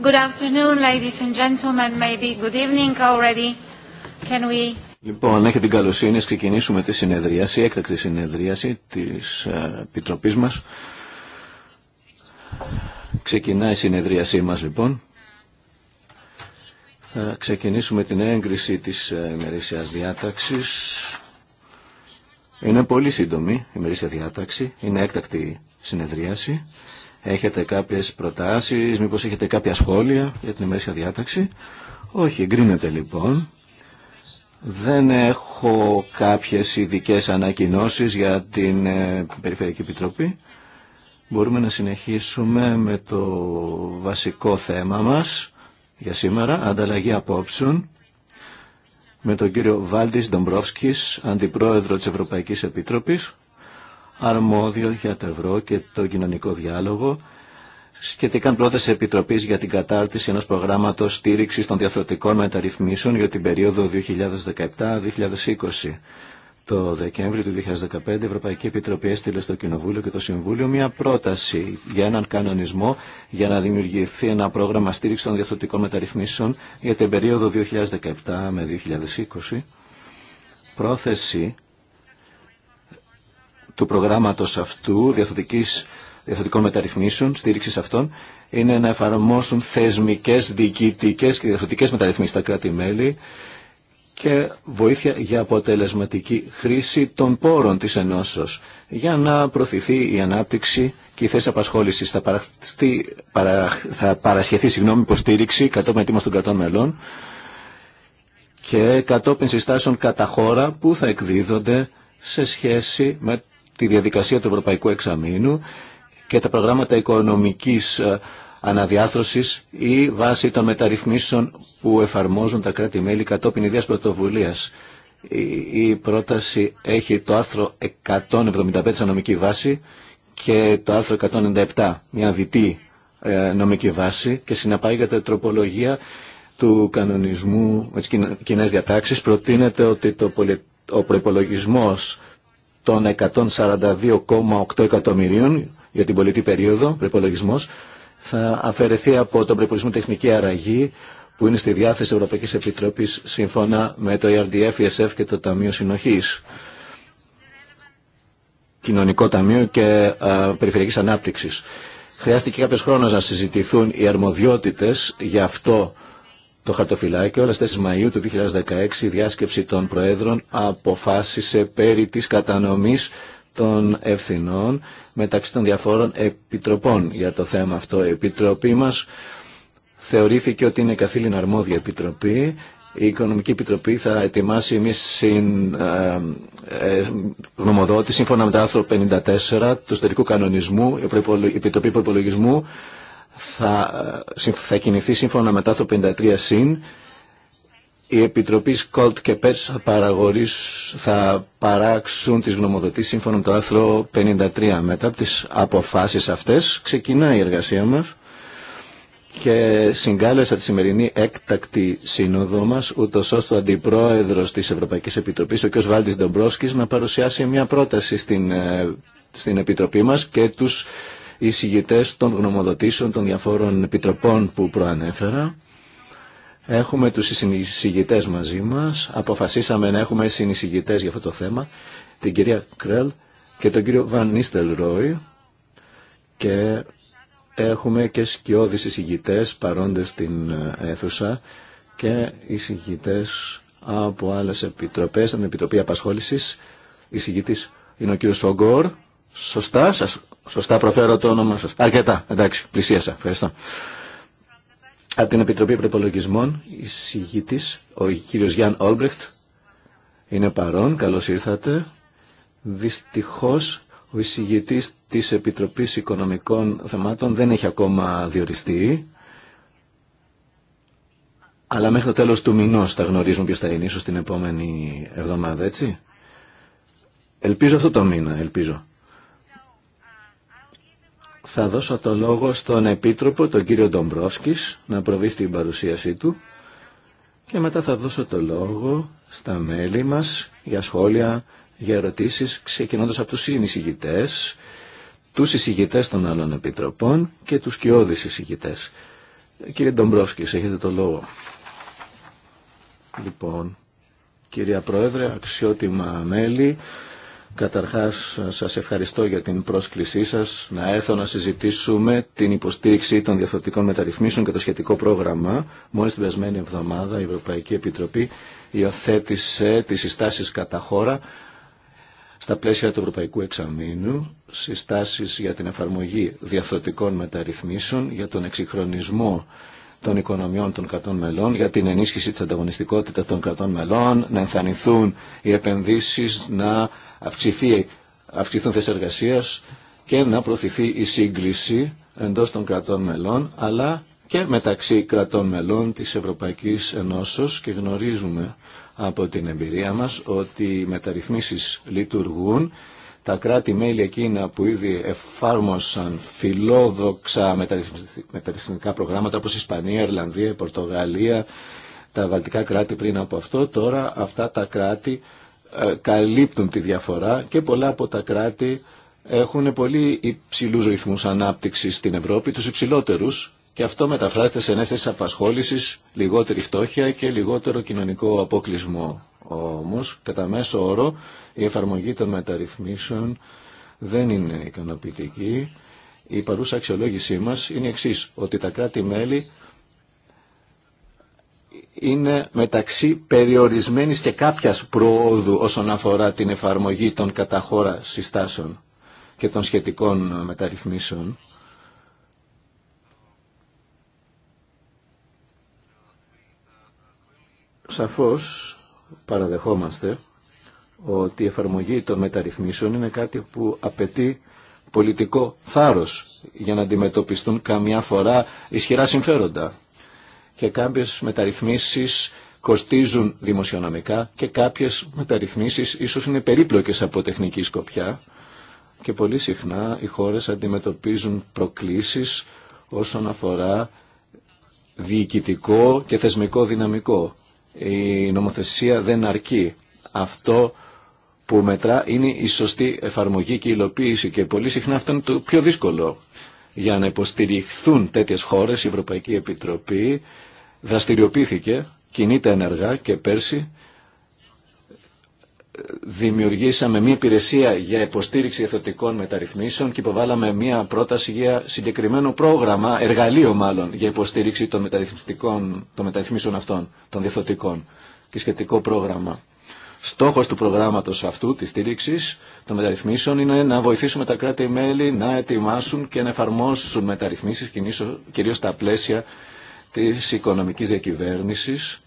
Good afternoon, gentlemen. evening already. Can we... Λοιπόν, αν την καλοσύνη, ξεκινήσουμε τη συνεδρίαση, έκτακτη συνεδρίαση της ε, Επιτροπής μας. Ξεκινάει η συνεδρίασή μας, λοιπόν. Θα ξεκινήσουμε την έγκριση της ε, ημερήσιας διάταξης. Είναι πολύ σύντομη η ημερήσια διάταξη. Είναι έκτακτη συνεδρίαση. Έχετε κάποιες προτάσεις, μήπως έχετε κάποια σχόλια για την ημέρησια διάταξη. Όχι, εγκρίνεται λοιπόν. Δεν έχω κάποιες ειδικέ ανακοινώσεις για την ε, Περιφερειακή Επιτροπή. Μπορούμε να συνεχίσουμε με το βασικό θέμα μας για σήμερα, ανταλλαγή απόψεων με τον κύριο Βάλτις Ντομπρόφσκης, Αντιπρόεδρο της Ευρωπαϊκής Επιτροπής αρμόδιο για το ευρώ και το κοινωνικό διάλογο σχετικά πρόταση επιτροπή για την κατάρτιση ενό προγράμματο στήριξη των διαφορετικών μεταρρυθμίσεων για την περίοδο 2017-2020. Το Δεκέμβριο του 2015 η Ευρωπαϊκή Επιτροπή έστειλε στο Κοινοβούλιο και το Συμβούλιο μια πρόταση για έναν κανονισμό για να δημιουργηθεί ένα πρόγραμμα στήριξη των διαφορετικών μεταρρυθμίσεων για την περίοδο 2017 με 2020. Πρόθεση του προγράμματος αυτού, διαθωτικών μεταρρυθμίσεων, στήριξης αυτών, είναι να εφαρμόσουν θεσμικές, διοικητικές και διαθωτικές μεταρρυθμίσεις στα κράτη-μέλη και βοήθεια για αποτελεσματική χρήση των πόρων της ενώσεως για να προωθηθεί η ανάπτυξη και η θέση απασχόλησης. Θα, παρασχεθεί συγγνώμη υποστήριξη κατόπιν ετοίμας των κρατών μελών και κατόπιν συστάσεων κατά χώρα που θα εκδίδονται σε σχέση με τη διαδικασία του Ευρωπαϊκού Εξαμήνου και τα προγράμματα οικονομικής ε, αναδιάρθρωσης ή βάση των μεταρρυθμίσεων που εφαρμόζουν τα κράτη-μέλη κατόπιν ιδέας πρωτοβουλίας. Η πρόταση έχει το άρθρο 175 σαν νομική βάση και το άρθρο 197 μια δυτή ε, νομική βάση και συναπάγεται τροπολογία του κανονισμού με τις κοινέ διατάξεις. Προτείνεται ότι το ο προπολογισμό των 142,8 εκατομμυρίων για την πολιτική περίοδο, προπολογισμό, θα αφαιρεθεί από τον προπολογισμό τεχνική αραγή που είναι στη διάθεση Ευρωπαϊκής Επιτροπής σύμφωνα με το ERDF, ESF και το Ταμείο Συνοχής. Κοινωνικό Ταμείο και περιφερειακή Περιφερειακής Ανάπτυξης. Χρειάστηκε κάποιος χρόνος να συζητηθούν οι αρμοδιότητες για αυτό το χαρτοφυλάκιο, αλλά στις Μαΐου του 2016 η διάσκεψη των Προέδρων αποφάσισε περί της κατανομής των ευθυνών μεταξύ των διαφόρων επιτροπών για το θέμα αυτό. Η Επιτροπή μας θεωρήθηκε ότι είναι καθήλυνα αρμόδια επιτροπή. Η Οικονομική Επιτροπή θα ετοιμάσει μια συν, ε, ε σύμφωνα με το άρθρο 54 του Στερικού Κανονισμού, η Επιτροπή Προπολογισμού θα, ε, θα κινηθεί σύμφωνα μετά το 53 συν οι επιτροπή Κολτ και Πέτς θα, θα παράξουν τις γνωμοδοτήσεις σύμφωνα με το άρθρο 53. Μετά από τις αποφάσεις αυτές ξεκινάει η εργασία μας και συγκάλεσα τη σημερινή έκτακτη σύνοδο μας ούτως ώστε ο Αντιπρόεδρος της Ευρωπαϊκής Επιτροπής, ο κ. Βάλτης Ντομπρόσκης, να παρουσιάσει μια πρόταση στην, ε, στην Επιτροπή μας και τους οι των γνωμοδοτήσεων των διαφόρων επιτροπών που προανέφερα. Έχουμε τους συνεισηγητές μαζί μας. Αποφασίσαμε να έχουμε συνεισηγητές για αυτό το θέμα. Την κυρία Κρέλ και τον κύριο Βαν Νίστελ Ρόι. Και έχουμε και σκιώδεις εισηγητές παρόντες στην αίθουσα και εισηγητές από άλλες επιτροπές, από την Επιτροπή Απασχόλησης. Εισηγητής είναι ο κύριος Σογκόρ. Σωστά, σας Σωστά προφέρω το όνομα σας. Αρκετά. Εντάξει. Πλησίασα. Ευχαριστώ. Από την Επιτροπή Προπολογισμών, η συγγητής, ο κύριος Γιάνν Όλμπρεχτ, είναι παρόν. Καλώς ήρθατε. Δυστυχώς, ο εισηγητής της Επιτροπής Οικονομικών Θεμάτων δεν έχει ακόμα διοριστεί. Αλλά μέχρι το τέλος του μηνός θα γνωρίζουν ποιος θα είναι, ίσως την επόμενη εβδομάδα, έτσι. Ελπίζω αυτό το μήνα, ελπίζω. Θα δώσω το λόγο στον Επίτροπο, τον κύριο Ντομπρόσκης, να προβεί στην παρουσίασή του και μετά θα δώσω το λόγο στα μέλη μας για σχόλια, για ερωτήσεις, ξεκινώντας από τους συνεισηγητές, τους εισηγητές των άλλων επιτροπών και τους κοιόδης εισηγητές. Κύριε Ντομπρόσκης, έχετε το λόγο. Λοιπόν, κυρία Πρόεδρε, αξιότιμα μέλη, Καταρχάς, σας ευχαριστώ για την πρόσκλησή σας να έρθω να συζητήσουμε την υποστήριξη των διαθωτικών μεταρρυθμίσεων και το σχετικό πρόγραμμα. Μόλις την περασμένη εβδομάδα η Ευρωπαϊκή Επιτροπή υιοθέτησε τις συστάσεις κατά χώρα στα πλαίσια του Ευρωπαϊκού Εξαμήνου, συστάσεις για την εφαρμογή διαθωτικών μεταρρυθμίσεων, για τον εξυγχρονισμό των οικονομιών των κρατών μελών για την ενίσχυση της ανταγωνιστικότητας των κρατών μελών, να ενθανηθούν οι επενδύσεις, να αυξηθεί, αυξηθούν θέσεις εργασίας και να προωθηθεί η σύγκληση εντός των κρατών μελών, αλλά και μεταξύ κρατών μελών της Ευρωπαϊκής Ενώσεως και γνωρίζουμε από την εμπειρία μας ότι οι μεταρρυθμίσεις λειτουργούν τα κράτη-μέλη εκείνα που ήδη εφάρμοσαν φιλόδοξα μεταρρυθμιστικά προγράμματα όπως η Ισπανία, Ιρλανδία, η Πορτογαλία, τα βαλτικά κράτη πριν από αυτό, τώρα αυτά τα κράτη ε, καλύπτουν τη διαφορά και πολλά από τα κράτη έχουν πολύ υψηλούς ρυθμούς ανάπτυξης στην Ευρώπη, τους υψηλότερους και αυτό μεταφράζεται σε θέση απασχόλησης, λιγότερη φτώχεια και λιγότερο κοινωνικό αποκλεισμό. Όμως, κατά μέσο όρο, η εφαρμογή των μεταρρυθμίσεων δεν είναι ικανοποιητική. Η παρούσα αξιολόγησή μας είναι εξής, ότι τα κράτη-μέλη είναι μεταξύ περιορισμένης και κάποιας προόδου όσον αφορά την εφαρμογή των καταχώρα συστάσεων και των σχετικών μεταρρυθμίσεων. Σαφώς παραδεχόμαστε ότι η εφαρμογή των μεταρρυθμίσεων είναι κάτι που απαιτεί πολιτικό θάρρος για να αντιμετωπιστούν καμιά φορά ισχυρά συμφέροντα. Και κάποιες μεταρρυθμίσεις κοστίζουν δημοσιονομικά και κάποιες μεταρρυθμίσεις ίσως είναι περίπλοκες από τεχνική σκοπιά και πολύ συχνά οι χώρες αντιμετωπίζουν προκλήσεις όσον αφορά διοικητικό και θεσμικό δυναμικό η νομοθεσία δεν αρκεί. Αυτό που μετρά είναι η σωστή εφαρμογή και υλοποίηση και πολύ συχνά αυτό είναι το πιο δύσκολο. Για να υποστηριχθούν τέτοιες χώρες η Ευρωπαϊκή Επιτροπή δραστηριοποιήθηκε, κινείται ενεργά και πέρσι δημιουργήσαμε μια υπηρεσία για υποστήριξη εθωτικών μεταρρυθμίσεων και υποβάλαμε μια πρόταση για συγκεκριμένο πρόγραμμα, εργαλείο μάλλον, για υποστήριξη των, μεταρρυθμιστικών, των μεταρρυθμίσεων αυτών, των διεθωτικών και σχετικό πρόγραμμα. Στόχος του προγράμματος αυτού, της στήριξης των μεταρρυθμίσεων, είναι να βοηθήσουμε τα κράτη-μέλη να ετοιμάσουν και να εφαρμόσουν μεταρρυθμίσεις, κυρίως στα πλαίσια της οικονομικής διακυβέρνησης,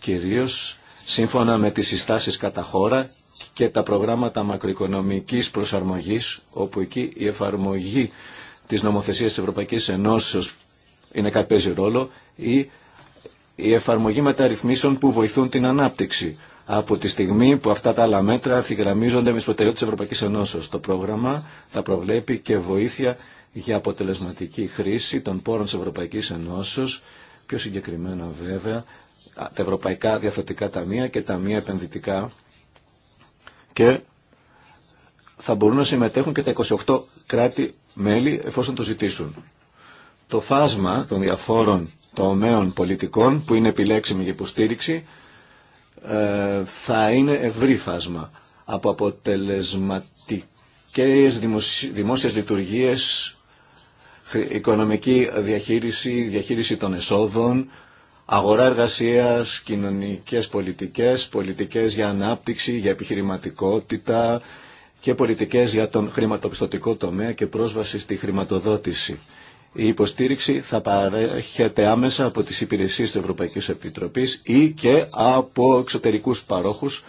κυρίως σύμφωνα με τις συστάσεις κατά χώρα και τα προγράμματα μακροοικονομικής προσαρμογής, όπου εκεί η εφαρμογή της νομοθεσίας της Ευρωπαϊκής Ενώσεως είναι κάτι παίζει ρόλο, ή η εφαρμογή μεταρρυθμίσεων που βοηθούν την ανάπτυξη. Από τη στιγμή που αυτά τα άλλα μέτρα αρθιγραμμίζονται με τις προτεραιότητες της Ευρωπαϊκής Ενώσεως, το πρόγραμμα θα προβλέπει και βοήθεια για αποτελεσματική χρήση των πόρων της Ευρωπαϊκής Ενώσεως, πιο συγκεκριμένα βέβαια τα ευρωπαϊκά διαθωτικά ταμεία και τα ταμεία επενδυτικά και θα μπορούν να συμμετέχουν και τα 28 κράτη-μέλη εφόσον το ζητήσουν. Το φάσμα των διαφόρων τομέων πολιτικών που είναι επιλέξιμη για υποστήριξη ε, θα είναι ευρύ φάσμα από αποτελεσματικές δημόσιες λειτουργίες, οικονομική διαχείριση, διαχείριση των εσόδων, Αγορά εργασία, κοινωνικές πολιτικές, πολιτικές για ανάπτυξη, για επιχειρηματικότητα και πολιτικές για τον χρηματοπιστωτικό τομέα και πρόσβαση στη χρηματοδότηση. Η υποστήριξη θα παρέχεται άμεσα από τις υπηρεσίες της Ευρωπαϊκής Επιτροπής ή και από εξωτερικούς παρόχους,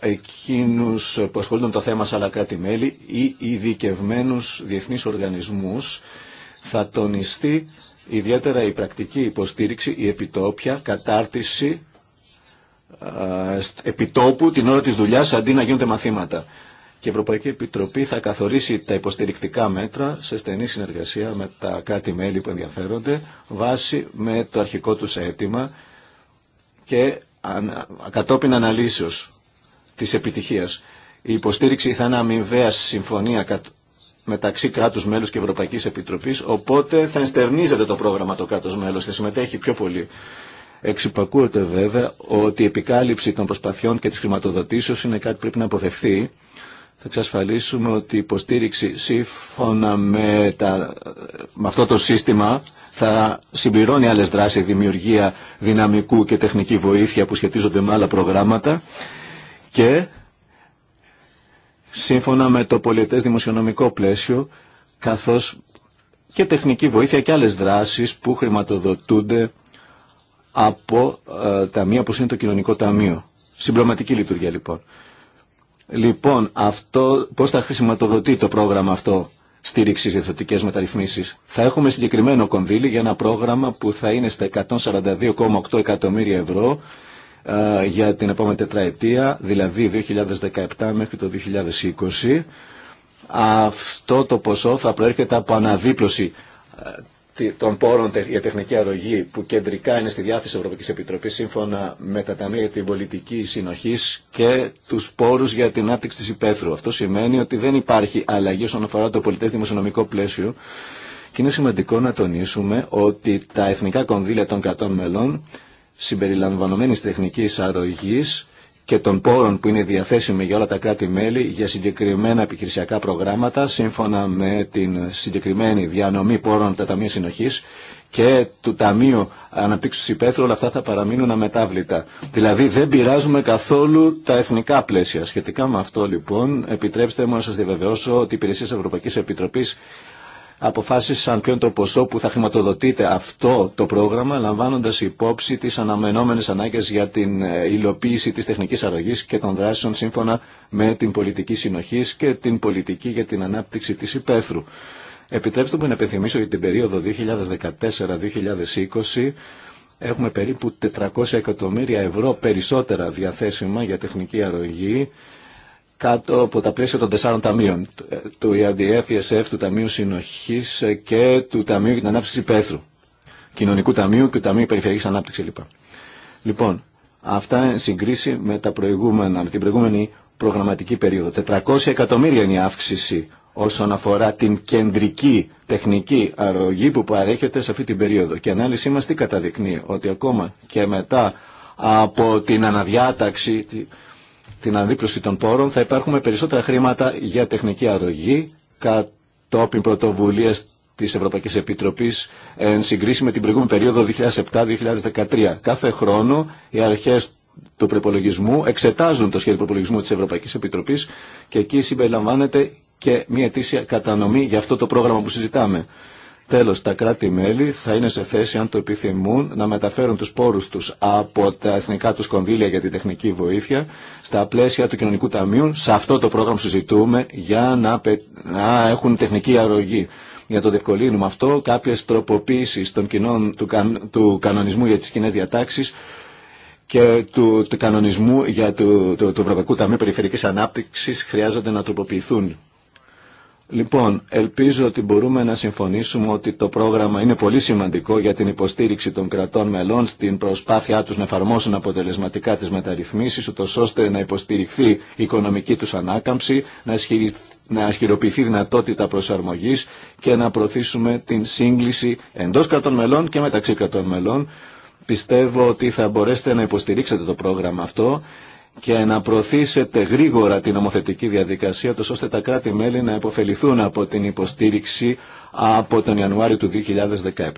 εκείνους που ασχολούνται με το θέμα σε αλλα κράτη-μέλη ή ειδικευμένου διεθνείς οργανισμούς. Θα τονιστεί ιδιαίτερα η πρακτική υποστήριξη, η επιτόπια, κατάρτιση ε, επιτόπου την ώρα της δουλειάς αντί να γίνονται μαθήματα. Και η Ευρωπαϊκή Επιτροπή θα καθορίσει τα υποστηρικτικά μέτρα σε στενή συνεργασία με τα κάτι μελη που ενδιαφέρονται βάσει με το αρχικό τους αίτημα και κατόπιν αναλύσεως της επιτυχίας. Η υποστήριξη θα είναι αμοιβαία συμφωνία μεταξύ κράτους μέλους και Ευρωπαϊκής Επιτροπής, οπότε θα ενστερνίζεται το πρόγραμμα το κράτος μέλος και συμμετέχει πιο πολύ. Εξυπακούεται βέβαια ότι η επικάλυψη των προσπαθειών και της χρηματοδοτήσεως είναι κάτι που πρέπει να αποφευθεί. Θα εξασφαλίσουμε ότι η υποστήριξη σύμφωνα με, τα, με αυτό το σύστημα θα συμπληρώνει άλλες δράσεις, δημιουργία δυναμικού και τεχνική βοήθεια που σχετίζονται με άλλα προγράμματα και σύμφωνα με το πολιτές δημοσιονομικό πλαίσιο, καθώς και τεχνική βοήθεια και άλλες δράσεις που χρηματοδοτούνται από ε, ταμεία όπως είναι το κοινωνικό ταμείο. Συμπληρωματική λειτουργία λοιπόν. Λοιπόν, αυτό, πώς θα χρηματοδοτεί το πρόγραμμα αυτό στήριξης διευθυντικές μεταρρυθμίσεις. Θα έχουμε συγκεκριμένο κονδύλι για ένα πρόγραμμα που θα είναι στα 142,8 εκατομμύρια ευρώ ε, για την επόμενη τετραετία, δηλαδή 2017 μέχρι το 2020. Αυτό το ποσό θα προέρχεται από αναδίπλωση ε, των πόρων για τεχνική αρρωγή που κεντρικά είναι στη διάθεση Ευρωπαϊκής Επιτροπής σύμφωνα με τα ταμεία για την πολιτική συνοχή και τους πόρους για την άπτυξη της υπαίθρου. Αυτό σημαίνει ότι δεν υπάρχει αλλαγή όσον αφορά το πολιτές δημοσιονομικό πλαίσιο και είναι σημαντικό να τονίσουμε ότι τα εθνικά κονδύλια των κρατών μελών συμπεριλαμβανομένης τεχνικής αρρωγής και των πόρων που είναι διαθέσιμοι για όλα τα κράτη-μέλη για συγκεκριμένα επιχειρησιακά προγράμματα σύμφωνα με την συγκεκριμένη διανομή πόρων τα Ταμεία Συνοχής και του Ταμείου Αναπτύξης Υπέθρου όλα αυτά θα παραμείνουν αμετάβλητα. Δηλαδή δεν πειράζουμε καθόλου τα εθνικά πλαίσια. Σχετικά με αυτό λοιπόν επιτρέψτε μου να σας διαβεβαιώσω ότι οι υπηρεσίες Ευρωπαϊκής Επιτροπής αποφάσισαν ποιο είναι το ποσό που θα χρηματοδοτείται αυτό το πρόγραμμα, λαμβάνοντα υπόψη τι αναμενόμενε ανάγκε για την ε, υλοποίηση τη τεχνική αρρωγή και των δράσεων σύμφωνα με την πολιτική συνοχή και την πολιτική για την ανάπτυξη τη υπαίθρου. Επιτρέψτε μου να επιθυμίσω ότι την περίοδο 2014-2020 έχουμε περίπου 400 εκατομμύρια ευρώ περισσότερα διαθέσιμα για τεχνική αρρωγή κάτω από τα πλαίσια των τεσσάρων ταμείων, του ERDF, ESF, του Ταμείου Συνοχή και του Ταμείου για την Ανάπτυξη Πέθρου, Κοινωνικού Ταμείου και του Ταμείου Περιφερειακή ανάπτυξη. λοιπόν. Λοιπόν, αυτά είναι συγκρίση με, τα προηγούμενα, με την προηγούμενη προγραμματική περίοδο. 400 εκατομμύρια είναι η αύξηση όσον αφορά την κεντρική τεχνική αρρωγή που παρέχεται σε αυτή την περίοδο. Και η ανάλυση μα τι καταδεικνύει, ότι ακόμα και μετά από την αναδιάταξη την αντίπλωση των πόρων θα υπάρχουν περισσότερα χρήματα για τεχνική αρρωγή κατόπιν πρωτοβουλία τη Ευρωπαϊκή Επιτροπή εν συγκρίση με την προηγούμενη περίοδο 2007-2013. Κάθε χρόνο οι αρχέ του προπολογισμού εξετάζουν το σχέδιο προπολογισμού τη Ευρωπαϊκή Επιτροπή και εκεί συμπεριλαμβάνεται και μια αιτήσια κατανομή για αυτό το πρόγραμμα που συζητάμε. Τέλος, τα κράτη-μέλη θα είναι σε θέση, αν το επιθυμούν, να μεταφέρουν τους πόρους τους από τα εθνικά τους κονδύλια για την τεχνική βοήθεια στα πλαίσια του Κοινωνικού Ταμείου, σε αυτό το πρόγραμμα συζητούμε, για να, έχουν τεχνική αρρωγή. Για το διευκολύνουμε αυτό, κάποιες τροποποίησεις των κοινών του, του κανονισμού για τις κοινέ διατάξεις και του, του κανονισμού για το, το, το Ευρωπαϊκό Ταμείο Ανάπτυξης χρειάζονται να τροποποιηθούν Λοιπόν, ελπίζω ότι μπορούμε να συμφωνήσουμε ότι το πρόγραμμα είναι πολύ σημαντικό για την υποστήριξη των κρατών μελών στην προσπάθειά τους να εφαρμόσουν αποτελεσματικά τις μεταρρυθμίσεις, ούτως ώστε να υποστηριχθεί η οικονομική τους ανάκαμψη, να, να ισχυροποιηθεί δυνατότητα προσαρμογής και να προωθήσουμε την σύγκληση εντός κρατών μελών και μεταξύ κρατών μελών. Πιστεύω ότι θα μπορέσετε να υποστηρίξετε το πρόγραμμα αυτό και να προωθήσετε γρήγορα την νομοθετική διαδικασία, τόσο ώστε τα κράτη-μέλη να υποφεληθούν από την υποστήριξη από τον Ιανουάριο του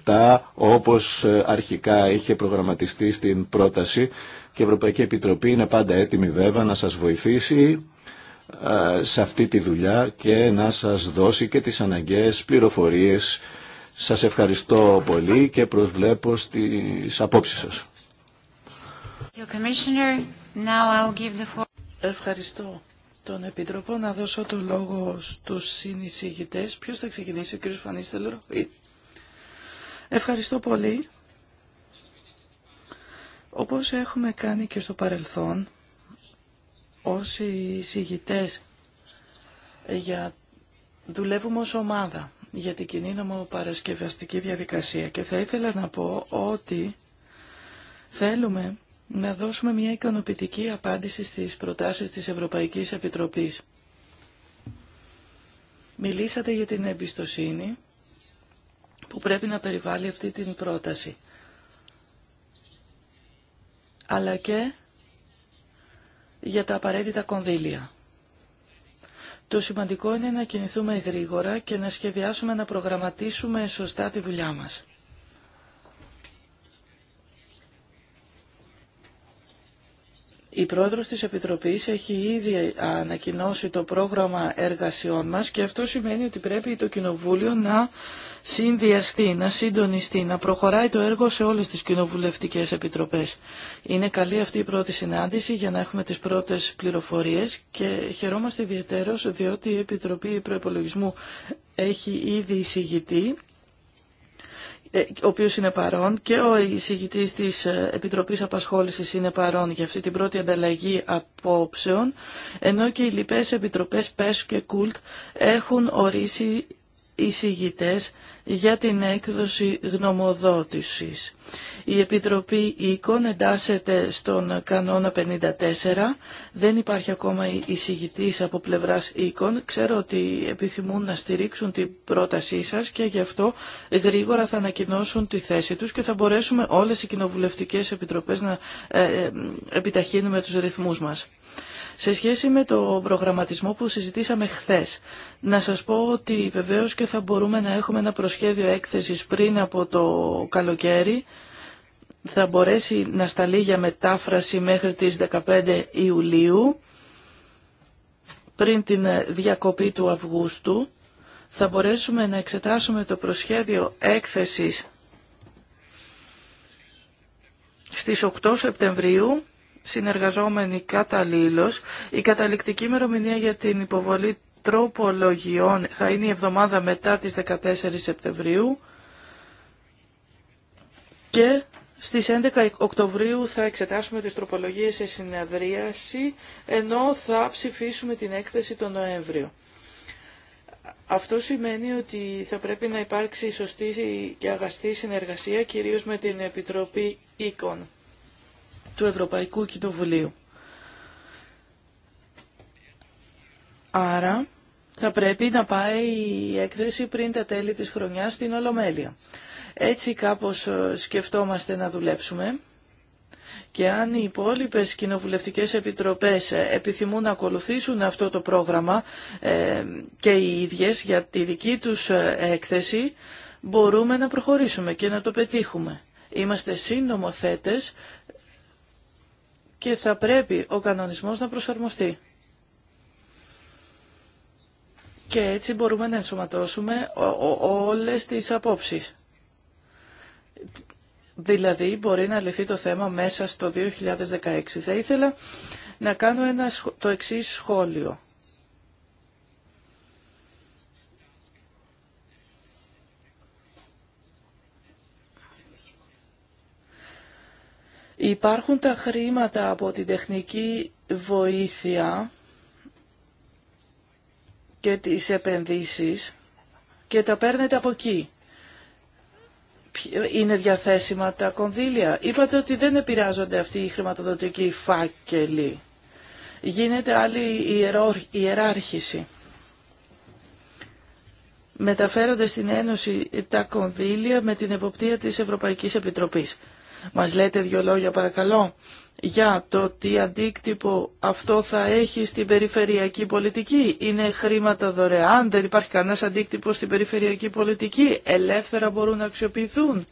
2017, όπως ε, αρχικά είχε προγραμματιστεί στην πρόταση και η Ευρωπαϊκή Επιτροπή είναι πάντα έτοιμη βέβαια να σας βοηθήσει ε, σε αυτή τη δουλειά και να σας δώσει και τις αναγκαίες πληροφορίες. Σας ευχαριστώ πολύ και προσβλέπω στις απόψεις σας. Ευχαριστώ τον Επίτροπο. Να δώσω το λόγο στους συνεισηγητές. Ποιος θα ξεκινήσει, ο κύριος Φανίστελρο. Ευχαριστώ πολύ. Όπως έχουμε κάνει και στο παρελθόν, όσοι εισηγητές για... δουλεύουμε ως ομάδα για την κοινή νομοπαρασκευαστική διαδικασία και θα ήθελα να πω ότι θέλουμε να δώσουμε μια ικανοποιητική απάντηση στις προτάσεις της Ευρωπαϊκής Επιτροπής. Μιλήσατε για την εμπιστοσύνη που πρέπει να περιβάλλει αυτή την πρόταση. Αλλά και για τα απαραίτητα κονδύλια. Το σημαντικό είναι να κινηθούμε γρήγορα και να σχεδιάσουμε να προγραμματίσουμε σωστά τη δουλειά μας. Η πρόεδρος της Επιτροπής έχει ήδη ανακοινώσει το πρόγραμμα εργασιών μας και αυτό σημαίνει ότι πρέπει το Κοινοβούλιο να συνδυαστεί, να συντονιστεί, να προχωράει το έργο σε όλες τις κοινοβουλευτικές επιτροπές. Είναι καλή αυτή η πρώτη συνάντηση για να έχουμε τις πρώτες πληροφορίες και χαιρόμαστε ιδιαίτερως διότι η Επιτροπή Προεπολογισμού έχει ήδη εισηγητή ε, ο οποίος είναι παρόν και ο εισηγητής της ε, Επιτροπής Απασχόλησης είναι παρόν για αυτή την πρώτη ανταλλαγή απόψεων, ενώ και οι λοιπές επιτροπές ΠΕΣΟΥ και ΚΟΥΛΤ έχουν ορίσει εισηγητές για την έκδοση γνωμοδότησης. Η Επιτροπή Οίκων εντάσσεται στον κανόνα 54. Δεν υπάρχει ακόμα εισηγητής από πλευράς ΕΙΚΟΝ. Ξέρω ότι επιθυμούν να στηρίξουν την πρότασή σας και γι' αυτό γρήγορα θα ανακοινώσουν τη θέση τους και θα μπορέσουμε όλες οι κοινοβουλευτικές επιτροπές να ε, ε, επιταχύνουμε τους ρυθμούς μας. Σε σχέση με το προγραμματισμό που συζητήσαμε χθες, να σας πω ότι βεβαίως και θα μπορούμε να έχουμε ένα προσχέδιο έκθεσης πριν από το καλοκαίρι, θα μπορέσει να σταλεί για μετάφραση μέχρι τις 15 Ιουλίου πριν την διακοπή του Αυγούστου θα μπορέσουμε να εξετάσουμε το προσχέδιο έκθεσης στις 8 Σεπτεμβρίου συνεργαζόμενοι καταλήλως η καταληκτική ημερομηνία για την υποβολή τροπολογιών θα είναι η εβδομάδα μετά τις 14 Σεπτεμβρίου και στις 11 Οκτωβρίου θα εξετάσουμε τις τροπολογίες σε συνεδρίαση, ενώ θα ψηφίσουμε την έκθεση τον Νοέμβριο. Αυτό σημαίνει ότι θα πρέπει να υπάρξει σωστή και αγαστή συνεργασία, κυρίως με την Επιτροπή ΕΚΟΝ του Ευρωπαϊκού Κοινοβουλίου. Άρα θα πρέπει να πάει η έκθεση πριν τα τέλη της χρονιάς στην Ολομέλεια. Έτσι κάπως ε, σκεφτόμαστε να δουλέψουμε. Και αν οι υπόλοιπε κοινοβουλευτικέ επιτροπέ ε, επιθυμούν να ακολουθήσουν αυτό το πρόγραμμα ε, και οι ίδιε για τη δική του έκθεση, μπορούμε να προχωρήσουμε και να το πετύχουμε. Είμαστε συνομοθέτε και θα πρέπει ο κανονισμός να προσαρμοστεί. Και έτσι μπορούμε να ενσωματώσουμε όλες τις απόψεις. Δηλαδή μπορεί να λυθεί το θέμα μέσα στο 2016. Θα ήθελα να κάνω ένα, το εξή σχόλιο. Υπάρχουν τα χρήματα από την τεχνική βοήθεια και τις επενδύσεις και τα παίρνετε από εκεί είναι διαθέσιμα τα κονδύλια. Είπατε ότι δεν επηρεάζονται αυτοί οι χρηματοδοτικοί φάκελοι. Γίνεται άλλη ιεράρχηση. Μεταφέρονται στην Ένωση τα κονδύλια με την εποπτεία της Ευρωπαϊκής Επιτροπής. Μας λέτε δύο λόγια παρακαλώ για το τι αντίκτυπο αυτό θα έχει στην περιφερειακή πολιτική. Είναι χρήματα δωρεάν, δεν υπάρχει κανένας αντίκτυπο στην περιφερειακή πολιτική. Ελεύθερα μπορούν να αξιοποιηθούν.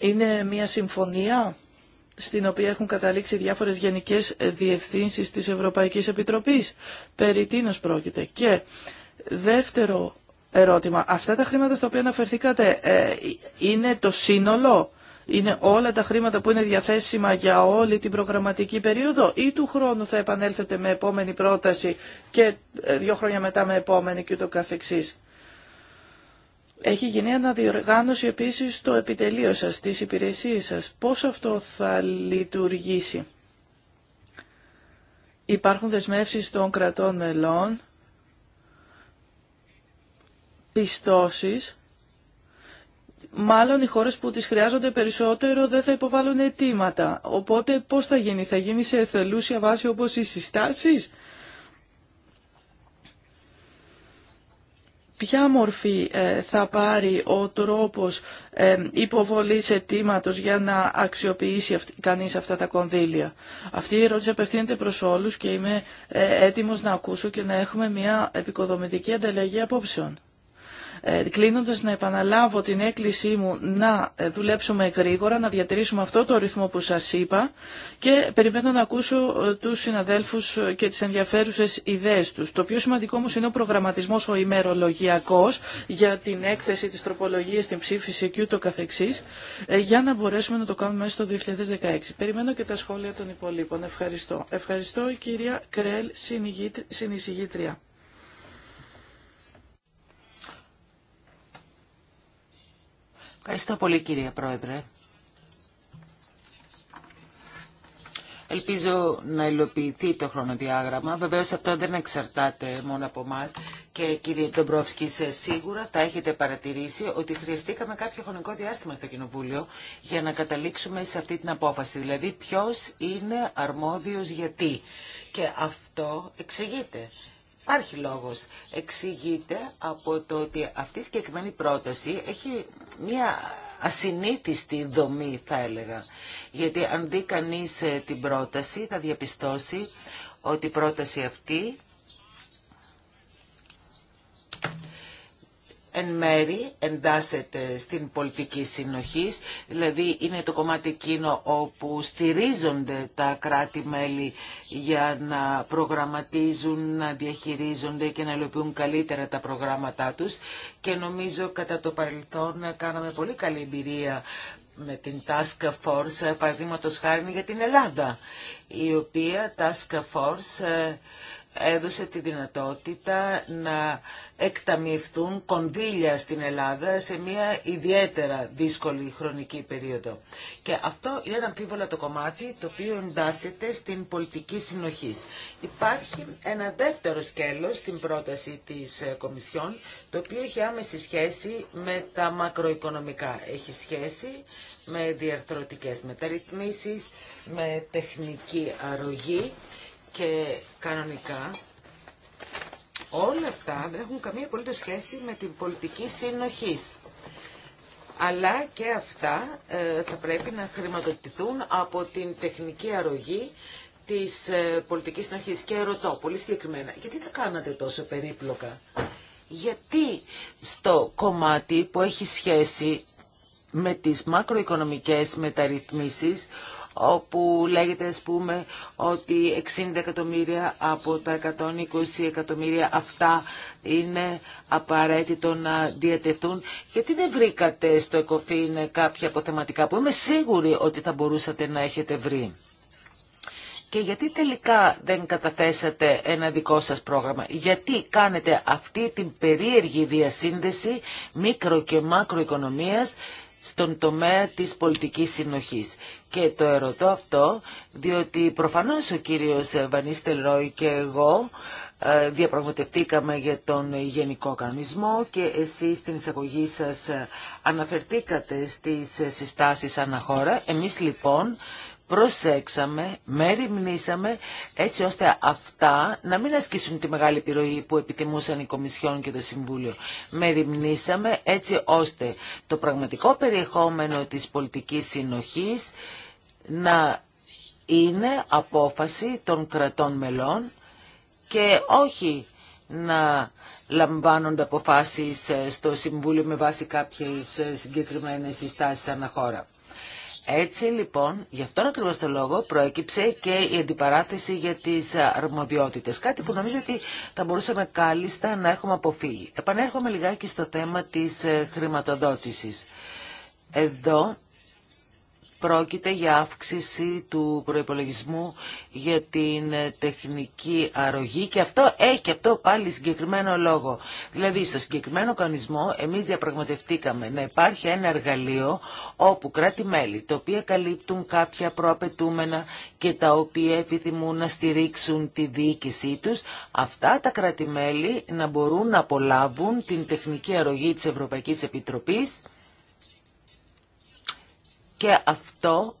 Είναι μια συμφωνία στην οποία έχουν καταλήξει διάφορες γενικές διευθύνσεις της Ευρωπαϊκής Επιτροπής. Περί τίνος πρόκειται. Και δεύτερο ερώτημα. Αυτά τα χρήματα στα οποία αναφερθήκατε ε, είναι το σύνολο, είναι όλα τα χρήματα που είναι διαθέσιμα για όλη την προγραμματική περίοδο ή του χρόνου θα επανέλθετε με επόμενη πρόταση και ε, δύο χρόνια μετά με επόμενη και ούτω καθεξής. Έχει γίνει αναδιοργάνωση επίσης στο επιτελείο σας, στις υπηρεσίες σας. Πώς αυτό θα λειτουργήσει. Υπάρχουν δεσμεύσεις των κρατών μελών πιστώσεις, μάλλον οι χώρες που τις χρειάζονται περισσότερο δεν θα υποβάλουν αιτήματα. Οπότε πώς θα γίνει, θα γίνει σε εθελούσια βάση όπως οι συστάσεις. Ποια μορφή ε, θα πάρει ο τρόπος ε, υποβολής αιτήματο για να αξιοποιήσει κανείς αυτά τα κονδύλια. Αυτή η ερώτηση απευθύνεται προς όλους και είμαι ε, έτοιμος να ακούσω και να έχουμε μια επικοδομητική ανταλλαγή απόψεων. Ε, Κλείνοντα να επαναλάβω την έκκλησή μου να ε, δουλέψουμε γρήγορα, να διατηρήσουμε αυτό το ρυθμό που σα είπα και περιμένω να ακούσω ε, του συναδέλφου και τι ενδιαφέρουσε ιδέες του. Το πιο σημαντικό όμω είναι ο προγραμματισμό ο ημερολογιακό για την έκθεση της τροπολογίας, την ψήφιση και ούτω καθεξή, για να μπορέσουμε να το κάνουμε μέσα στο 2016. Περιμένω και τα σχόλια των υπολείπων. Ευχαριστώ. Ευχαριστώ η κυρία Κρέλ, συνεισηγήτρια. Ευχαριστώ πολύ κύριε Πρόεδρε. Ελπίζω να υλοποιηθεί το χρονοδιάγραμμα. Βεβαίω αυτό δεν εξαρτάται μόνο από εμά. Και κύριε Ντομπρόφσκι, σίγουρα θα έχετε παρατηρήσει ότι χρειαστήκαμε κάποιο χρονικό διάστημα στο Κοινοβούλιο για να καταλήξουμε σε αυτή την απόφαση. Δηλαδή ποιο είναι αρμόδιο γιατί. Και αυτό εξηγείται υπάρχει λόγος. Εξηγείται από το ότι αυτή η συγκεκριμένη πρόταση έχει μια ασυνήθιστη δομή θα έλεγα. Γιατί αν δει κανείς ε, την πρόταση θα διαπιστώσει ότι η πρόταση αυτή εν μέρη εντάσσεται στην πολιτική συνοχή, δηλαδή είναι το κομμάτι εκείνο όπου στηρίζονται τα κράτη-μέλη για να προγραμματίζουν, να διαχειρίζονται και να υλοποιούν καλύτερα τα προγράμματά τους και νομίζω κατά το παρελθόν κάναμε πολύ καλή εμπειρία με την Task Force, παραδείγματος χάρη για την Ελλάδα, η οποία Task Force ε, έδωσε τη δυνατότητα να εκταμιευτούν κονδύλια στην Ελλάδα σε μια ιδιαίτερα δύσκολη χρονική περίοδο. Και αυτό είναι αμφίβολα το κομμάτι το οποίο εντάσσεται στην πολιτική συνοχή. Υπάρχει ένα δεύτερο σκέλος στην πρόταση της ε, Κομισιόν, το οποίο έχει άμεση σχέση με τα μακροοικονομικά. Έχει σχέση με διαρθρωτικές μεταρρυθμίσεις, με τεχνική αρρωγή και κανονικά όλα αυτά δεν έχουν καμία απολύτως σχέση με την πολιτική συνοχής. Αλλά και αυτά ε, θα πρέπει να χρηματοδοτηθούν από την τεχνική αρρωγή της ε, πολιτικής συνοχής. Και ρωτώ πολύ συγκεκριμένα, γιατί τα κάνατε τόσο περίπλοκα. Γιατί στο κομμάτι που έχει σχέση με τις μακροοικονομικές μεταρρυθμίσεις όπου λέγεται ας πούμε ότι 60 εκατομμύρια από τα 120 εκατομμύρια αυτά είναι απαραίτητο να διατεθούν. Γιατί δεν βρήκατε στο ΕΚΟΦΗΝ κάποια αποθεματικά που είμαι σίγουρη ότι θα μπορούσατε να έχετε βρει. Και γιατί τελικά δεν καταθέσατε ένα δικό σας πρόγραμμα. Γιατί κάνετε αυτή την περίεργη διασύνδεση μικρο και μακροοικονομίας στον τομέα της πολιτικής συνοχής. Και το ερωτώ αυτό, διότι προφανώς ο κύριος Βανίστελ Ρόι και εγώ ε, διαπραγματευτήκαμε για τον γενικό κανονισμό και εσείς στην εισαγωγή σας αναφερθήκατε στις συστάσεις αναχώρα. Εμείς λοιπόν προσέξαμε, μεριμνήσαμε έτσι ώστε αυτά να μην ασκήσουν τη μεγάλη επιρροή που επιτιμούσαν οι Κομισιόν και το Συμβούλιο. Μεριμνήσαμε έτσι ώστε το πραγματικό περιεχόμενο της πολιτικής συνοχής να είναι απόφαση των κρατών μελών και όχι να λαμβάνονται αποφάσεις στο Συμβούλιο με βάση κάποιες συγκεκριμένες συστάσεις χώρα. Έτσι λοιπόν, γι' αυτόν ακριβώ το λόγο προέκυψε και η αντιπαράθεση για τι ε, αρμοδιότητε. Κάτι που νομίζω ότι θα μπορούσαμε κάλλιστα να έχουμε αποφύγει. Επανέρχομαι λιγάκι στο θέμα τη ε, χρηματοδότηση. Εδώ Πρόκειται για αύξηση του προϋπολογισμού για την τεχνική αρρωγή και αυτό έχει αυτό πάλι συγκεκριμένο λόγο. Δηλαδή στο συγκεκριμένο κανονισμό εμείς διαπραγματευτήκαμε να υπάρχει ένα εργαλείο όπου κράτη-μέλη τα οποία καλύπτουν κάποια προαπαιτούμενα και τα οποία επιθυμούν να στηρίξουν τη διοίκησή τους, αυτά τα κράτη-μέλη να μπορούν να απολάβουν την τεχνική αρρωγή της Ευρωπαϊκής Επιτροπής και αυτό,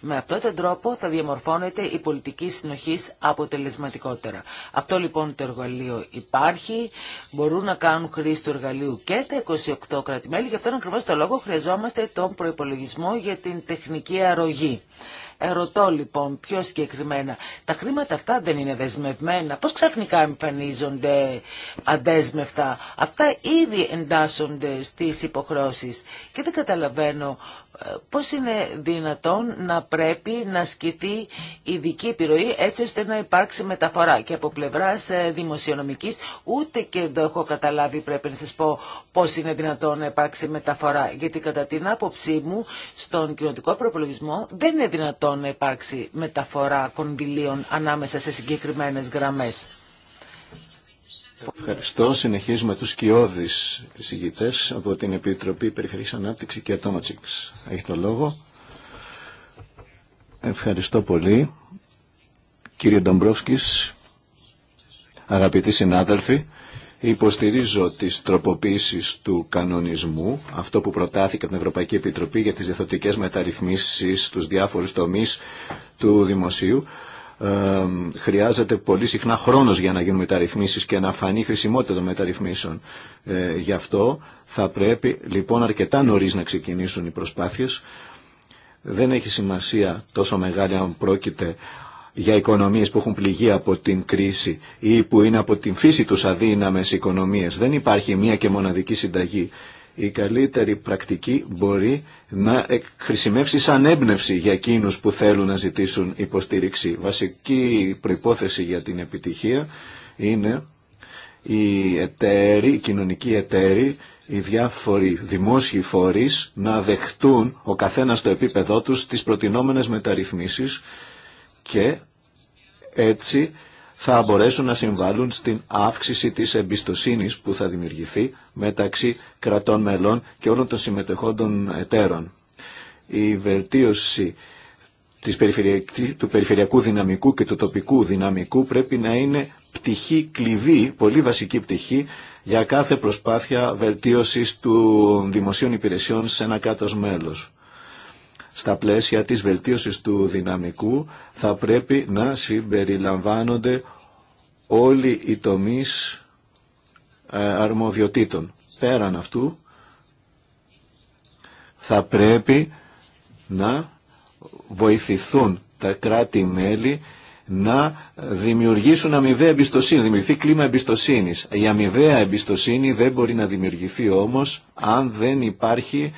με αυτόν τον τρόπο θα διαμορφώνεται η πολιτική συνοχής αποτελεσματικότερα. Αυτό λοιπόν το εργαλείο υπάρχει, μπορούν να κάνουν χρήση του εργαλείου και τα 28 κρατημέλη, γι' αυτόν ακριβώς το λόγο χρειαζόμαστε τον προϋπολογισμό για την τεχνική αρρωγή. Ερωτώ λοιπόν πιο συγκεκριμένα, τα χρήματα αυτά δεν είναι δεσμευμένα, πώς ξαφνικά εμφανίζονται αδέσμευτα. Αυτά ήδη εντάσσονται στις υποχρώσεις και δεν καταλαβαίνω ε, πώς είναι δυνατόν να πρέπει να σκηθεί ειδική επιρροή έτσι ώστε να υπάρξει μεταφορά και από πλευράς ε, δημοσιονομικής ούτε και εδώ έχω καταλάβει πρέπει να σας πω πώς είναι δυνατόν να υπάρξει μεταφορά γιατί κατά την άποψή μου στον κοινωτικό προπολογισμό δεν είναι δυνατόν δυνατόν να υπάρξει μεταφορά κονδυλίων ανάμεσα σε συγκεκριμένες γραμμές. Ευχαριστώ. Συνεχίζουμε τους σκιώδεις εισηγητές από την Επιτροπή Περιφερειακής Ανάπτυξη και Ατόματσικς. Έχει το λόγο. Ευχαριστώ πολύ. Κύριε Ντομπρόφσκης, αγαπητοί συνάδελφοι, Υποστηρίζω τις τροποποίησεις του κανονισμού, αυτό που προτάθηκε από την Ευρωπαϊκή Επιτροπή για τις διαθωτικές μεταρρυθμίσεις στους διάφορους τομείς του δημοσίου. Ε, χρειάζεται πολύ συχνά χρόνος για να γίνουν μεταρρυθμίσεις και να φανεί χρησιμότητα των μεταρρυθμίσεων. Ε, γι' αυτό θα πρέπει λοιπόν αρκετά νωρίς να ξεκινήσουν οι προσπάθειες. Δεν έχει σημασία τόσο μεγάλη αν πρόκειται για οικονομίες που έχουν πληγεί από την κρίση ή που είναι από την φύση τους αδύναμες οικονομίες. Δεν υπάρχει μία και μοναδική συνταγή. Η καλύτερη πρακτική μπορεί να χρησιμεύσει σαν έμπνευση για εκείνους που θέλουν να ζητήσουν υποστήριξη. Βασική προϋπόθεση για την επιτυχία είναι οι εταίροι, οι κοινωνικοί εταίροι, οι διάφοροι δημόσιοι φορείς να δεχτούν ο καθένας στο επίπεδό τους τις προτινόμενες μεταρρυθμίσεις και έτσι θα μπορέσουν να συμβάλλουν στην αύξηση της εμπιστοσύνης που θα δημιουργηθεί μεταξύ κρατών μελών και όλων των συμμετεχόντων εταίρων. Η βελτίωση της του περιφερειακού δυναμικού και του τοπικού δυναμικού πρέπει να είναι πτυχή κλειδί, πολύ βασική πτυχή, για κάθε προσπάθεια βελτίωσης του δημοσίων υπηρεσιών σε ένα κάτω μέλος στα πλαίσια της βελτίωσης του δυναμικού θα πρέπει να συμπεριλαμβάνονται όλοι οι τομείς ε, αρμοδιοτήτων. Πέραν αυτού θα πρέπει να βοηθηθούν τα κράτη-μέλη να δημιουργήσουν αμοιβαία εμπιστοσύνη, δημιουργηθεί κλίμα εμπιστοσύνης. Η αμοιβαία εμπιστοσύνη δεν μπορεί να δημιουργηθεί όμως αν δεν υπάρχει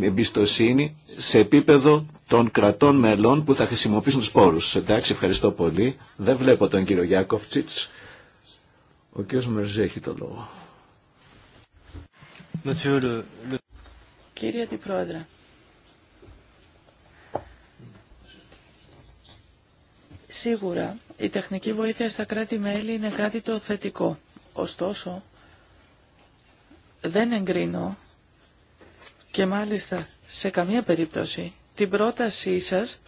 εμπιστοσύνη σε επίπεδο των κρατών μελών που θα χρησιμοποιήσουν τους πόρους. Εντάξει, ευχαριστώ πολύ. Δεν βλέπω τον κύριο Γιάκοφτσιτς. Ο κύριος Μερζέ έχει το λόγο. Κύριε Αντιπρόεδρε, σίγουρα η τεχνική βοήθεια στα κράτη-μέλη είναι κάτι το θετικό. Ωστόσο, δεν εγκρίνω και μάλιστα σε καμία περίπτωση την πρότασή σας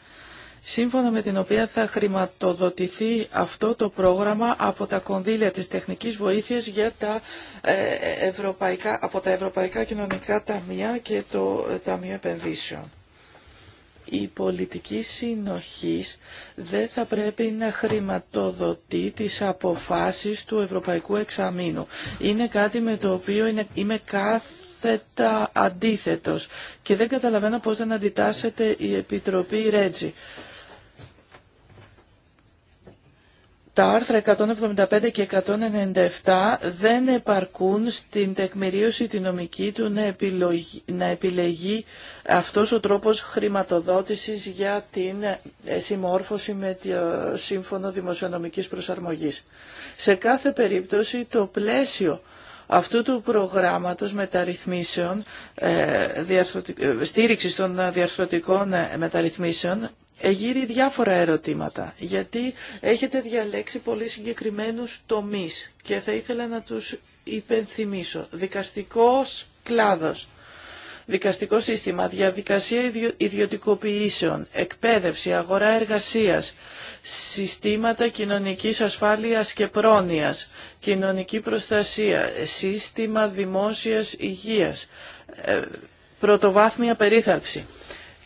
σύμφωνα με την οποία θα χρηματοδοτηθεί αυτό το πρόγραμμα από τα κονδύλια της τεχνικής βοήθειας για τα, ε, ευρωπαϊκά, από τα Ευρωπαϊκά Κοινωνικά Ταμεία και το ε, Ταμείο Επενδύσεων. Η πολιτική συνοχής δεν θα πρέπει να χρηματοδοτεί τις αποφάσεις του Ευρωπαϊκού Εξαμήνου. Είναι κάτι με το οποίο είμαι κάθε τα αντίθετος και δεν καταλαβαίνω πώς δεν αντιτάσσεται η Επιτροπή Ρέτζη. Τα άρθρα 175 και 197 δεν επαρκούν στην τεκμηρίωση τη νομική του να, επιλεγεί αυτός ο τρόπος χρηματοδότησης για την ε, συμμόρφωση με το ε, Σύμφωνο Δημοσιονομικής Προσαρμογής. Σε κάθε περίπτωση το πλαίσιο αυτού του προγράμματος μεταρρυθμίσεων, ε, ε, στήριξης των διαρθρωτικών ε, μεταρρυθμίσεων, εγείρει διάφορα ερωτήματα, γιατί έχετε διαλέξει πολύ συγκεκριμένους τομείς και θα ήθελα να τους υπενθυμίσω. Δικαστικός κλάδος, δικαστικό σύστημα, διαδικασία ιδιωτικοποιήσεων, εκπαίδευση, αγορά εργασίας, συστήματα κοινωνικής ασφάλειας και πρόνοιας, κοινωνική προστασία, σύστημα δημόσιας υγείας, ε, πρωτοβάθμια περίθαλψη.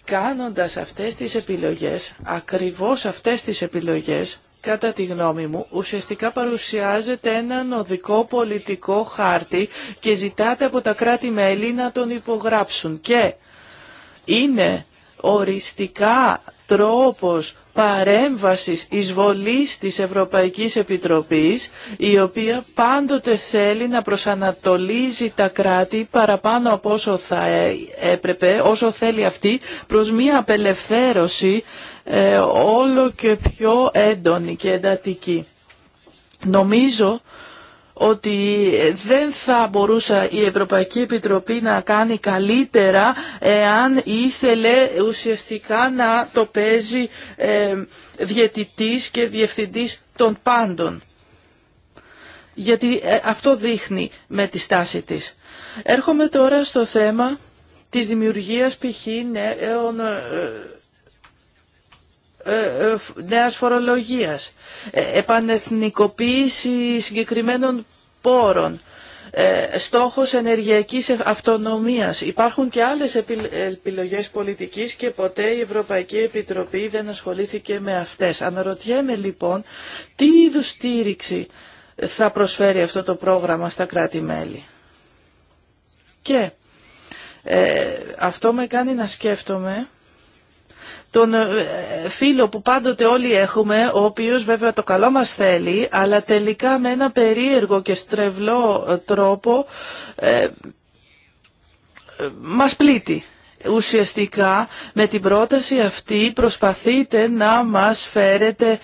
Κάνοντας αυτές τις επιλογές, ακριβώς αυτές τις επιλογές, κατά τη γνώμη μου, ουσιαστικά παρουσιάζεται έναν οδικό πολιτικό χάρτη και ζητάτε από τα κράτη-μέλη να τον υπογράψουν. Και είναι οριστικά τρόπος παρέμβασης εισβολής της Ευρωπαϊκής Επιτροπής, η οποία πάντοτε θέλει να προσανατολίζει τα κράτη παραπάνω από όσο θα ε, έπρεπε, όσο θέλει αυτή, προς μια απελευθέρωση ε, όλο και πιο έντονη και εντατική. Νομίζω ότι δεν θα μπορούσε η Ευρωπαϊκή Επιτροπή να κάνει καλύτερα εάν ήθελε ουσιαστικά να το παίζει ε, διαιτητής και διευθυντής των πάντων. Γιατί ε, αυτό δείχνει με τη στάση της. Έρχομαι τώρα στο θέμα της δημιουργίας π.χ. νέων ε, ε, ε, νέας φορολογίας, ε, επανεθνικοποίηση συγκεκριμένων πόρων, στόχος ενεργειακής αυτονομίας. Υπάρχουν και άλλες επιλογές πολιτικής και ποτέ η Ευρωπαϊκή Επιτροπή δεν ασχολήθηκε με αυτές. Αναρωτιέμαι λοιπόν τι είδους στήριξη θα προσφέρει αυτό το πρόγραμμα στα κράτη-μέλη. Και αυτό με κάνει να σκέφτομαι τον ε, φίλο που πάντοτε όλοι έχουμε, ο οποίος βέβαια το καλό μας θέλει, αλλά τελικά με ένα περίεργο και στρεβλό ε, τρόπο ε, μας πλήττει. Ουσιαστικά με την πρόταση αυτή προσπαθείτε να μας φέρετε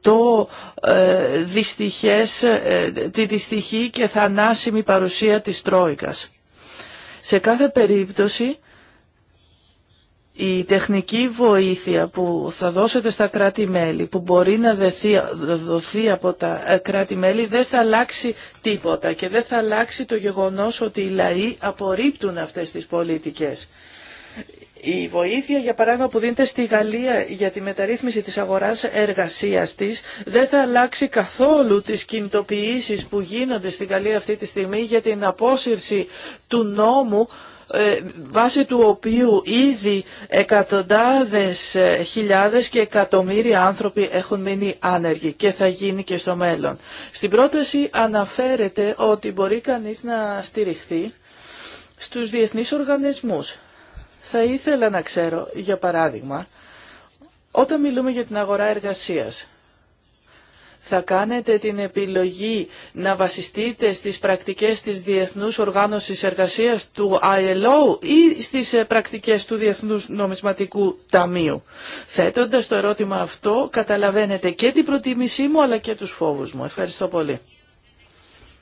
το δυστυχές, τη δυστυχή και θανάσιμη παρουσία της Τρόικας. Σε κάθε περίπτωση η τεχνική βοήθεια που θα δώσετε στα κράτη-μέλη, που μπορεί να δοθεί από τα ε, κράτη-μέλη, δεν θα αλλάξει τίποτα και δεν θα αλλάξει το γεγονός ότι οι λαοί απορρίπτουν αυτές τις πολιτικές. Η βοήθεια, για παράδειγμα, που δίνεται στη Γαλλία για τη μεταρρύθμιση της αγοράς εργασίας της δεν θα αλλάξει καθόλου τις κινητοποιήσεις που γίνονται στη Γαλλία αυτή τη στιγμή για την απόσυρση του νόμου ε, βάσει του οποίου ήδη εκατοντάδες ε, χιλιάδες και εκατομμύρια άνθρωποι έχουν μείνει άνεργοι και θα γίνει και στο μέλλον. Στην πρόταση αναφέρεται ότι μπορεί κανείς να στηριχθεί στους διεθνείς οργανισμούς. Θα ήθελα να ξέρω, για παράδειγμα, όταν μιλούμε για την αγορά εργασίας, θα κάνετε την επιλογή να βασιστείτε στις πρακτικές της Διεθνούς Οργάνωσης Εργασίας του ILO ή στις ε, πρακτικές του Διεθνούς Νομισματικού Ταμείου. Θέτοντας το ερώτημα αυτό, καταλαβαίνετε και την προτίμησή μου αλλά και τους φόβους μου. Ευχαριστώ πολύ.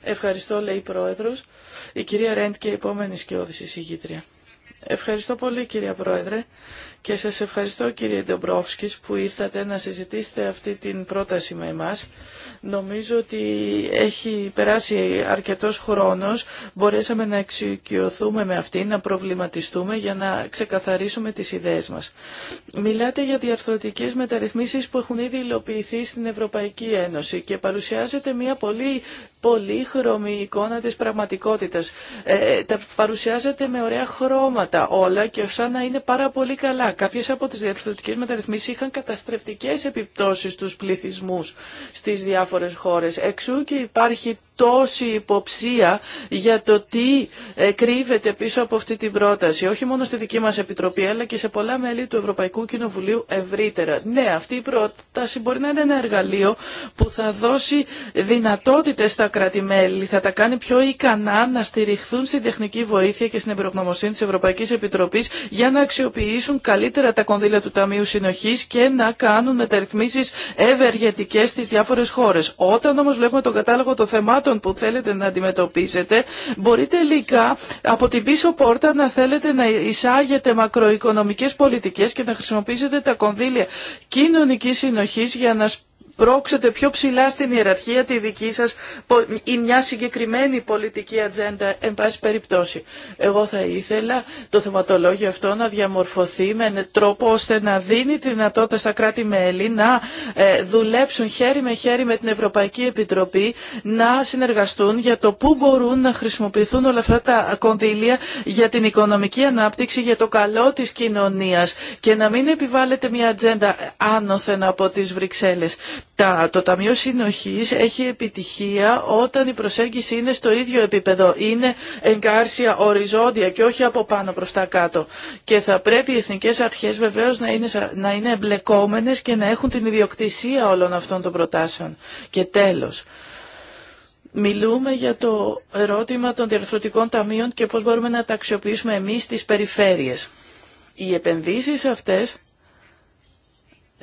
Ευχαριστώ, λέει η Πρόεδρος. Η κυρία Ρέντ και η επόμενη σκιώδηση συγγήτρια. Ευχαριστώ πολύ, κυρία Πρόεδρε. Και σας ευχαριστώ κύριε Ντομπρόφσκης που ήρθατε να συζητήσετε αυτή την πρόταση με εμάς. Νομίζω ότι έχει περάσει αρκετός χρόνος. Μπορέσαμε να εξοικειωθούμε με αυτή, να προβληματιστούμε για να ξεκαθαρίσουμε τις ιδέες μας. Μιλάτε για διαρθρωτικές μεταρρυθμίσεις που έχουν ήδη υλοποιηθεί στην Ευρωπαϊκή Ένωση και παρουσιάζεται μια πολύ πολύχρωμη εικόνα της πραγματικότητας. Ε, τα παρουσιάζεται με ωραία χρώματα όλα και σαν να είναι πάρα πολύ καλά. Κάποιες από τις διαπιστωτικές μεταρρυθμίσεις είχαν καταστρεπτικές επιπτώσεις στους πληθυσμούς στις διάφορες χώρες. Εξού και υπάρχει τόση υποψία για το τι ε, κρύβεται πίσω από αυτή την πρόταση, όχι μόνο στη δική μας Επιτροπή, αλλά και σε πολλά μέλη του Ευρωπαϊκού Κοινοβουλίου ευρύτερα. Ναι, αυτή η πρόταση μπορεί να είναι ένα εργαλείο που θα δώσει δυνατότητες στα κρατη θα τα κάνει πιο ικανά να στηριχθούν στην τεχνική βοήθεια και στην εμπειρογνωμοσύνη τη Ευρωπαϊκή Επιτροπή για να αξιοποιήσουν καλύτερα τα κονδύλια του Ταμείου Συνοχή και να κάνουν μεταρρυθμίσει ευεργετικέ στις διάφορε χώρε. Όταν όμω βλέπουμε τον κατάλογο των θεμάτων που θέλετε να αντιμετωπίσετε, μπορεί τελικά από την πίσω πόρτα να θέλετε να εισάγετε μακροοικονομικέ πολιτικέ και να χρησιμοποιήσετε τα κονδύλια κοινωνική συνοχή για να πρόξετε πιο ψηλά στην ιεραρχία τη δική σας ή μια συγκεκριμένη πολιτική ατζέντα, εν πάση περιπτώσει. Εγώ θα ήθελα το θεματολόγιο αυτό να διαμορφωθεί με τρόπο ώστε να δίνει τη δυνατότητα στα κράτη-μέλη να ε, δουλέψουν χέρι με χέρι με την Ευρωπαϊκή Επιτροπή, να συνεργαστούν για το πού μπορούν να χρησιμοποιηθούν όλα αυτά τα κονδύλια για την οικονομική ανάπτυξη, για το καλό της κοινωνίας και να μην επιβάλλεται μια ατζέντα άνωθεν από τις Βρυξέλλες. Τά, το Ταμείο Συνοχής έχει επιτυχία όταν η προσέγγιση είναι στο ίδιο επίπεδο. Είναι εγκάρσια, οριζόντια και όχι από πάνω προς τα κάτω. Και θα πρέπει οι εθνικές αρχές βεβαίως να είναι, να είναι εμπλεκόμενες και να έχουν την ιδιοκτησία όλων αυτών των προτάσεων. Και τέλος. Μιλούμε για το ερώτημα των διαρθρωτικών ταμείων και πώς μπορούμε να τα αξιοποιήσουμε εμείς στις περιφέρειες. Οι επενδύσεις αυτές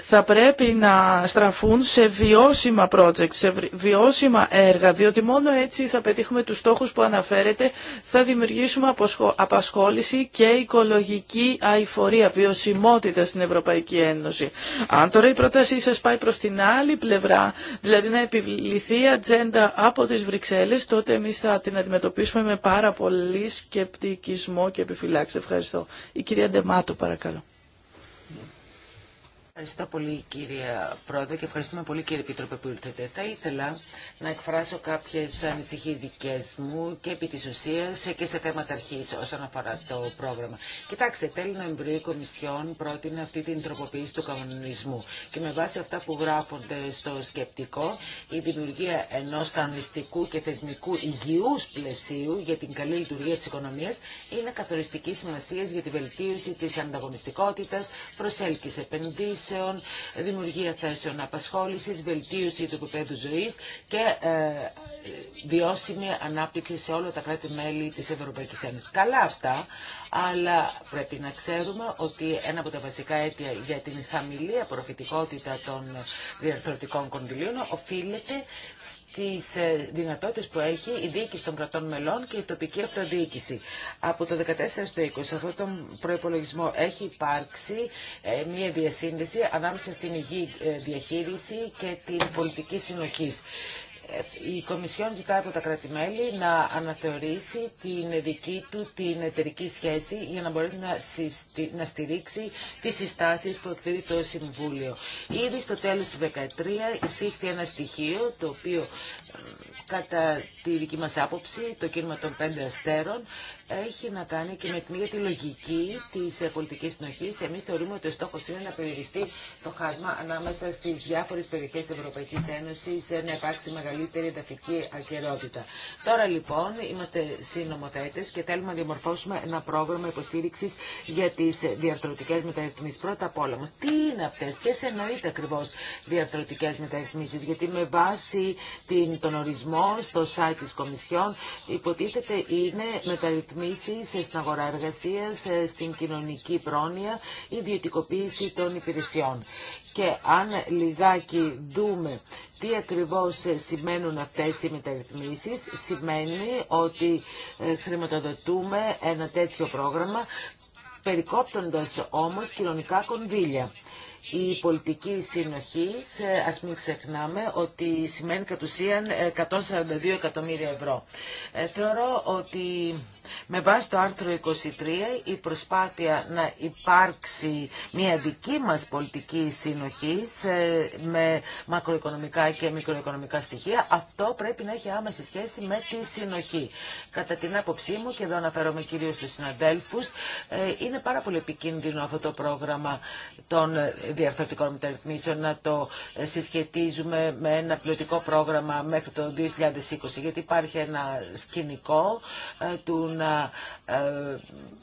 θα πρέπει να στραφούν σε βιώσιμα project, σε βιώσιμα έργα, διότι μόνο έτσι θα πετύχουμε τους στόχους που αναφέρετε, θα δημιουργήσουμε απασχόληση και οικολογική αηφορία, βιωσιμότητα στην Ευρωπαϊκή Ένωση. Αν τώρα η πρότασή σας πάει προς την άλλη πλευρά, δηλαδή να επιβληθεί η ατζέντα από τις Βρυξέλλες, τότε εμείς θα την αντιμετωπίσουμε με πάρα πολύ σκεπτικισμό και επιφυλάξη. Ευχαριστώ. Η κυρία Ντεμάτο παρακαλώ. Ευχαριστώ πολύ κύριε Πρόεδρε και ευχαριστούμε πολύ κύριε Επίτροπε που ήρθατε. Θα ήθελα να εκφράσω κάποιες ανησυχίες δικές μου και επί της ουσίας και σε θέματα αρχής όσον αφορά το πρόγραμμα. Κοιτάξτε, τέλη Νοεμβρίου η Κομισιόν πρότεινε αυτή την τροποποίηση του κανονισμού και με βάση αυτά που γράφονται στο σκεπτικό η δημιουργία ενός κανονιστικού και θεσμικού υγιούς πλαισίου για την καλή λειτουργία της οικονομίας είναι καθοριστική σημασία για τη βελτίωση της ανταγωνιστικότητας, προσέλκυση επενδύσεων, θέσεων, δημιουργία θέσεων απασχόλησης, βελτίωση του επίπεδου ζωής και ε, βιώσιμη ανάπτυξη σε όλα τα κράτη-μέλη της Ευρωπαϊκής Ένωσης. Καλά αυτά, αλλά πρέπει να ξέρουμε ότι ένα από τα βασικά αίτια για την χαμηλή απορροφητικότητα των διαρθρωτικών κονδυλίων οφείλεται τι ε, δυνατότητε που έχει η διοίκηση των κρατών μελών και η τοπική αυτοδιοίκηση. Από το 2014 στο 20 αυτόν τον προπολογισμό έχει υπάρξει ε, μια διασύνδεση ανάμεσα στην υγιή ε, διαχείριση και την πολιτική συνοχής η Κομισιόν ζητά από τα κράτη-μέλη να αναθεωρήσει την δική του την εταιρική σχέση για να μπορεί να, να στηρίξει τις συστάσεις που εκδίδει το Συμβούλιο. Ήδη στο τέλος του 2013 εισήχθη ένα στοιχείο το οποίο κατά τη δική μας άποψη το κίνημα των πέντε αστέρων έχει να κάνει και με την ίδια τη λογική τη ε, πολιτική συνοχή. Εμεί θεωρούμε ότι ο στόχο είναι να περιοριστεί το χάσμα ανάμεσα στι διάφορε περιοχέ τη Ευρωπαϊκή Ένωση, ε, να υπάρξει μεγαλύτερη ενταφική ακαιρότητα. Τώρα λοιπόν είμαστε συνομοθέτε και θέλουμε να διαμορφώσουμε ένα πρόγραμμα υποστήριξη για τι διαρθρωτικέ μεταρρυθμίσει. Πρώτα απ' όλα όμω, τι είναι αυτέ, ποιε εννοείται ακριβώ διαρθρωτικέ μεταρρυθμίσει, γιατί με βάση τον ορισμό στο site τη Κομισιόν υποτίθεται είναι μεταρρυθμίσει στην αγορά εργασίας, στην κοινωνική πρόνοια, η ιδιωτικοποίηση των υπηρεσιών. Και αν λιγάκι δούμε τι ακριβώς ε, σημαίνουν αυτές οι μεταρρυθμίσεις, σημαίνει ότι ε, χρηματοδοτούμε ένα τέτοιο πρόγραμμα, περικόπτοντας όμως κοινωνικά κονδύλια. Η πολιτική συνοχή, α μην ξεχνάμε, ότι σημαίνει κατ' ουσίαν 142 ε, εκατομμύρια ευρώ. Ε, θεωρώ ότι με βάση το άρθρο 23 η προσπάθεια να υπάρξει μια δική μας πολιτική συνοχή με μακροοικονομικά και μικροοικονομικά στοιχεία, αυτό πρέπει να έχει άμεση σχέση με τη συνοχή. Κατά την άποψή μου, και εδώ αναφέρομαι κυρίως στους συναδέλφους, ε, είναι πάρα πολύ επικίνδυνο αυτό το πρόγραμμα των διαρθρωτικών μεταρρυθμίσεων, να το ε, συσχετίζουμε με ένα πλωτικό πρόγραμμα μέχρι το 2020, γιατί υπάρχει ένα σκηνικό ε, του να ε,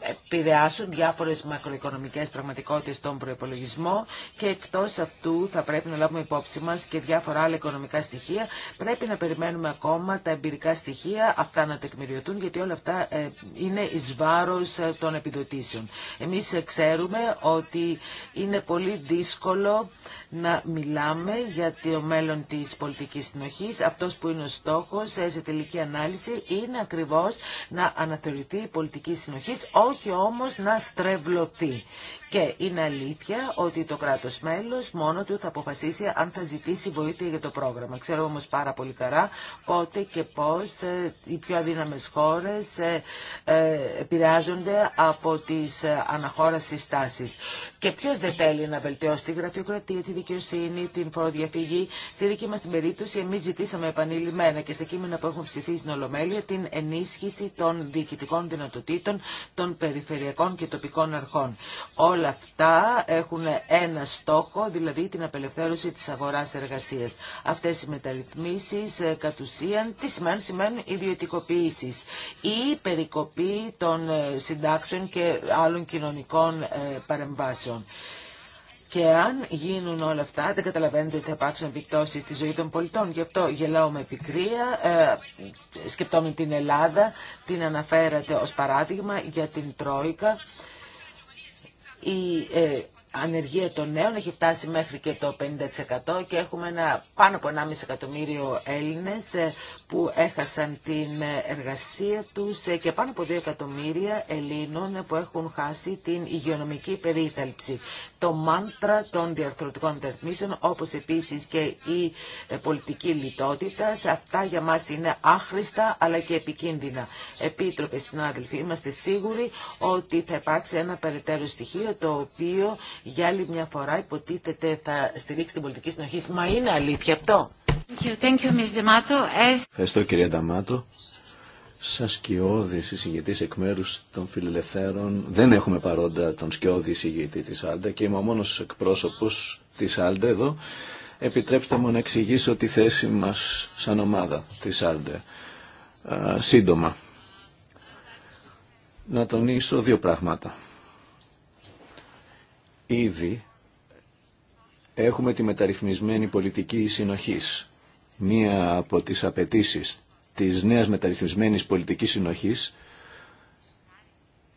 επηρεάσουν διάφορες μακροοικονομικές πραγματικότητες στον προπολογισμό και εκτός αυτού θα πρέπει να λάβουμε υπόψη μας και διάφορα άλλα οικονομικά στοιχεία. Πρέπει να περιμένουμε ακόμα τα εμπειρικά στοιχεία, αυτά να τεκμηριωθούν, γιατί όλα αυτά είναι εις βάρος των επιδοτήσεων. Εμείς ξέρουμε ότι είναι πολύ δύσκολο δύσκολο να μιλάμε για το μέλλον της πολιτικής συνοχής. Αυτός που είναι ο στόχος ε, σε τελική ανάλυση είναι ακριβώς να αναθεωρηθεί η πολιτική συνοχής, όχι όμως να στρεβλωθεί. Και είναι αλήθεια ότι το κράτος μέλος μόνο του θα αποφασίσει αν θα ζητήσει βοήθεια για το πρόγραμμα. Ξέρω όμως πάρα πολύ καλά πότε και πώς ε, οι πιο αδύναμες χώρες ε, ε, επηρεάζονται από τις αναχώρασεις συστάσεις. Και ποιος δεν θέλει να βελτιώσει τη γραφειοκρατία, τη δικαιοσύνη, την φοροδιαφυγή. Στη δική μας την περίπτωση εμείς ζητήσαμε επανειλημμένα και σε κείμενα που έχουν ψηφίσει στην Ολομέλεια την ενίσχυση των διοικητικών δυνατοτήτων των περιφερειακών και τοπικών αρχών όλα αυτά έχουν ένα στόχο, δηλαδή την απελευθέρωση της αγοράς εργασίας. Αυτές οι μεταρρυθμίσεις ε, κατ' ουσίαν τι σημαίνουν, σημαίνουν ή περικοπή των ε, συντάξεων και άλλων κοινωνικών ε, παρεμβάσεων. Και αν γίνουν όλα αυτά, δεν καταλαβαίνετε ότι θα υπάρξουν επιπτώσει στη ζωή των πολιτών. Γι' αυτό γελάω με πικρία. Ε, την Ελλάδα, την αναφέρατε ως παράδειγμα για την Τρόικα η ε, ανεργία των νέων έχει φτάσει μέχρι και το 50% και έχουμε ένα, πάνω από 1,5 εκατομμύριο Έλληνες ε, που έχασαν την εργασία τους ε, και πάνω από 2 εκατομμύρια Ελλήνων που έχουν χάσει την υγειονομική περίθαλψη το μάντρα των διαρθρωτικών δεθμίσεων, όπως επίσης και η ε, πολιτική λιτότητα. Σε αυτά για μας είναι άχρηστα αλλά και επικίνδυνα. Επίτροπε, συνάδελφοι, είμαστε σίγουροι ότι θα υπάρξει ένα περαιτέρω στοιχείο το οποίο για άλλη μια φορά υποτίθεται θα στηρίξει την πολιτική συνοχή. Μα είναι αλήθεια αυτό. Thank you, thank you, Ευχαριστώ κυρία Νταμάτο. Σαν σκιώδη εισηγητή εκ μέρου των φιλελευθέρων, δεν έχουμε παρόντα τον σκιώδη εισηγητή τη Άλντα και είμαι ο μόνο εκπρόσωπο τη Άλντα εδώ. Επιτρέψτε μου να εξηγήσω τη θέση μα σαν ομάδα τη Άλντα. Σύντομα. Να τονίσω δύο πράγματα. Ήδη έχουμε τη μεταρρυθμισμένη πολιτική συνοχής. Μία από τις απαιτήσει της νέας μεταρρυθμισμένης πολιτικής συνοχής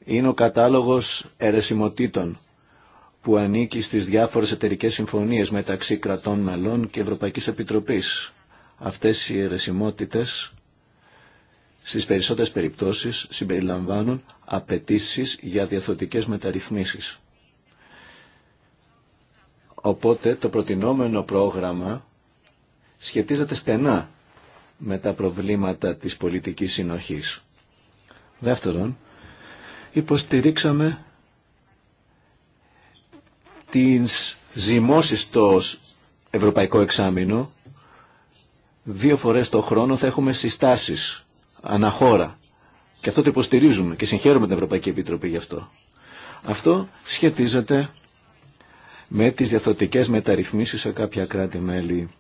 είναι ο κατάλογος αιρεσιμοτήτων που ανήκει στις διάφορες εταιρικέ συμφωνίες μεταξύ κρατών μελών και Ευρωπαϊκής Επιτροπής. Αυτές οι αιρεσιμότητες στις περισσότερες περιπτώσεις συμπεριλαμβάνουν απαιτήσει για διαθωτικές μεταρρυθμίσεις. Οπότε το προτινόμενο πρόγραμμα σχετίζεται στενά με τα προβλήματα της πολιτικής συνοχής. Δεύτερον, υποστηρίξαμε τις ζυμώσεις στο Ευρωπαϊκό Εξάμεινο. Δύο φορές το χρόνο θα έχουμε συστάσεις αναχώρα. Και αυτό το υποστηρίζουμε και συγχαίρουμε την Ευρωπαϊκή Επιτροπή γι' αυτό. Αυτό σχετίζεται με τις διαθωτικές μεταρρυθμίσεις σε κάποια κράτη-μέλη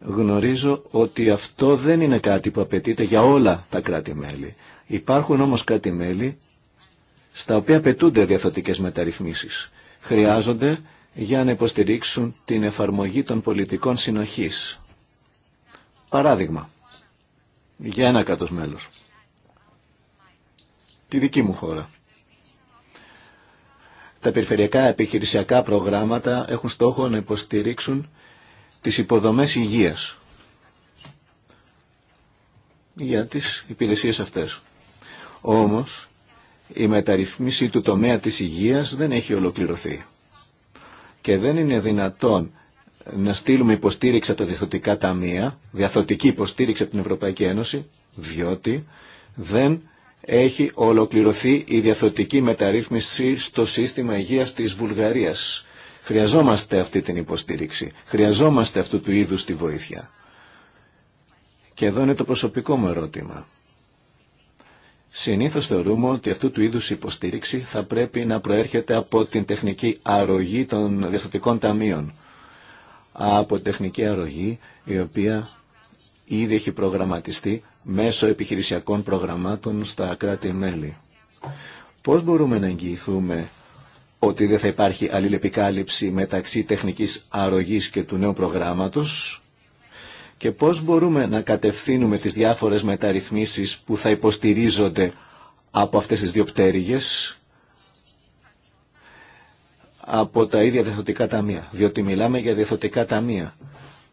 γνωρίζω ότι αυτό δεν είναι κάτι που απαιτείται για όλα τα κράτη-μέλη. Υπάρχουν όμως κράτη-μέλη στα οποία απαιτούνται διαθωτικές μεταρρυθμίσεις. Χρειάζονται για να υποστηρίξουν την εφαρμογή των πολιτικών συνοχής. Παράδειγμα, για ένα κράτος μέλος. Τη δική μου χώρα. Τα περιφερειακά επιχειρησιακά προγράμματα έχουν στόχο να υποστηρίξουν τις υποδομές υγείας για τις υπηρεσίες αυτές. Όμως, η μεταρρυθμίση του τομέα της υγείας δεν έχει ολοκληρωθεί και δεν είναι δυνατόν να στείλουμε υποστήριξη από τα διαθωτικά ταμεία, διαθωτική υποστήριξη από την Ευρωπαϊκή Ένωση, διότι δεν έχει ολοκληρωθεί η διαθωτική μεταρρύθμιση στο σύστημα υγείας της Βουλγαρίας. Χρειαζόμαστε αυτή την υποστήριξη. Χρειαζόμαστε αυτού του είδους τη βοήθεια. Και εδώ είναι το προσωπικό μου ερώτημα. Συνήθως θεωρούμε ότι αυτού του είδους υποστήριξη θα πρέπει να προέρχεται από την τεχνική αρρωγή των διαστατικών ταμείων. Από τεχνική αρρωγή η οποία ήδη έχει προγραμματιστεί μέσω επιχειρησιακών προγραμμάτων στα κράτη-μέλη. Πώς μπορούμε να εγγυηθούμε ότι δεν θα υπάρχει αλληλεπικάλυψη μεταξύ τεχνικής αρρωγής και του νέου προγράμματος και πώς μπορούμε να κατευθύνουμε τις διάφορες μεταρρυθμίσεις που θα υποστηρίζονται από αυτές τις δύο πτέρυγες από τα ίδια διεθνωτικά ταμεία, διότι μιλάμε για διεθνωτικά ταμεία.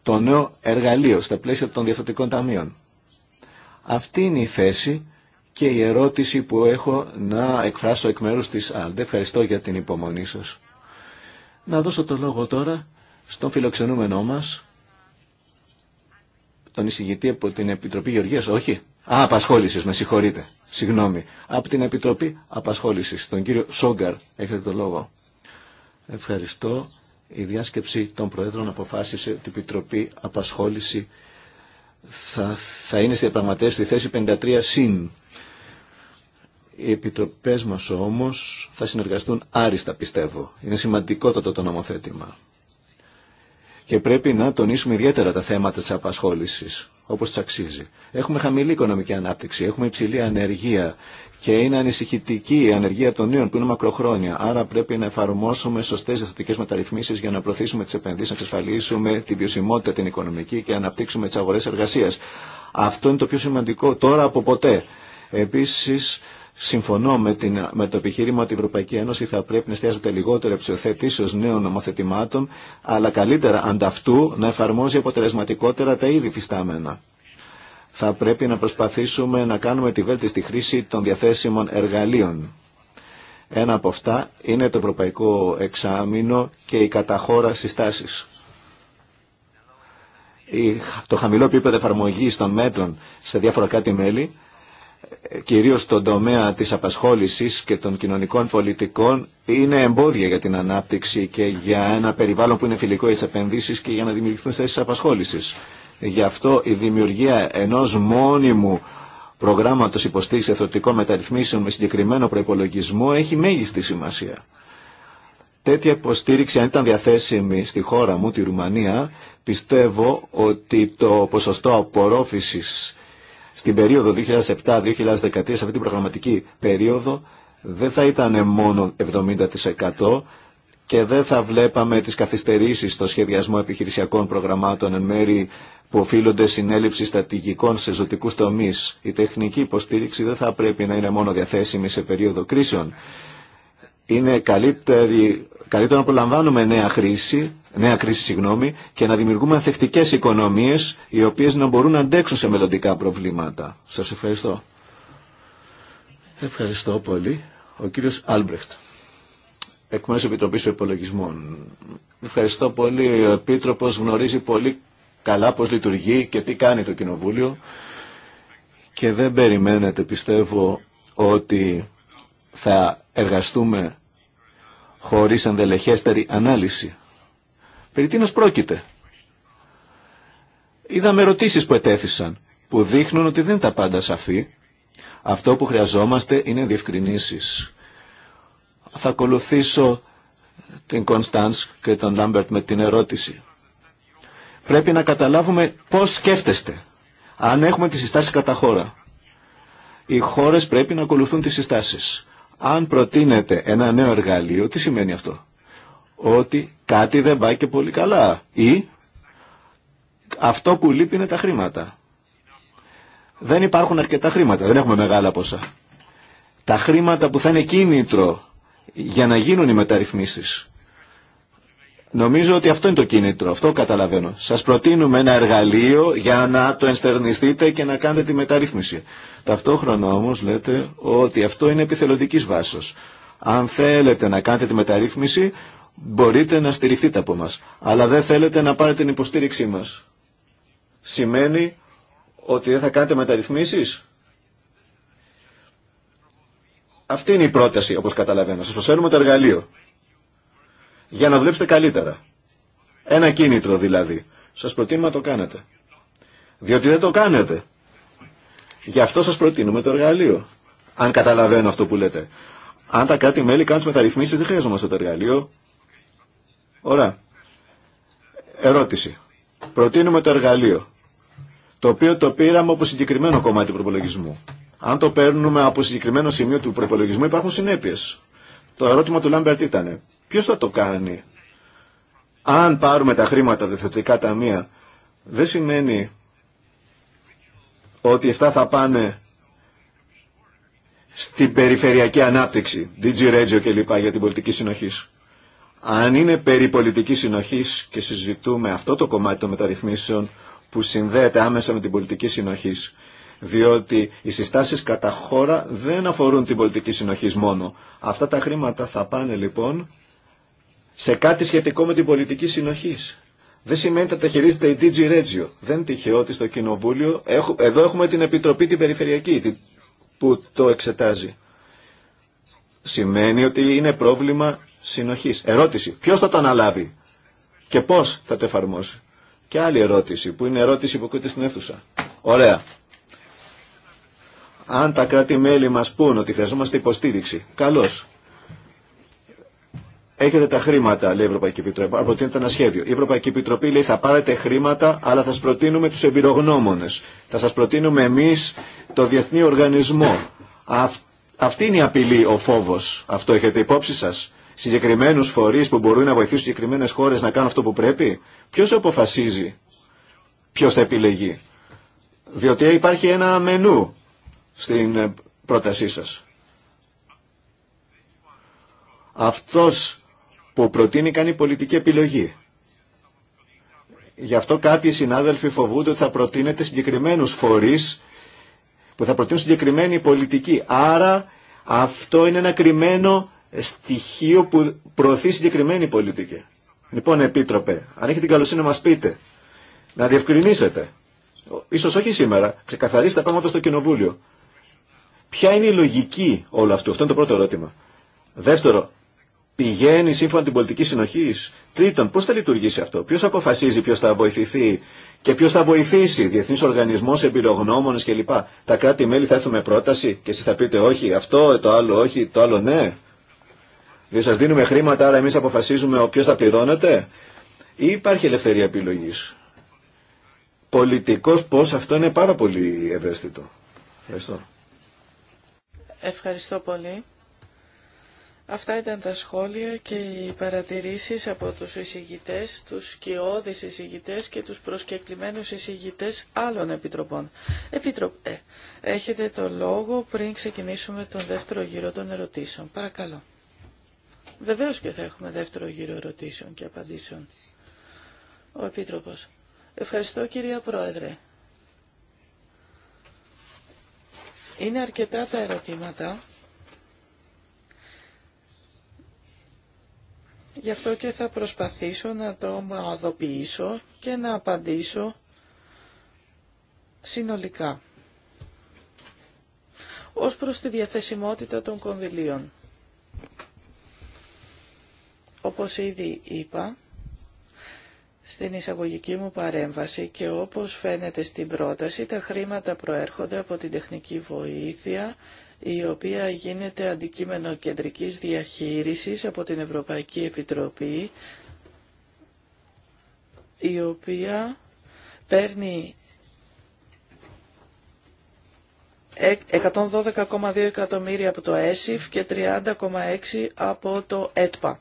Το νέο εργαλείο στα πλαίσια των διεθωτικών ταμείων. Αυτή είναι η θέση και η ερώτηση που έχω να εκφράσω εκ μέρους της ΑΛΔΕ. Ευχαριστώ για την υπομονή σας. Να δώσω το λόγο τώρα στον φιλοξενούμενό μας, τον εισηγητή από την Επιτροπή Γεωργίας, όχι, α, απασχόλησης, με συγχωρείτε, συγγνώμη, από την Επιτροπή Απασχόλησης, τον κύριο Σόγκαρ, έχετε το λόγο. Ευχαριστώ. Η διάσκεψη των Προέδρων αποφάσισε ότι η Επιτροπή Απασχόληση θα, θα είναι στη διαπραγματεύση στη θέση 53 συν οι επιτροπές μας όμως θα συνεργαστούν άριστα πιστεύω. Είναι σημαντικότατο το νομοθέτημα. Και πρέπει να τονίσουμε ιδιαίτερα τα θέματα της απασχόλησης, όπως τους αξίζει. Έχουμε χαμηλή οικονομική ανάπτυξη, έχουμε υψηλή ανεργία και είναι ανησυχητική η ανεργία των νέων που είναι μακροχρόνια. Άρα πρέπει να εφαρμόσουμε σωστέ διευθυντικέ μεταρρυθμίσεις για να προωθήσουμε τι επενδύσει, να εξασφαλίσουμε τη βιωσιμότητα την οικονομική και να αναπτύξουμε τι αγορέ Αυτό είναι το πιο σημαντικό τώρα από ποτέ. Συμφωνώ με, την, με το επιχείρημα ότι η Ευρωπαϊκή Ένωση θα πρέπει να εστιάζεται λιγότερο εξωθετήσεως νέων νομοθετημάτων, αλλά καλύτερα ανταυτού να εφαρμόζει αποτελεσματικότερα τα ήδη φυστάμενα. Θα πρέπει να προσπαθήσουμε να κάνουμε τη βέλτιστη χρήση των διαθέσιμων εργαλείων. Ένα από αυτά είναι το Ευρωπαϊκό Εξάμεινο και η καταχώρα συστάσεις. Το χαμηλό επίπεδο εφαρμογή των μέτρων σε διάφορα κάτι μέλη κυρίως στον τομέα της απασχόλησης και των κοινωνικών πολιτικών είναι εμπόδια για την ανάπτυξη και για ένα περιβάλλον που είναι φιλικό για τις επενδύσεις και για να δημιουργηθούν θέσεις απασχόλησης. Γι' αυτό η δημιουργία ενός μόνιμου προγράμματος υποστήριξης εθνωτικών μεταρρυθμίσεων με συγκεκριμένο προπολογισμό έχει μέγιστη σημασία. Τέτοια υποστήριξη, αν ήταν διαθέσιμη στη χώρα μου, τη Ρουμανία, πιστεύω ότι το ποσοστό απορρόφησης στην περίοδο 2007-2013, σε αυτή την προγραμματική περίοδο, δεν θα ήταν μόνο 70% και δεν θα βλέπαμε τις καθυστερήσεις στο σχεδιασμό επιχειρησιακών προγραμμάτων εν μέρη που οφείλονται συνέλευση στατηγικών σε ζωτικού τομεί. Η τεχνική υποστήριξη δεν θα πρέπει να είναι μόνο διαθέσιμη σε περίοδο κρίσεων. Είναι καλύτερο να απολαμβάνουμε νέα χρήση νέα κρίση συγγνώμη, και να δημιουργούμε ανθεκτικές οικονομίες οι οποίες να μπορούν να αντέξουν σε μελλοντικά προβλήματα. Σας ευχαριστώ. Ευχαριστώ πολύ. Ο κύριος Άλμπρεχτ, εκ μέρους Επιτροπής Υπολογισμών. Ευχαριστώ πολύ. Ο Επίτροπος γνωρίζει πολύ καλά πώς λειτουργεί και τι κάνει το Κοινοβούλιο και δεν περιμένετε πιστεύω ότι θα εργαστούμε χωρίς ενδελεχέστερη ανάλυση. Περί τίνος πρόκειται. Είδαμε ερωτήσει που ετέθησαν, που δείχνουν ότι δεν είναι τα πάντα σαφή. Αυτό που χρειαζόμαστε είναι διευκρινήσει. Θα ακολουθήσω την Κωνσταντς και τον Λάμπερτ με την ερώτηση. Πρέπει να καταλάβουμε πώς σκέφτεστε, αν έχουμε τις συστάσεις κατά χώρα. Οι χώρες πρέπει να ακολουθούν τις συστάσεις. Αν προτείνεται ένα νέο εργαλείο, τι σημαίνει αυτό. Ότι κάτι δεν πάει και πολύ καλά ή αυτό που λείπει είναι τα χρήματα. Δεν υπάρχουν αρκετά χρήματα, δεν έχουμε μεγάλα ποσά. Τα χρήματα που θα είναι κίνητρο για να γίνουν οι μεταρρυθμίσεις. Νομίζω ότι αυτό είναι το κίνητρο, αυτό καταλαβαίνω. Σας προτείνουμε ένα εργαλείο για να το ενστερνιστείτε και να κάνετε τη μεταρρύθμιση. Ταυτόχρονα όμως λέτε ότι αυτό είναι επιθελοντικής βάσος. Αν θέλετε να κάνετε τη μεταρρύθμιση, μπορείτε να στηριχτείτε από μας. Αλλά δεν θέλετε να πάρετε την υποστήριξή μας. Σημαίνει ότι δεν θα κάνετε μεταρρυθμίσεις. Αυτή είναι η πρόταση, όπως καταλαβαίνω. Σας προσφέρουμε το εργαλείο. Για να δουλέψετε καλύτερα. Ένα κίνητρο δηλαδή. Σας προτείνουμε να το κάνετε. Διότι δεν το κάνετε. Γι' αυτό σας προτείνουμε το εργαλείο. Αν καταλαβαίνω αυτό που λέτε. Αν τα κάτι μελη κάνουν τις μεταρρυθμίσεις... δεν χρειαζόμαστε το εργαλείο. Ωραία. Ερώτηση. Προτείνουμε το εργαλείο, το οποίο το πήραμε από συγκεκριμένο κομμάτι του προπολογισμού. Αν το παίρνουμε από συγκεκριμένο σημείο του προπολογισμού υπάρχουν συνέπειε. Το ερώτημα του Λάμπερτ ήταν, ποιο θα το κάνει. Αν πάρουμε τα χρήματα από τα ταμεία, δεν σημαίνει ότι αυτά θα πάνε στην περιφερειακή ανάπτυξη, DG Radio κλπ. για την πολιτική συνοχής. Αν είναι περί πολιτικής συνοχής και συζητούμε αυτό το κομμάτι των μεταρρυθμίσεων που συνδέεται άμεσα με την πολιτική συνοχής, διότι οι συστάσεις κατά χώρα δεν αφορούν την πολιτική συνοχής μόνο. Αυτά τα χρήματα θα πάνε λοιπόν σε κάτι σχετικό με την πολιτική συνοχής. Δεν σημαίνει ότι τα χειρίζεται η DG Regio. Δεν τυχαίο ότι στο Κοινοβούλιο, εδώ έχουμε την Επιτροπή την Περιφερειακή που το εξετάζει. Σημαίνει ότι είναι πρόβλημα συνοχής. Ερώτηση, ποιος θα το αναλάβει και πώς θα το εφαρμόσει. Και άλλη ερώτηση, που είναι ερώτηση που ακούτε στην αίθουσα. Ωραία. Αν τα κράτη-μέλη μας πούν ότι χρειαζόμαστε υποστήριξη, καλώς. Έχετε τα χρήματα, λέει η Ευρωπαϊκή Επιτροπή. Αλλά προτείνετε ένα σχέδιο. Η Ευρωπαϊκή Επιτροπή λέει θα πάρετε χρήματα, αλλά θα σα προτείνουμε του εμπειρογνώμονε. Θα σα προτείνουμε εμεί το Διεθνή Οργανισμό. αυτή είναι η απειλή, ο φόβο. Αυτό έχετε υπόψη σα. Συγκεκριμένου φορεί που μπορούν να βοηθήσουν συγκεκριμένε χώρες να κάνουν αυτό που πρέπει. Ποιο αποφασίζει ποιο θα επιλεγεί. Διότι υπάρχει ένα μενού στην πρότασή σας. Αυτός που προτείνει κάνει πολιτική επιλογή. Γι' αυτό κάποιοι συνάδελφοι φοβούνται ότι θα προτείνετε συγκεκριμένους φορεί που θα προτείνουν συγκεκριμένη πολιτική. Άρα αυτό είναι ένα κρυμμένο στοιχείο που προωθεί συγκεκριμένη πολιτική. Λοιπόν, Επίτροπε, αν έχετε την καλοσύνη να μα πείτε, να διευκρινίσετε, ίσως όχι σήμερα, ξεκαθαρίστε τα πράγματα στο Κοινοβούλιο. Ποια είναι η λογική όλου αυτού, αυτό είναι το πρώτο ερώτημα. Δεύτερο, πηγαίνει σύμφωνα με την πολιτική συνοχή. Τρίτον, πώ θα λειτουργήσει αυτό, ποιο αποφασίζει ποιο θα βοηθηθεί και ποιο θα βοηθήσει, διεθνή οργανισμό, εμπειρογνώμονε κλπ. Τα κράτη-μέλη θα έρθουν πρόταση και εσεί θα πείτε όχι, αυτό, το άλλο όχι, το άλλο ναι. Δεν σας δίνουμε χρήματα, άρα εμείς αποφασίζουμε ο ποιος θα πληρώνεται. Ή υπάρχει ελευθερία επιλογής. Πολιτικός πώς αυτό είναι πάρα πολύ ευαίσθητο. Ευχαριστώ. Ευχαριστώ πολύ. Αυτά ήταν τα σχόλια και οι παρατηρήσεις από τους εισηγητές, τους σκιώδεις εισηγητές και τους προσκεκλημένους εισηγητές άλλων επιτροπών. Επιτροπέ, ε, έχετε το λόγο πριν ξεκινήσουμε τον δεύτερο γύρο των ερωτήσεων. Παρακαλώ. Βεβαίως και θα έχουμε δεύτερο γύρο ερωτήσεων και απαντήσεων. Ο Επίτροπος. Ευχαριστώ κυρία Πρόεδρε. Είναι αρκετά τα ερωτήματα. Γι' αυτό και θα προσπαθήσω να το ομαδοποιήσω και να απαντήσω συνολικά. Ως προς τη διαθεσιμότητα των κονδυλίων. Όπως ήδη είπα, στην εισαγωγική μου παρέμβαση και όπως φαίνεται στην πρόταση, τα χρήματα προέρχονται από την τεχνική βοήθεια, η οποία γίνεται αντικείμενο κεντρικής διαχείρισης από την Ευρωπαϊκή Επιτροπή, η οποία παίρνει 112,2 εκατομμύρια από το ΕΣΥΦ και 30,6 από το ΕΤΠΑ.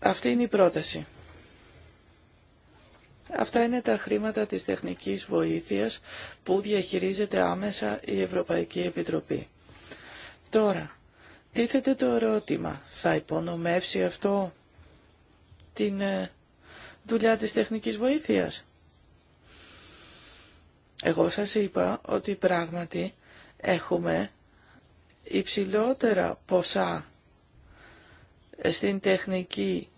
Αυτή είναι η πρόταση. Αυτά είναι τα χρήματα της τεχνικής βοήθειας που διαχειρίζεται άμεσα η Ευρωπαϊκή Επιτροπή. Τώρα, τίθεται το ερώτημα, θα υπονομεύσει αυτό την ε, δουλειά της τεχνικής βοήθειας. Εγώ σας είπα ότι πράγματι έχουμε υψηλότερα ποσά στην τεχνική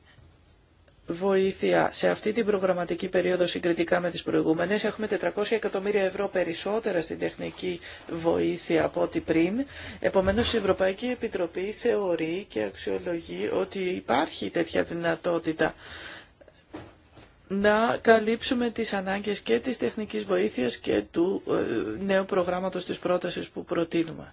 βοήθεια σε αυτή την προγραμματική περίοδο συγκριτικά με τις προηγούμενες. Έχουμε 400 εκατομμύρια ευρώ περισσότερα στην τεχνική βοήθεια από ό,τι πριν. Επομένως, η Ευρωπαϊκή Επιτροπή θεωρεί και αξιολογεί ότι υπάρχει τέτοια δυνατότητα να καλύψουμε τις ανάγκες και της τεχνικής βοήθειας και του ε, νέου προγράμματος της πρότασης που προτείνουμε.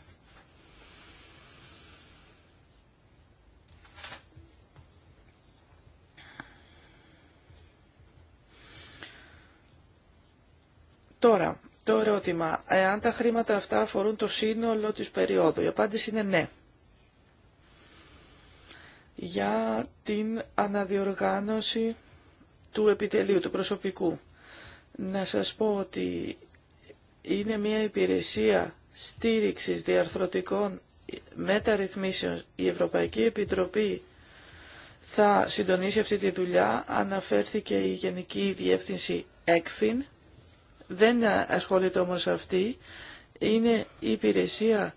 Τώρα, το ερώτημα, εάν τα χρήματα αυτά αφορούν το σύνολο της περίοδου, η απάντηση είναι ναι. Για την αναδιοργάνωση του επιτελείου, του προσωπικού. Να σας πω ότι είναι μια υπηρεσία στήριξης διαρθρωτικών μεταρρυθμίσεων. Η Ευρωπαϊκή Επιτροπή θα συντονίσει αυτή τη δουλειά. Αναφέρθηκε η Γενική Διεύθυνση ΕΚΦΙΝ δεν ασχολείται όμως αυτή. Είναι η υπηρεσία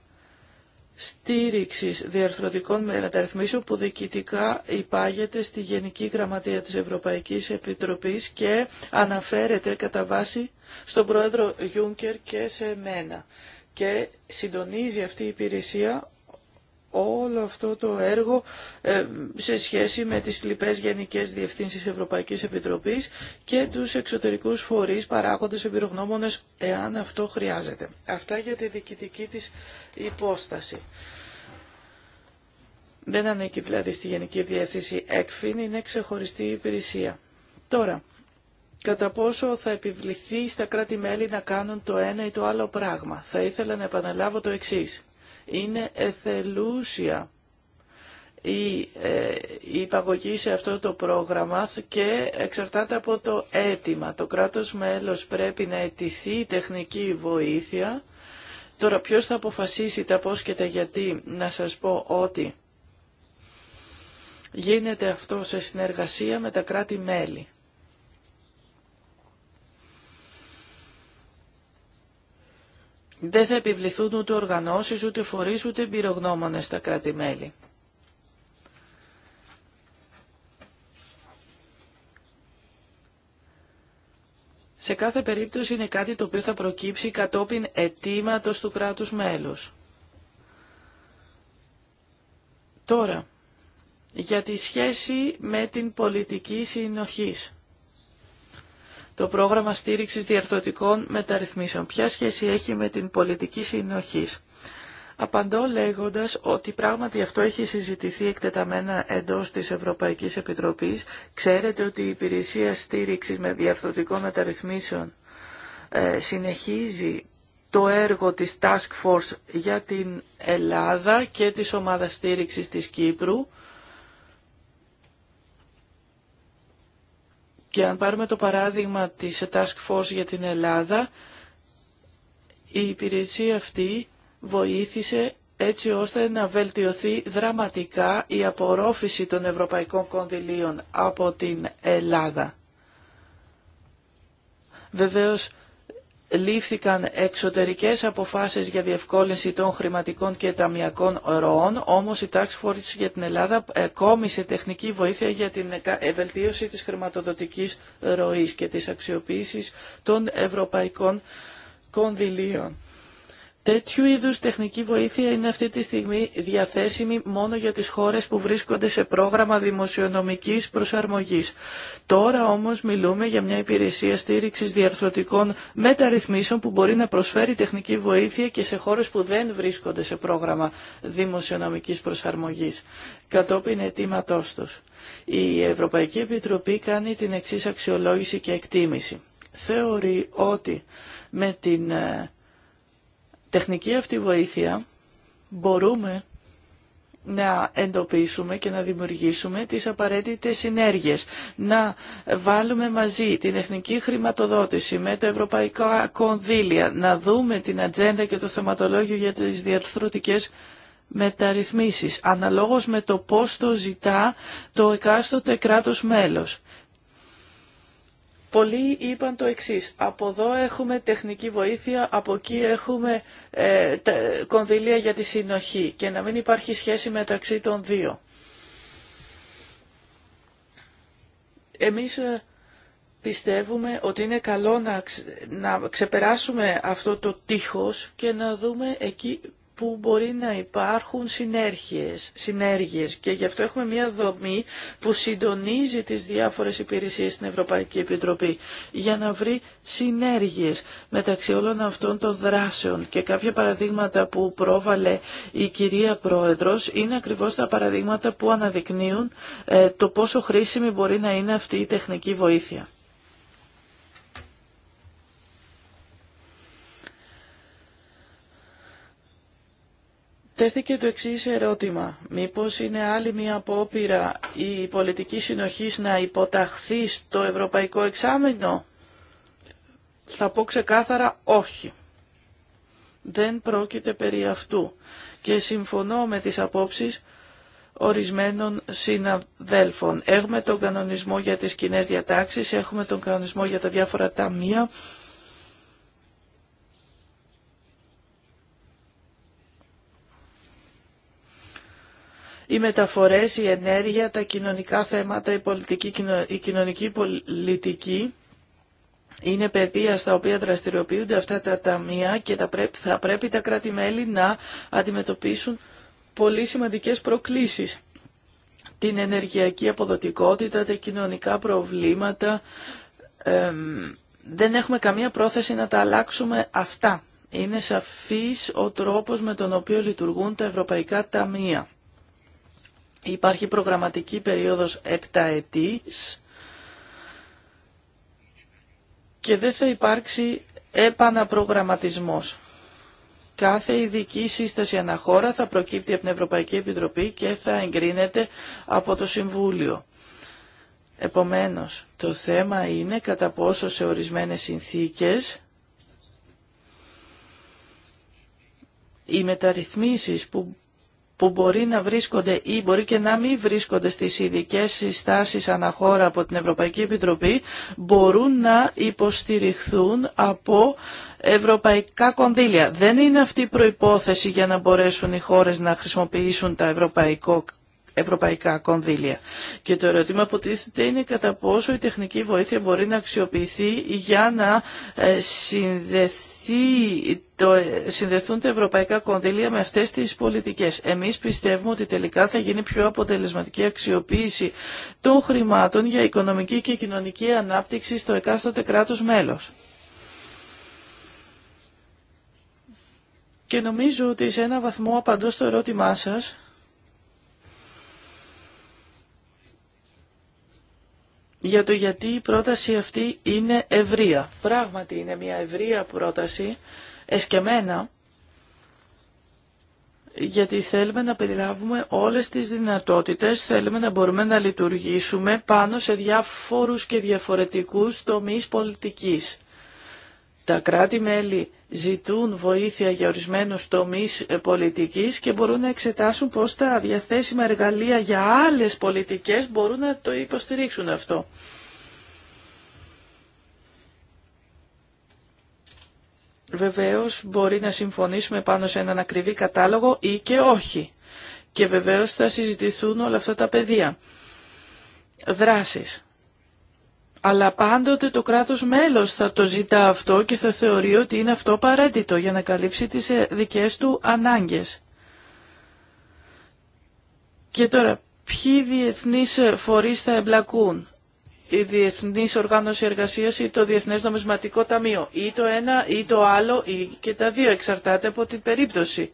στήριξης διαρθρωτικών μεταρρυθμίσεων που διοικητικά υπάγεται στη Γενική Γραμματεία της Ευρωπαϊκής Επιτροπής και αναφέρεται κατά βάση στον πρόεδρο Γιούνκερ και σε μένα. Και συντονίζει αυτή η υπηρεσία όλο αυτό το έργο ε, σε σχέση με τις λοιπές γενικές διευθύνσεις Ευρωπαϊκής Επιτροπής και τους εξωτερικούς φορείς παράγοντες εμπειρογνώμονες εάν αυτό χρειάζεται. Αυτά για τη διοικητική της υπόσταση. Δεν ανήκει δηλαδή στη Γενική Διεύθυνση ΕΚΦΙΝ, είναι ξεχωριστή υπηρεσία. Τώρα, κατά πόσο θα επιβληθεί στα κράτη-μέλη να κάνουν το ένα ή το άλλο πράγμα. Θα ήθελα να επαναλάβω το εξής είναι εθελούσια ε, η, υπαγωγή σε αυτό το πρόγραμμα και εξαρτάται από το αίτημα. Το κράτος μέλος πρέπει να αιτηθεί τεχνική βοήθεια. Τώρα ποιος θα αποφασίσει τα πώς και τα γιατί να σας πω ότι γίνεται αυτό σε συνεργασία με τα κράτη-μέλη. Δεν θα επιβληθούν ούτε οργανώσεις, ούτε φορείς, ούτε εμπειρογνώμονες στα κράτη-μέλη. Σε κάθε περίπτωση είναι κάτι το οποίο θα προκύψει κατόπιν αιτήματο του κράτους μέλους. Τώρα, για τη σχέση με την πολιτική συνοχής το πρόγραμμα στήριξης διαρθρωτικών μεταρρυθμίσεων. Ποια σχέση έχει με την πολιτική συνοχή. Απαντώ λέγοντας ότι πράγματι αυτό έχει συζητηθεί εκτεταμένα εντός της Ευρωπαϊκής Επιτροπής. Ξέρετε ότι η υπηρεσία στήριξης με διαρθρωτικών μεταρρυθμίσεων ε, συνεχίζει το έργο της Task Force για την Ελλάδα και της ομάδας στήριξης της Κύπρου Και αν πάρουμε το παράδειγμα της Task Force για την Ελλάδα, η υπηρεσία αυτή βοήθησε έτσι ώστε να βελτιωθεί δραματικά η απορρόφηση των ευρωπαϊκών κονδυλίων από την Ελλάδα. Βεβαίως λήφθηκαν εξωτερικές αποφάσεις για διευκόλυνση των χρηματικών και ταμιακών ροών, όμως η Tax Force για την Ελλάδα ε, κόμισε τεχνική βοήθεια για την ευελτίωση ε, της χρηματοδοτικής ροής και της αξιοποίησης των ευρωπαϊκών κονδυλίων. Τέτοιου είδου τεχνική βοήθεια είναι αυτή τη στιγμή διαθέσιμη μόνο για τις χώρες που βρίσκονται σε πρόγραμμα δημοσιονομικής προσαρμογής. Τώρα όμως μιλούμε για μια υπηρεσία στήριξης διαρθρωτικών μεταρρυθμίσεων που μπορεί να προσφέρει τεχνική βοήθεια και σε χώρες που δεν βρίσκονται σε πρόγραμμα δημοσιονομικής προσαρμογής κατόπιν αιτήματό του. Η Ευρωπαϊκή Επιτροπή κάνει την εξή αξιολόγηση και εκτίμηση. Θεωρεί ότι με την ε, τεχνική αυτή βοήθεια μπορούμε να εντοπίσουμε και να δημιουργήσουμε τις απαραίτητες συνέργειες. Να βάλουμε μαζί την εθνική χρηματοδότηση με το ευρωπαϊκό κονδύλια, να δούμε την ατζέντα και το θεματολόγιο για τις διαρθρωτικές μεταρρυθμίσεις, αναλόγως με το πώς το ζητά το εκάστοτε κράτος μέλος. Πολλοί είπαν το εξή. από εδώ έχουμε τεχνική βοήθεια, από εκεί έχουμε ε, κονδυλία για τη συνοχή και να μην υπάρχει σχέση μεταξύ των δύο. Εμείς ε, πιστεύουμε ότι είναι καλό να, ξεπεράσουμε αυτό το τείχος και να δούμε εκεί που μπορεί να υπάρχουν συνέργειες, συνέργειες και γι' αυτό έχουμε μια δομή που συντονίζει τις διάφορες υπηρεσίες στην Ευρωπαϊκή Επιτροπή για να βρει συνέργειες μεταξύ όλων αυτών των δράσεων και κάποια παραδείγματα που πρόβαλε η κυρία Πρόεδρος είναι ακριβώς τα παραδείγματα που αναδεικνύουν ε, το πόσο χρήσιμη μπορεί να είναι αυτή η τεχνική βοήθεια. Τέθηκε το εξή ερώτημα. Μήπως είναι άλλη μια απόπειρα η πολιτική συνοχής να υποταχθεί στο ευρωπαϊκό εξάμεινο. Θα πω ξεκάθαρα όχι. Δεν πρόκειται περί αυτού. Και συμφωνώ με τις απόψεις ορισμένων συναδέλφων. Έχουμε τον κανονισμό για τις κοινέ διατάξεις, έχουμε τον κανονισμό για τα διάφορα ταμεία, οι μεταφορές, η ενέργεια, τα κοινωνικά θέματα, η, πολιτική, η κοινωνική πολιτική. Είναι παιδεία στα οποία δραστηριοποιούνται αυτά τα ταμεία και θα πρέπει, θα πρέπει τα κράτη-μέλη να αντιμετωπίσουν πολύ σημαντικές προκλήσεις. Την ενεργειακή αποδοτικότητα, τα κοινωνικά προβλήματα. δεν έχουμε καμία πρόθεση να τα αλλάξουμε αυτά. Είναι σαφής ο τρόπος με τον οποίο λειτουργούν τα ευρωπαϊκά ταμεία. Υπάρχει προγραμματική περίοδος 7 ετής και δεν θα υπάρξει επαναπρογραμματισμός. Κάθε ειδική σύσταση αναχώρα θα προκύπτει από την Ευρωπαϊκή Επιτροπή και θα εγκρίνεται από το Συμβούλιο. Επομένως, το θέμα είναι κατά πόσο σε ορισμένες συνθήκες οι μεταρρυθμίσεις που που μπορεί να βρίσκονται ή μπορεί και να μην βρίσκονται στις ειδικέ συστάσεις αναχώρα από την Ευρωπαϊκή Επιτροπή μπορούν να υποστηριχθούν από ευρωπαϊκά κονδύλια. Δεν είναι αυτή η προϋπόθεση για να μπορέσουν οι χώρες να χρησιμοποιήσουν τα ευρωπαϊκό ευρωπαϊκά κονδύλια. Και το ερώτημα που τίθεται είναι κατά πόσο η τεχνική βοήθεια μπορεί να αξιοποιηθεί για να ε, συνδεθεί τι το, συνδεθούν τα ευρωπαϊκά κονδύλια με αυτές τις πολιτικές. Εμείς πιστεύουμε ότι τελικά θα γίνει πιο αποτελεσματική αξιοποίηση των χρημάτων για οικονομική και κοινωνική ανάπτυξη στο εκάστοτε κράτος μέλος. Και νομίζω ότι σε ένα βαθμό απαντώ στο ερώτημά σας, για το γιατί η πρόταση αυτή είναι ευρεία. Πράγματι είναι μια ευρεία πρόταση, εσκεμένα, γιατί θέλουμε να περιλάβουμε όλες τις δυνατότητες, θέλουμε να μπορούμε να λειτουργήσουμε πάνω σε διάφορους και διαφορετικούς τομείς πολιτικής. Τα κράτη-μέλη ζητούν βοήθεια για ορισμένους τομείς ε, πολιτικής και μπορούν να εξετάσουν πώς τα διαθέσιμα εργαλεία για άλλες πολιτικές μπορούν να το υποστηρίξουν αυτό. Βεβαίως μπορεί να συμφωνήσουμε πάνω σε έναν ακριβή κατάλογο ή και όχι. Και βεβαίως θα συζητηθούν όλα αυτά τα πεδία. Δράσεις. Αλλά πάντοτε το κράτος μέλος θα το ζητά αυτό και θα θεωρεί ότι είναι αυτό παρέντητο για να καλύψει τις ε, δικές του ανάγκες. Και τώρα, ποιοι διεθνείς ε, φορείς θα εμπλακούν. Η Διεθνής Οργάνωση Εργασίας ή το Διεθνές Νομισματικό Ταμείο. Ή το ένα ή το άλλο ή και τα δύο εξαρτάται από την περίπτωση.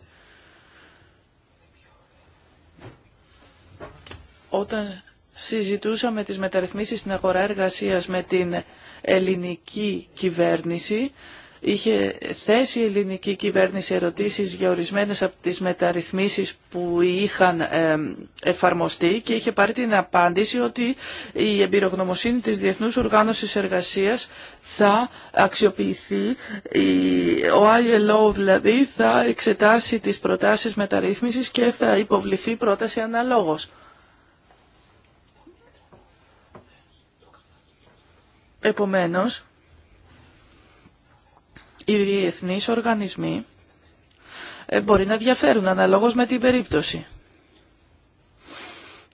Όταν συζητούσαμε τις μεταρρυθμίσεις στην αγορά εργασίας με την ελληνική κυβέρνηση. Είχε θέσει η ελληνική κυβέρνηση ερωτήσεις για ορισμένες από τις μεταρρυθμίσεις που είχαν ε, εφαρμοστεί και είχε πάρει την απάντηση ότι η εμπειρογνωμοσύνη της Διεθνούς Οργάνωσης Εργασίας θα αξιοποιηθεί. Ο ILO δηλαδή θα εξετάσει τις προτάσεις μεταρρύθμισης και θα υποβληθεί πρόταση αναλόγως. Επομένως, οι διεθνείς οργανισμοί ε, μπορεί να διαφέρουν αναλόγως με την περίπτωση.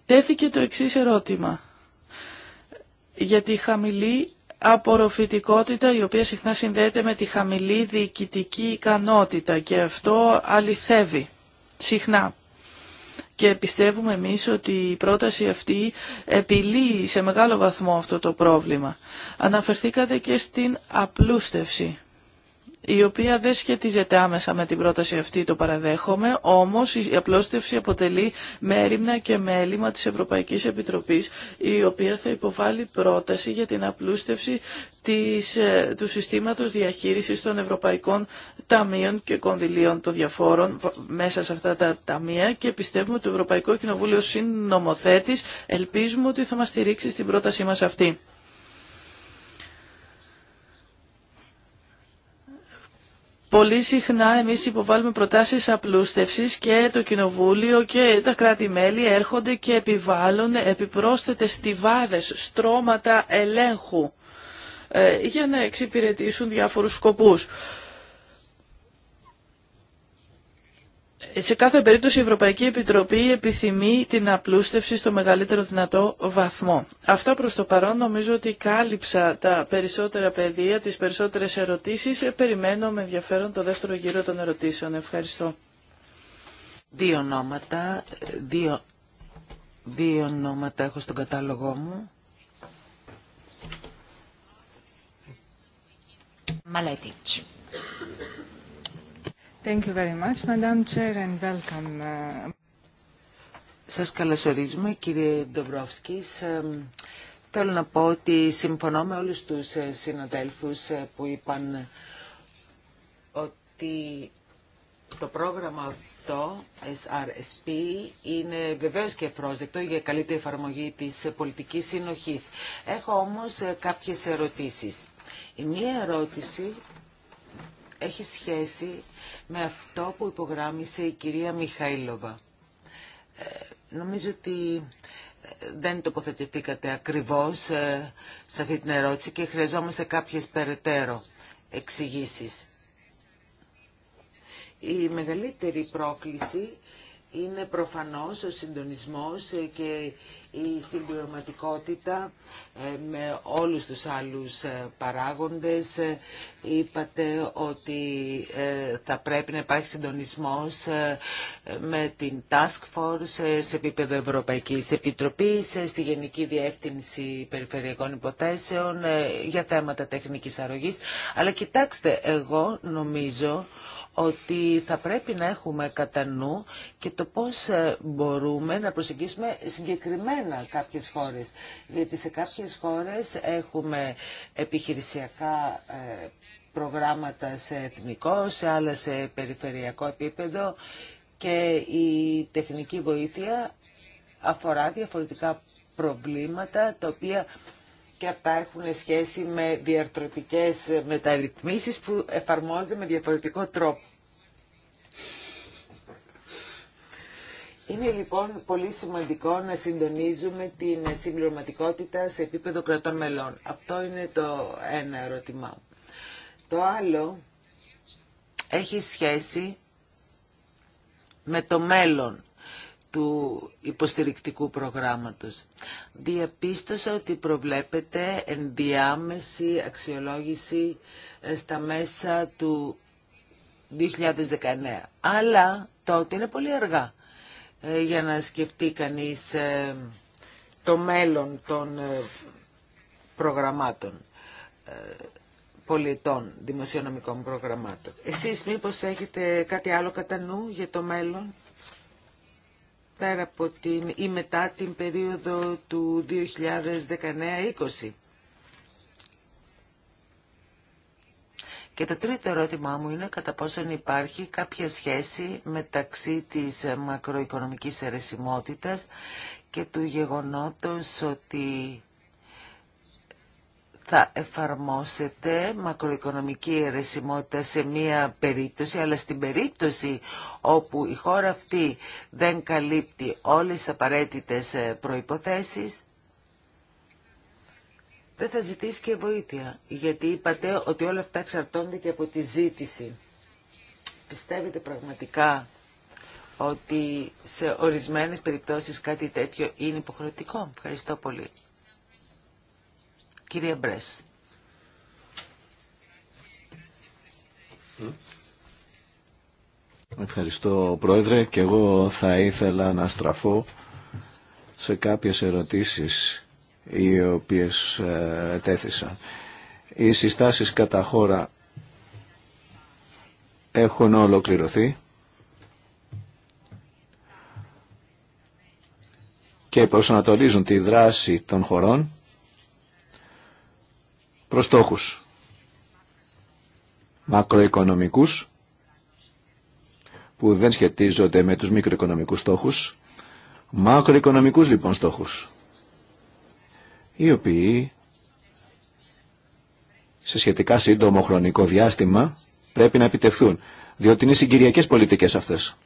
Τέθηκε το εξής ερώτημα. Για τη χαμηλή απορροφητικότητα η οποία συχνά συνδέεται με τη χαμηλή διοικητική ικανότητα και αυτό αληθεύει συχνά και πιστεύουμε εμείς ότι η πρόταση αυτή επιλύει σε μεγάλο βαθμό αυτό το πρόβλημα. Αναφερθήκατε και στην απλούστευση η οποία δεν σχετίζεται άμεσα με την πρόταση αυτή, το παραδέχομαι, όμως η απλώστευση αποτελεί μέρημνα και μέλημα της Ευρωπαϊκής Επιτροπής, η οποία θα υποβάλει πρόταση για την απλούστευση ε, του συστήματος διαχείρισης των Ευρωπαϊκών Ταμείων και Κονδυλίων των διαφόρων μέσα σε αυτά τα ταμεία και πιστεύουμε ότι το Ευρωπαϊκό Κοινοβούλιο συνομοθέτης ελπίζουμε ότι θα μας στηρίξει στην πρότασή μας αυτή. Πολύ συχνά εμείς υποβάλλουμε προτάσεις απλούστευσης και το Κοινοβούλιο και τα κράτη-μέλη έρχονται και επιβάλλουν επιπρόσθετες στιβάδες, στρώματα ελέγχου ε, για να εξυπηρετήσουν διάφορους σκοπούς. σε κάθε περίπτωση η Ευρωπαϊκή Επιτροπή επιθυμεί την απλούστευση στο μεγαλύτερο δυνατό βαθμό. Αυτά προς το παρόν νομίζω ότι κάλυψα τα περισσότερα πεδία, τις περισσότερες ερωτήσεις. Περιμένω με ενδιαφέρον το δεύτερο γύρο των ερωτήσεων. Ευχαριστώ. Δύο ονόματα, δύο, δύο ονόματα έχω στον κατάλογό μου. Μαλέτιτς. Thank uh, Σας καλωσορίζουμε, κύριε Ντομπρόφσκης. Θέλω να πω ότι συμφωνώ με όλους τους ε, συναδέλφους ε, που είπαν ότι το πρόγραμμα αυτό, SRSP, είναι βεβαίως και πρόσδεκτο για καλύτερη εφαρμογή της πολιτικής συνοχής. Έχω όμως ε, κάποιες ερωτήσεις. Η μία ερώτηση έχει σχέση με αυτό που υπογράμμισε η κυρία Μιχαήλοβα. Ε, νομίζω ότι ε, δεν τοποθετηθήκατε ακριβώς ε, σε αυτή την ερώτηση και χρειαζόμαστε κάποιες περαιτέρω εξηγήσεις. Η μεγαλύτερη πρόκληση είναι προφανώς ο συντονισμός και η συμπληρωματικότητα ε, με όλους τους άλλους ε, παράγοντες. Ε, είπατε ότι θα πρέπει να υπάρχει συντονισμός με την Task Force σε επίπεδο Ευρωπαϊκής Επιτροπής, στη Γενική Διεύθυνση Περιφερειακών Υποθέσεων για θέματα τεχνικής αρρωγής. Αλλά κοιτάξτε, εγώ νομίζω ότι θα πρέπει να έχουμε κατά νου και το πώς ε, μπορούμε να προσεγγίσουμε συγκεκριμένα κάποιες χώρες. Γιατί σε κάποιες χώρες έχουμε επιχειρησιακά ε, προγράμματα σε εθνικό, σε άλλα σε περιφερειακό επίπεδο και η τεχνική βοήθεια αφορά διαφορετικά προβλήματα τα οποία και αυτά έχουν σχέση με διαρθρωτικές μεταρρυθμίσεις που εφαρμόζονται με διαφορετικό τρόπο. Είναι λοιπόν πολύ σημαντικό να συντονίζουμε την συμπληρωματικότητα σε επίπεδο κρατών μελών. Αυτό είναι το ένα ερώτημά Το άλλο έχει σχέση με το μέλλον του υποστηρικτικού προγράμματος. Διαπίστωσα ότι προβλέπεται ενδιάμεση αξιολόγηση ε, στα μέσα του 2019. Αλλά τότε είναι πολύ αργά. Ε, για να σκεφτεί κανείς ε, το μέλλον των ε, προγραμμάτων πολιτών, δημοσιονομικών προγραμμάτων. Εσείς μήπως έχετε κάτι άλλο κατά νου για το μέλλον, πέρα από την ή μετά την περίοδο του 2019-20. Και το τρίτο ερώτημά μου είναι κατά πόσον υπάρχει κάποια σχέση μεταξύ της μακροοικονομικής αιρεσιμότητας και του γεγονότος ότι θα εφαρμόσετε μακροοικονομική αιρεσιμότητα σε μία περίπτωση, αλλά στην περίπτωση όπου η χώρα αυτή δεν καλύπτει όλες τις απαραίτητες προϋποθέσεις, δεν θα ζητήσει και βοήθεια. Γιατί είπατε ότι όλα αυτά εξαρτώνται και από τη ζήτηση. Πιστεύετε πραγματικά ότι σε ορισμένες περιπτώσεις κάτι τέτοιο είναι υποχρεωτικό. Ευχαριστώ πολύ. Κυρία Μπρες. Ευχαριστώ Πρόεδρε και εγώ θα ήθελα να στραφώ σε κάποιες ερωτήσεις οι οποίες ε, τέθησαν. Οι συστάσεις κατά χώρα έχουν ολοκληρωθεί και προσανατολίζουν τη δράση των χωρών προς στόχους μακροοικονομικούς που δεν σχετίζονται με τους μικροοικονομικούς στόχους, μακροοικονομικούς λοιπόν στόχους οι οποίοι σε σχετικά σύντομο χρονικό διάστημα πρέπει να επιτευχθούν, διότι είναι συγκυριακές πολιτικές αυτές.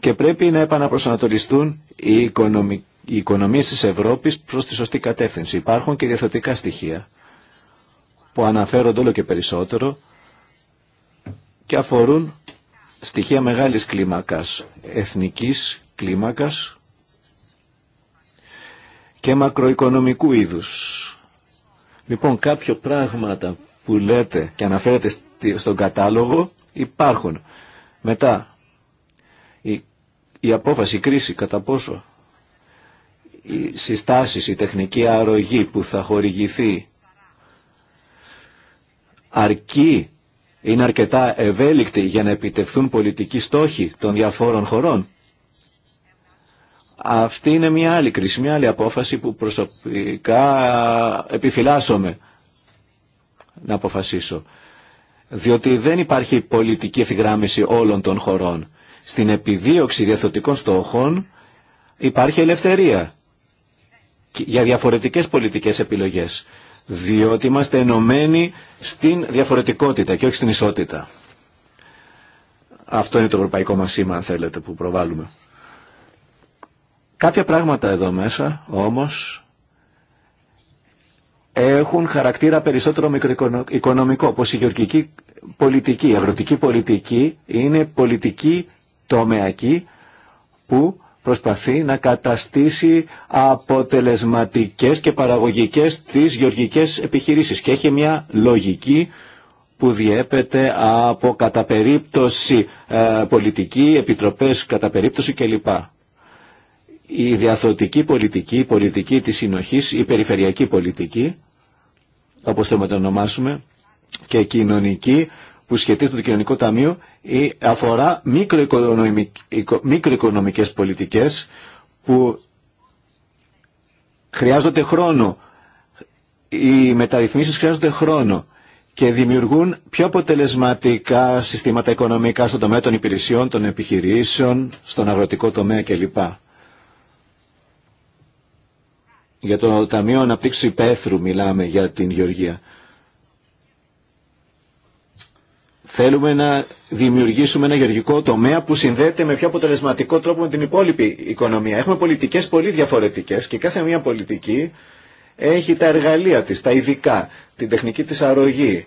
Και πρέπει να επαναπροσανατολιστούν οι, οικονομι... οι οικονομίες της Ευρώπης προς τη σωστή κατεύθυνση. Υπάρχουν και διαθετικά στοιχεία που αναφέρονται όλο και περισσότερο και αφορούν στοιχεία μεγάλης κλίμακας, εθνικής κλίμακας και μακροοικονομικού είδους. Λοιπόν, κάποια πράγματα που λέτε και αναφέρετε στον κατάλογο υπάρχουν. Μετά, η, η απόφαση, η κρίση, κατά πόσο, οι συστάσεις, η τεχνική αρρωγή που θα χορηγηθεί αρκεί, είναι αρκετά ευέλικτη για να επιτευχθούν πολιτικοί στόχοι των διαφόρων χωρών. Αυτή είναι μια άλλη κρίση, μια άλλη απόφαση που προσωπικά επιφυλάσσομαι να αποφασίσω. Διότι δεν υπάρχει πολιτική ευθυγράμμιση όλων των χωρών. Στην επιδίωξη διαθωτικών στόχων υπάρχει ελευθερία για διαφορετικές πολιτικές επιλογές. Διότι είμαστε ενωμένοι στην διαφορετικότητα και όχι στην ισότητα. Αυτό είναι το ευρωπαϊκό μας σήμα, αν θέλετε, που προβάλλουμε. Κάποια πράγματα εδώ μέσα όμως έχουν χαρακτήρα περισσότερο μικροοικονομικό, όπως η γεωργική πολιτική, η αγροτική πολιτική είναι πολιτική τομεακή που προσπαθεί να καταστήσει αποτελεσματικές και παραγωγικές τις γεωργικές επιχειρήσεις και έχει μια λογική που διέπεται από κατά περίπτωση ε, πολιτική, επιτροπές κατά περίπτωση κλπ η διαθροτική πολιτική, η πολιτική της συνοχής, η περιφερειακή πολιτική, όπως το ονομάσουμε και κοινωνική που σχετίζεται με το κοινωνικό ταμείο ή αφορά μικροοικονομικές πολιτικές που χρειάζονται χρόνο. Οι μεταρρυθμίσεις χρειάζονται χρόνο και δημιουργούν πιο αποτελεσματικά συστήματα οικονομικά στον τομέα των υπηρεσιών, των επιχειρήσεων, στον αγροτικό τομέα κλπ. Για το Ταμείο Αναπτύξης Υπέθρου μιλάμε για την Γεωργία. Θέλουμε να δημιουργήσουμε ένα γεωργικό τομέα που συνδέεται με πιο αποτελεσματικό τρόπο με την υπόλοιπη οικονομία. Έχουμε πολιτικές πολύ διαφορετικές και κάθε μια πολιτική έχει τα εργαλεία της, τα ειδικά, την τεχνική της αρρωγή,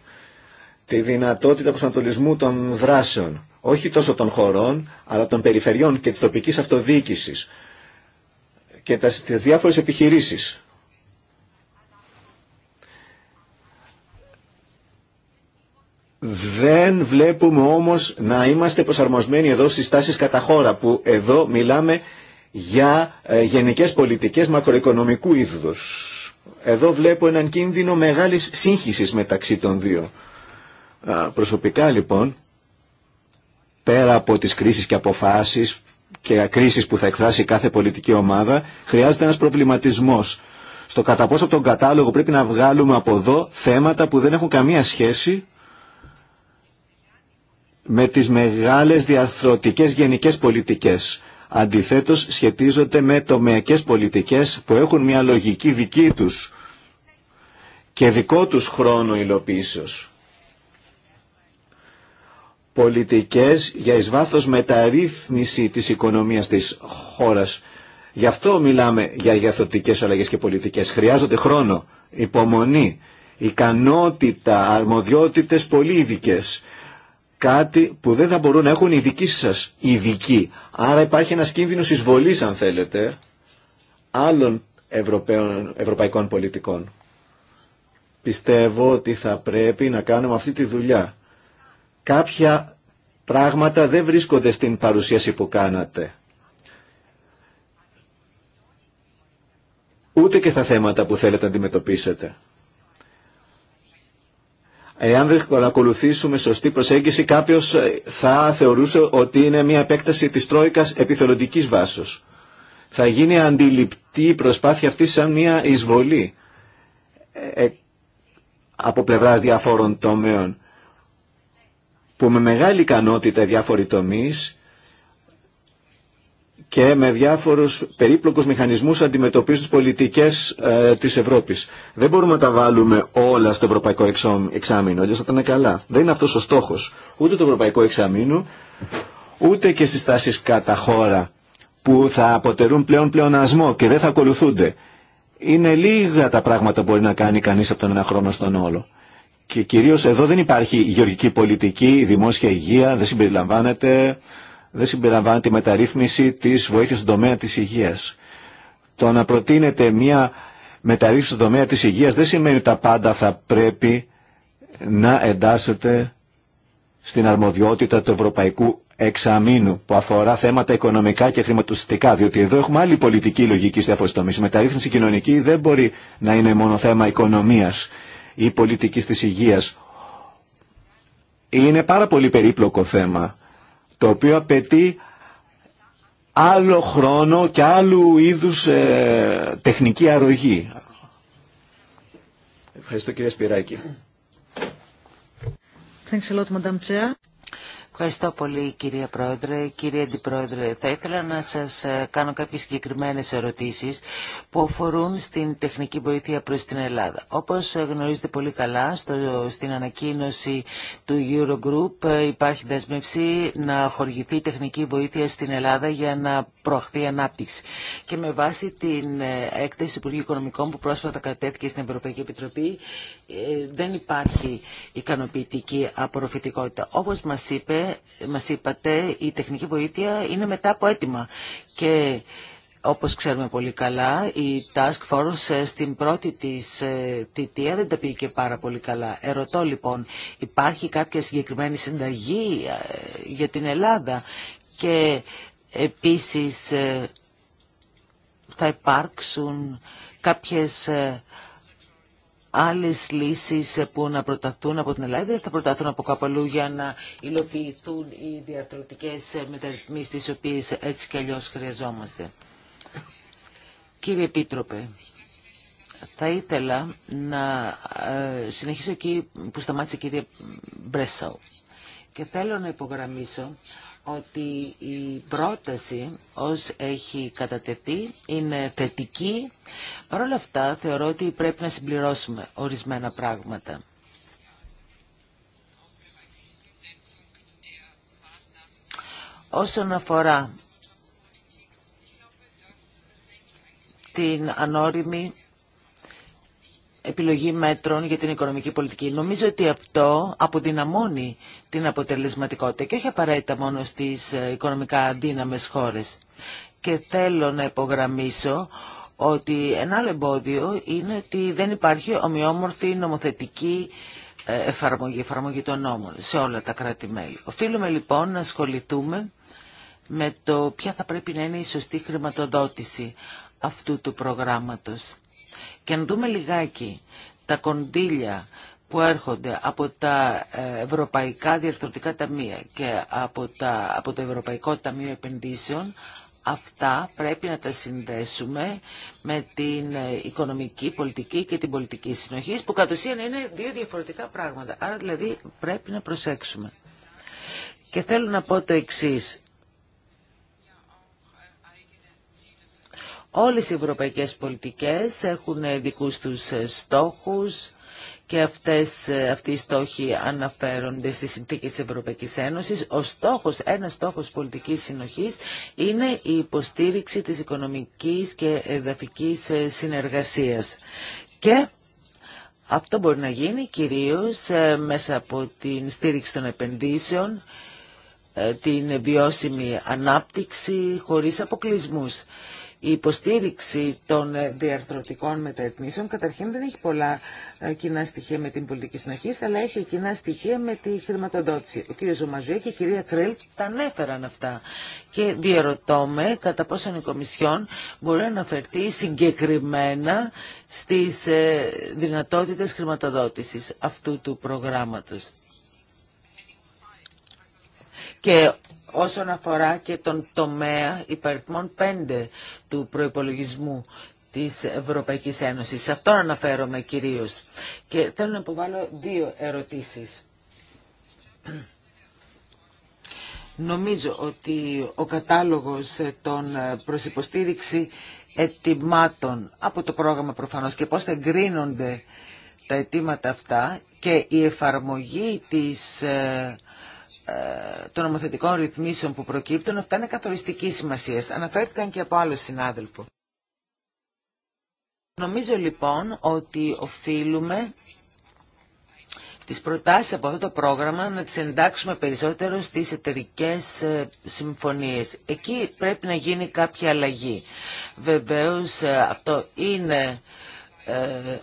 τη δυνατότητα προσανατολισμού των δράσεων, όχι τόσο των χωρών, αλλά των περιφερειών και της τοπικής αυτοδιοίκησης και τα, τις διάφορες επιχειρήσεις. Δεν βλέπουμε όμως να είμαστε προσαρμοσμένοι εδώ στις τάσεις κατά χώρα που εδώ μιλάμε για ε, γενικές πολιτικές μακροοικονομικού είδους. Εδώ βλέπω έναν κίνδυνο μεγάλης σύγχυσης μεταξύ των δύο. Προσωπικά λοιπόν, πέρα από τις κρίσεις και αποφάσεις και κρίσεις που θα εκφράσει κάθε πολιτική ομάδα, χρειάζεται ένας προβληματισμός. Στο κατά πόσο τον κατάλογο πρέπει να βγάλουμε από εδώ θέματα που δεν έχουν καμία σχέση με τις μεγάλες διαθρωτικές γενικές πολιτικές. Αντιθέτως σχετίζονται με τομεακές πολιτικές που έχουν μια λογική δική τους και δικό τους χρόνο υλοποίησεως πολιτικές για εις βάθος μεταρρύθμιση της οικονομίας της χώρας. Γι' αυτό μιλάμε για διαθωτικές αλλαγές και πολιτικές. Χρειάζονται χρόνο, υπομονή, ικανότητα, αρμοδιότητες πολύ ειδικέ. Κάτι που δεν θα μπορούν να έχουν οι δικοί σας ειδικοί. Άρα υπάρχει ένας κίνδυνος εισβολής, αν θέλετε, άλλων ευρωπαϊκών πολιτικών. Πιστεύω ότι θα πρέπει να κάνουμε αυτή τη δουλειά κάποια πράγματα δεν βρίσκονται στην παρουσίαση που κάνατε. Ούτε και στα θέματα που θέλετε να αντιμετωπίσετε. Εάν δεν ακολουθήσουμε σωστή προσέγγιση, κάποιος ε, θα θεωρούσε ότι είναι μια επέκταση της Τρόικας επιθελοντικής βάσης. Θα γίνει αντιληπτή η προσπάθεια αυτή σαν μια εισβολή ε, ε, από πλευράς διαφόρων τομέων που με μεγάλη ικανότητα διάφοροι τομείς και με διάφορους περίπλοκους μηχανισμούς αντιμετωπίζουν τις πολιτικές ε, της Ευρώπης. Δεν μπορούμε να τα βάλουμε όλα στο Ευρωπαϊκό Εξάμεινο, όλες θα ήταν καλά. Δεν είναι αυτός ο στόχος ούτε του Ευρωπαϊκού Εξαμήνου, ούτε και στις τάσεις κατά χώρα που θα αποτελούν πλέον πλεονασμό και δεν θα ακολουθούνται. Είναι λίγα τα πράγματα που μπορεί να κάνει κανείς από τον ένα χρόνο στον όλο. Και κυρίως εδώ δεν υπάρχει γεωργική πολιτική, δημόσια υγεία δεν συμπεριλαμβάνεται, δεν συμπεριλαμβάνεται η μεταρρύθμιση της βοήθειας στον τομέα της υγείας. Το να προτείνεται μια μεταρρύθμιση στον τομέα της υγείας δεν σημαίνει ότι τα πάντα θα πρέπει να εντάσσεται στην αρμοδιότητα του Ευρωπαϊκού Εξαμήνου που αφορά θέματα οικονομικά και χρηματοστατικά, διότι εδώ έχουμε άλλη πολιτική λογική στη τομή. Η μεταρρύθμιση κοινωνική δεν μπορεί να είναι μόνο θέμα οικονομίας ή πολιτικής της υγείας. Είναι πάρα πολύ περίπλοκο θέμα, το οποίο απαιτεί άλλο χρόνο και άλλου είδους ε, τεχνική αρρωγή. Ευχαριστώ κύριε Σπυράκη. Ευχαριστώ πολύ κυρία Πρόεδρε. Κύριε Αντιπρόεδρε, θα ήθελα να σας ε, κάνω κάποιες συγκεκριμένες ερωτήσεις που αφορούν στην τεχνική βοήθεια προς την Ελλάδα. Όπως ε, γνωρίζετε πολύ καλά, στο, στην ανακοίνωση του Eurogroup ε, υπάρχει δέσμευση να χορηγηθεί τεχνική βοήθεια στην Ελλάδα για να προαχθεί ανάπτυξη. Και με βάση την έκθεση Υπουργείου Οικονομικών που πρόσφατα κατέθηκε στην Ευρωπαϊκή Επιτροπή, ε, δεν υπάρχει ικανοποιητική απορροφητικότητα. Όπως μας, είπε, μας είπατε, η τεχνική βοήθεια είναι μετά από έτοιμα. και όπως ξέρουμε πολύ καλά, η Task Force ε, στην πρώτη της ε, θητεία δεν τα πήγε πάρα πολύ καλά. Ερωτώ λοιπόν, υπάρχει κάποια συγκεκριμένη συνταγή για την Ελλάδα και επίσης θα υπάρξουν κάποιες άλλες λύσεις ε, που να προταθούν από την Ελλάδα θα προταθούν από κάπου αλλού για να υλοποιηθούν οι διαρθρωτικές ε, μεταρρυθμίσεις τις οποίες έτσι κι αλλιώς χρειαζόμαστε. Κύριε Επίτροπε, θα ήθελα να ε, συνεχίσω εκεί που σταμάτησε η κυρία Μπρέσσαου. Και θέλω να υπογραμμίσω ότι η πρόταση ως έχει κατατεθεί είναι θετική. Παρ' όλα αυτά θεωρώ ότι πρέπει να συμπληρώσουμε ορισμένα πράγματα. Όσον αφορά την ανώριμη επιλογή μέτρων για την οικονομική πολιτική. Νομίζω ότι αυτό αποδυναμώνει την αποτελεσματικότητα και όχι απαραίτητα μόνο στις ε, οικονομικά αντίναμες χώρες. Και θέλω να υπογραμμίσω ότι ένα άλλο εμπόδιο είναι ότι δεν υπάρχει ομοιόμορφη νομοθετική ε, εφαρμογή, εφαρμογή των νόμων σε όλα τα κράτη-μέλη. Οφείλουμε λοιπόν να ασχοληθούμε με το ποια θα πρέπει να είναι η σωστή χρηματοδότηση αυτού του προγράμματος. Και να δούμε λιγάκι τα κονδύλια που έρχονται από τα ε, Ευρωπαϊκά Διαρθρωτικά Ταμεία και από, τα, από το Ευρωπαϊκό Ταμείο Επενδύσεων, αυτά πρέπει να τα συνδέσουμε με την ε, οικονομική πολιτική και την πολιτική συνοχή, που κατ' ουσίαν είναι δύο διαφορετικά πράγματα. Άρα δηλαδή πρέπει να προσέξουμε. Και θέλω να πω το εξής. Όλες οι ευρωπαϊκές πολιτικές έχουν δικούς τους ε, στόχους, και αυτές, ε, αυτοί οι στόχοι αναφέρονται στις συνθήκες της Ευρωπαϊκής Ένωσης. Ο στόχος, ένας στόχος πολιτικής συνοχής είναι η υποστήριξη της οικονομικής και εδαφικής ε, συνεργασίας. Και αυτό μπορεί να γίνει κυρίως ε, μέσα από την στήριξη των επενδύσεων, την βιώσιμη ανάπτυξη χωρίς αποκλεισμούς. Η υποστήριξη των ε, διαρθρωτικών μεταρρυθμίσεων καταρχήν δεν έχει πολλά ε, κοινά στοιχεία με την πολιτική συνοχή, αλλά έχει κοινά στοιχεία με τη χρηματοδότηση. Ο κ. Ζωμαζουέ και η κυρία Κρέλ τα ανέφεραν αυτά. Και διαρωτώ με κατά πόσον η Κομισιόν μπορεί να αναφερθεί συγκεκριμένα στις ε, δυνατότητες χρηματοδότησης αυτού του προγράμματος. Και όσον αφορά και τον τομέα υπαριθμών 5 του προϋπολογισμού της Ευρωπαϊκής Ένωσης. Σε αυτό αναφέρομαι κυρίως. Και θέλω να υποβάλω δύο ερωτήσεις. Νομίζω ότι ο κατάλογος των ε, προσυποστήριξης ετοιμάτων από το πρόγραμμα προφανώς και πώς θα εγκρίνονται τα αιτήματα αυτά και η εφαρμογή της ε, των νομοθετικών ρυθμίσεων που προκύπτουν, αυτά είναι καθοριστική σημασία. Αναφέρθηκαν και από άλλο συνάδελφο. Νομίζω λοιπόν ότι οφείλουμε τις προτάσεις από αυτό το πρόγραμμα να τις εντάξουμε περισσότερο στις εταιρικέ ε, συμφωνίες. Εκεί πρέπει να γίνει κάποια αλλαγή. Βεβαίως ε, αυτό είναι ε,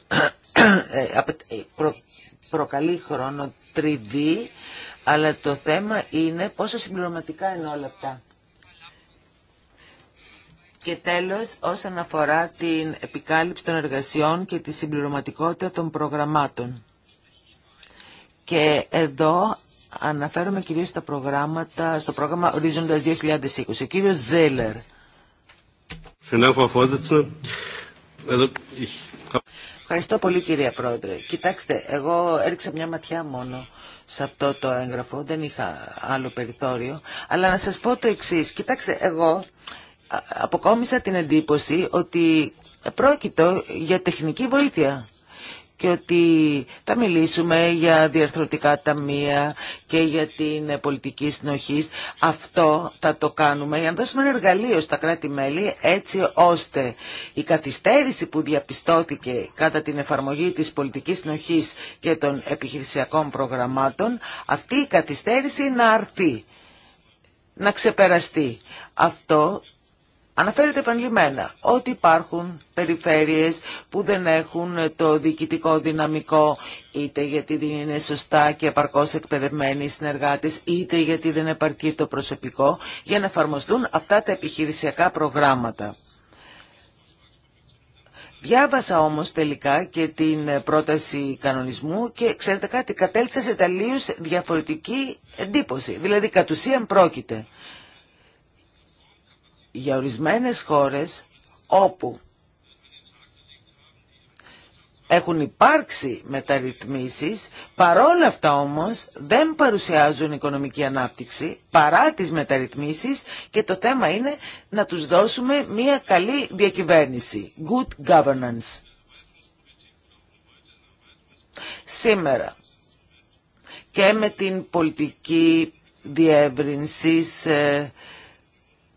προκαλεί χρόνο τριβή αλλά το θέμα είναι πόσο συμπληρωματικά είναι όλα αυτά. Και τέλος, όσον αφορά την επικάλυψη των εργασιών και τη συμπληρωματικότητα των προγραμμάτων. Και εδώ αναφέρομαι κυρίως στα προγράμματα, στο πρόγραμμα Ορίζοντα 2020. Ο κύριος Ζέλερ. Ευχαριστώ πολύ κυρία Πρόεδρε. Κοιτάξτε, εγώ έριξα μια ματιά μόνο σε αυτό το έγγραφο, δεν είχα άλλο περιθώριο, αλλά να σας πω το εξή. Κοιτάξτε, εγώ αποκόμισα την εντύπωση ότι πρόκειτο για τεχνική βοήθεια και ότι θα μιλήσουμε για διαρθρωτικά ταμεία και για την πολιτική συνοχή. Αυτό θα το κάνουμε για να δώσουμε ένα εργαλείο στα κράτη-μέλη έτσι ώστε η καθυστέρηση που διαπιστώθηκε κατά την εφαρμογή της πολιτικής συνοχής και των επιχειρησιακών προγραμμάτων αυτή η καθυστέρηση να αρθεί, να ξεπεραστεί. Αυτό Αναφέρεται επανειλημμένα ότι υπάρχουν περιφέρειες που δεν έχουν το διοικητικό δυναμικό είτε γιατί δεν είναι σωστά και επαρκώς εκπαιδευμένοι οι συνεργάτες είτε γιατί δεν επαρκεί το προσωπικό για να εφαρμοστούν αυτά τα επιχειρησιακά προγράμματα. Διάβασα όμως τελικά και την πρόταση κανονισμού και ξέρετε κάτι, κατέληξα σε τελείως διαφορετική εντύπωση. Δηλαδή κατ' ουσίαν πρόκειται για ορισμένες χώρες όπου έχουν υπάρξει μεταρρυθμίσεις, παρόλα αυτά όμως δεν παρουσιάζουν οικονομική ανάπτυξη παρά τις μεταρρυθμίσεις και το θέμα είναι να τους δώσουμε μια καλή διακυβέρνηση, good governance. Σήμερα και με την πολιτική διεύρυνσης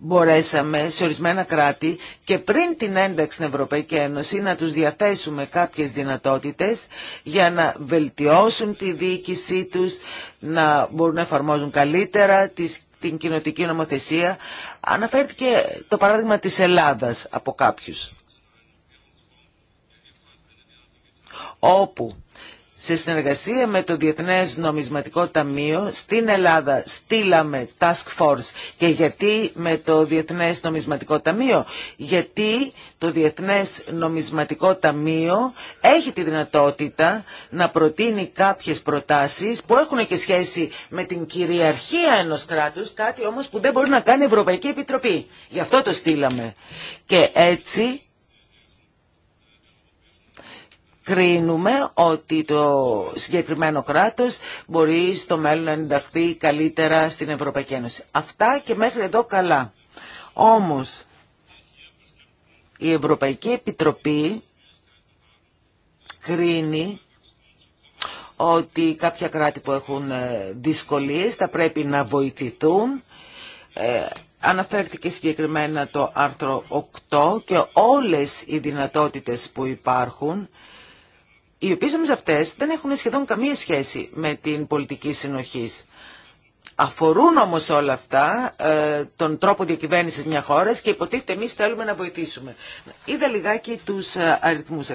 μπορέσαμε σε ορισμένα κράτη και πριν την ένταξη στην Ευρωπαϊκή Ένωση να τους διαθέσουμε κάποιες δυνατότητες για να βελτιώσουν τη διοίκησή τους, να μπορούν να εφαρμόζουν καλύτερα τις την κοινοτική νομοθεσία. Αναφέρθηκε το παράδειγμα της Ελλάδας από κάποιους. Όπου σε συνεργασία με το Διεθνές Νομισματικό Ταμείο στην Ελλάδα στείλαμε Task Force. Και γιατί με το Διεθνές Νομισματικό Ταμείο. Γιατί το Διεθνές Νομισματικό Ταμείο έχει τη δυνατότητα να προτείνει κάποιες προτάσεις που έχουν και σχέση με την κυριαρχία ενός κράτους, κάτι όμως που δεν μπορεί να κάνει η Ευρωπαϊκή Επιτροπή. Γι' αυτό το στείλαμε. Και έτσι κρίνουμε ότι το συγκεκριμένο κράτος μπορεί στο μέλλον να ενταχθεί καλύτερα στην Ευρωπαϊκή Ένωση. Αυτά και μέχρι εδώ καλά. Όμως η Ευρωπαϊκή Επιτροπή κρίνει ότι κάποια κράτη που έχουν ε, δυσκολίες θα πρέπει να βοηθηθούν. Ε, αναφέρθηκε συγκεκριμένα το άρθρο 8 και όλες οι δυνατότητες που υπάρχουν οι οποίε όμω αυτέ δεν έχουν σχεδόν καμία σχέση με την πολιτική συνοχή. Αφορούν όμω όλα αυτά ε, τον τρόπο διακυβέρνηση μια χώρα και υποτίθεται εμεί θέλουμε να βοηθήσουμε. Είδα λιγάκι του αριθμού 142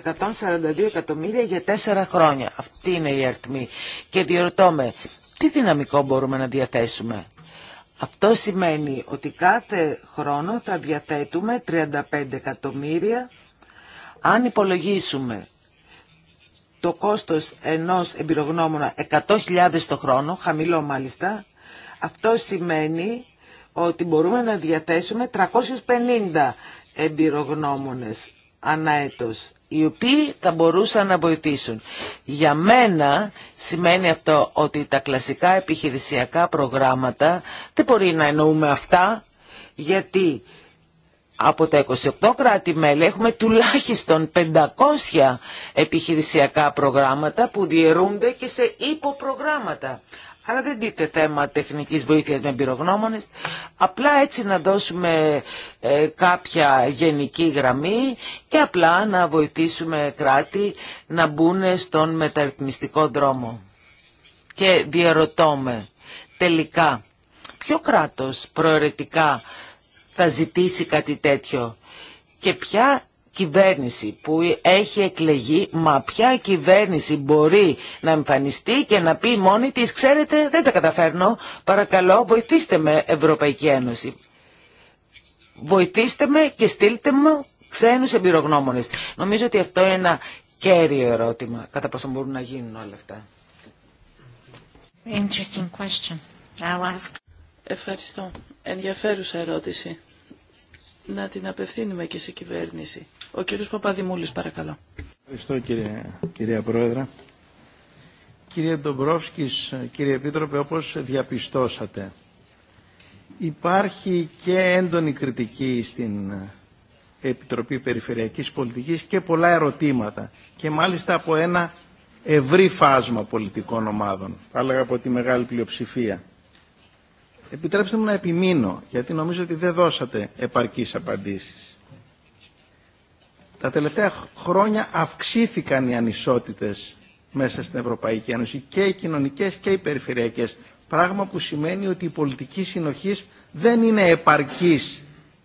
εκατομμύρια για τέσσερα χρόνια. Αυτή είναι η αριθμή. Και διερωτώ με, τι δυναμικό μπορούμε να διαθέσουμε. Αυτό σημαίνει ότι κάθε χρόνο θα διαθέτουμε 35 εκατομμύρια αν υπολογίσουμε το κόστος ενός εμπειρογνώμονα 100.000 το χρόνο, χαμηλό μάλιστα, αυτό σημαίνει ότι μπορούμε να διαθέσουμε 350 εμπειρογνώμονες ανά έτος, οι οποίοι θα μπορούσαν να βοηθήσουν. Για μένα σημαίνει αυτό ότι τα κλασικά επιχειρησιακά προγράμματα δεν μπορεί να εννοούμε αυτά, γιατί από τα 28 κράτη-μέλη έχουμε τουλάχιστον 500 επιχειρησιακά προγράμματα που διαιρούνται και σε υποπρογράμματα. Αλλά δεν δείτε θέμα τεχνικής βοήθειας με εμπειρογνώμονες. Απλά έτσι να δώσουμε ε, κάποια γενική γραμμή και απλά να βοηθήσουμε κράτη να μπουν στον μεταρρυθμιστικό δρόμο. Και διαρωτώ τελικά, ποιο κράτος προαιρετικά θα ζητήσει κάτι τέτοιο και ποια κυβέρνηση που έχει εκλεγεί, μα ποια κυβέρνηση μπορεί να εμφανιστεί και να πει μόνη της, ξέρετε δεν τα καταφέρνω, παρακαλώ βοηθήστε με Ευρωπαϊκή Ένωση. Βοηθήστε με και στείλτε μου ξένους εμπειρογνώμονες. Νομίζω ότι αυτό είναι ένα κέριο ερώτημα, κατά πόσο μπορούν να γίνουν όλα αυτά. Ευχαριστώ. Ενδιαφέρουσα ερώτηση να την απευθύνουμε και σε κυβέρνηση. Ο κύριος Παπαδημούλης παρακαλώ. Ευχαριστώ κύριε, κυρία Πρόεδρα. Κύριε Ντομπρόφσκης, κύριε Επίτροπε, όπως διαπιστώσατε, υπάρχει και έντονη κριτική στην Επιτροπή Περιφερειακής Πολιτικής και πολλά ερωτήματα και μάλιστα από ένα ευρύ φάσμα πολιτικών ομάδων, θα έλεγα από τη μεγάλη πλειοψηφία. Επιτρέψτε μου να επιμείνω, γιατί νομίζω ότι δεν δώσατε επαρκείς απαντήσεις. Τα τελευταία χρόνια αυξήθηκαν οι ανισότητες μέσα στην Ευρωπαϊκή Ένωση και οι κοινωνικές και οι περιφερειακές. Πράγμα που σημαίνει ότι η πολιτική συνοχής δεν είναι επαρκής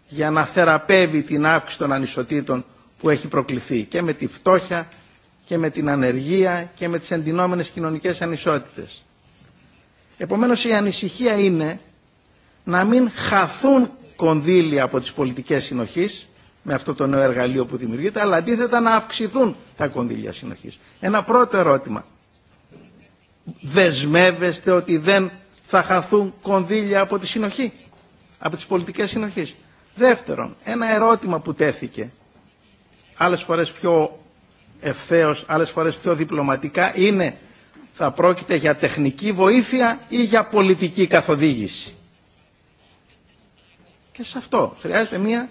για να θεραπεύει την αύξηση των ανισοτήτων που έχει προκληθεί και με τη φτώχεια και με την ανεργία και με τις εντυνόμενες κοινωνικές ανισότητες. Επομένως η ανησυχία είναι να μην χαθούν κονδύλια από τις πολιτικές συνοχής με αυτό το νέο εργαλείο που δημιουργείται, αλλά αντίθετα να αυξηθούν τα κονδύλια συνοχής. Ένα πρώτο ερώτημα. Δεσμεύεστε ότι δεν θα χαθούν κονδύλια από τη συνοχή, από τις πολιτικές συνοχής. Δεύτερον, ένα ερώτημα που τέθηκε, άλλες φορές πιο ευθέως, άλλες φορές πιο διπλωματικά, είναι θα πρόκειται για τεχνική βοήθεια ή για πολιτική καθοδήγηση και ε, σε αυτό. Χρειάζεται μια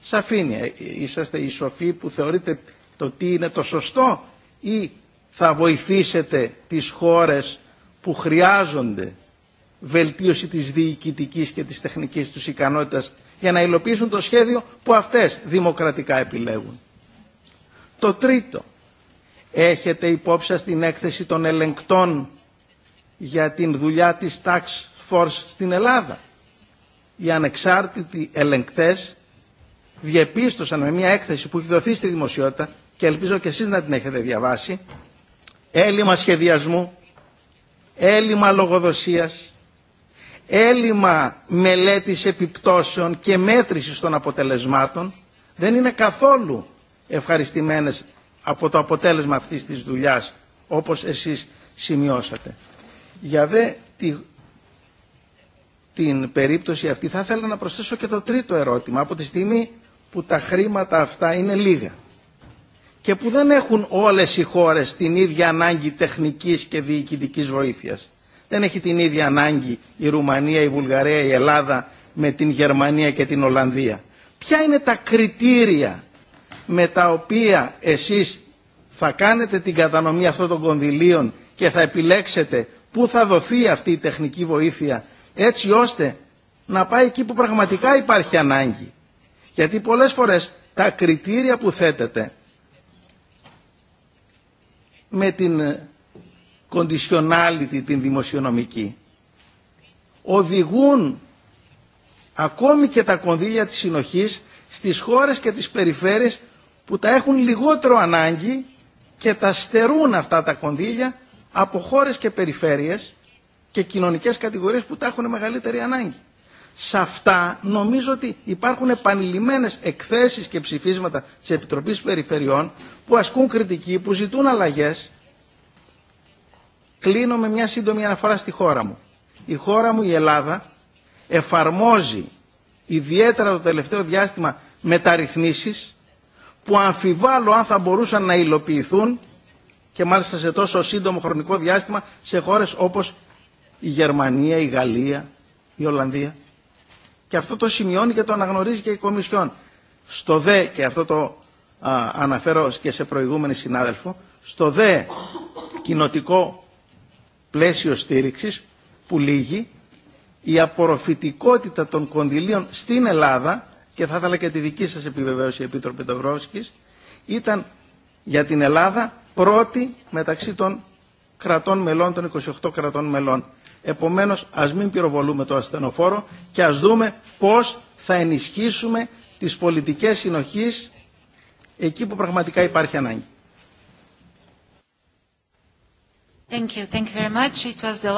σαφήνεια. Είσαστε οι σοφοί που θεωρείτε το τι είναι το σωστό ή θα βοηθήσετε τις χώρες που χρειάζονται βελτίωση της διοικητικής και της τεχνικής τους ικανότητας για να υλοποιήσουν το σχέδιο που αυτές δημοκρατικά επιλέγουν. Το τρίτο, έχετε υπόψη σας την έκθεση των ελεγκτών για την δουλειά της Tax Force στην Ελλάδα οι ανεξάρτητοι ελεγκτές διεπίστωσαν με μια έκθεση που έχει δοθεί στη δημοσιότητα και ελπίζω και εσείς να την έχετε διαβάσει έλλειμμα σχεδιασμού, έλλειμμα λογοδοσίας, έλλειμμα μελέτης επιπτώσεων και μέτρησης των αποτελεσμάτων δεν είναι καθόλου ευχαριστημένες από το αποτέλεσμα αυτής της δουλειάς όπως εσείς σημειώσατε. Για την περίπτωση αυτή. Θα ήθελα να προσθέσω και το τρίτο ερώτημα. Από τη στιγμή που τα χρήματα αυτά είναι λίγα και που δεν έχουν όλες οι χώρες την ίδια ανάγκη τεχνικής και διοικητικής βοήθειας. Δεν έχει την ίδια ανάγκη η Ρουμανία, η Βουλγαρία, η Ελλάδα με την Γερμανία και την Ολλανδία. Ποια είναι τα κριτήρια με τα οποία εσείς θα κάνετε την κατανομή αυτών των κονδυλίων και θα επιλέξετε πού θα δοθεί αυτή η τεχνική βοήθεια έτσι ώστε να πάει εκεί που πραγματικά υπάρχει ανάγκη. Γιατί πολλές φορές τα κριτήρια που θέτεται με την conditionality ε, την δημοσιονομική οδηγούν ακόμη και τα κονδύλια της συνοχής στις χώρες και τις περιφέρειες που τα έχουν λιγότερο ανάγκη και τα στερούν αυτά τα κονδύλια από χώρες και περιφέρειες και κοινωνικές κατηγορίες που τα έχουν μεγαλύτερη ανάγκη. Σε αυτά νομίζω ότι υπάρχουν επανειλημμένες εκθέσεις και ψηφίσματα της Επιτροπής Περιφερειών που ασκούν κριτική, που ζητούν αλλαγές. Κλείνω με μια σύντομη αναφορά στη χώρα μου. Η χώρα μου, η Ελλάδα, εφαρμόζει ιδιαίτερα το τελευταίο διάστημα μεταρρυθμίσεις που αμφιβάλλω αν θα μπορούσαν να υλοποιηθούν και μάλιστα σε τόσο σύντομο χρονικό διάστημα σε χώρες όπως η Γερμανία, η Γαλλία, η Ολλανδία. Και αυτό το σημειώνει και το αναγνωρίζει και η Κομισιόν. Στο δε, και αυτό το αναφέρω και σε προηγούμενη συνάδελφο, στο δε κοινοτικό πλαίσιο στήριξης που λύγει η απορροφητικότητα των κονδυλίων στην Ελλάδα και θα ήθελα και τη δική σας επιβεβαίωση Επίτροπη Ταυρόσκης ήταν για την Ελλάδα πρώτη μεταξύ των κρατών μελών, των 28 κρατών μελών. Επομένως, ας μην πυροβολούμε το ασθενοφόρο και ας δούμε πώς θα ενισχύσουμε τις πολιτικές συνοχής εκεί που πραγματικά υπάρχει ανάγκη. Thank you.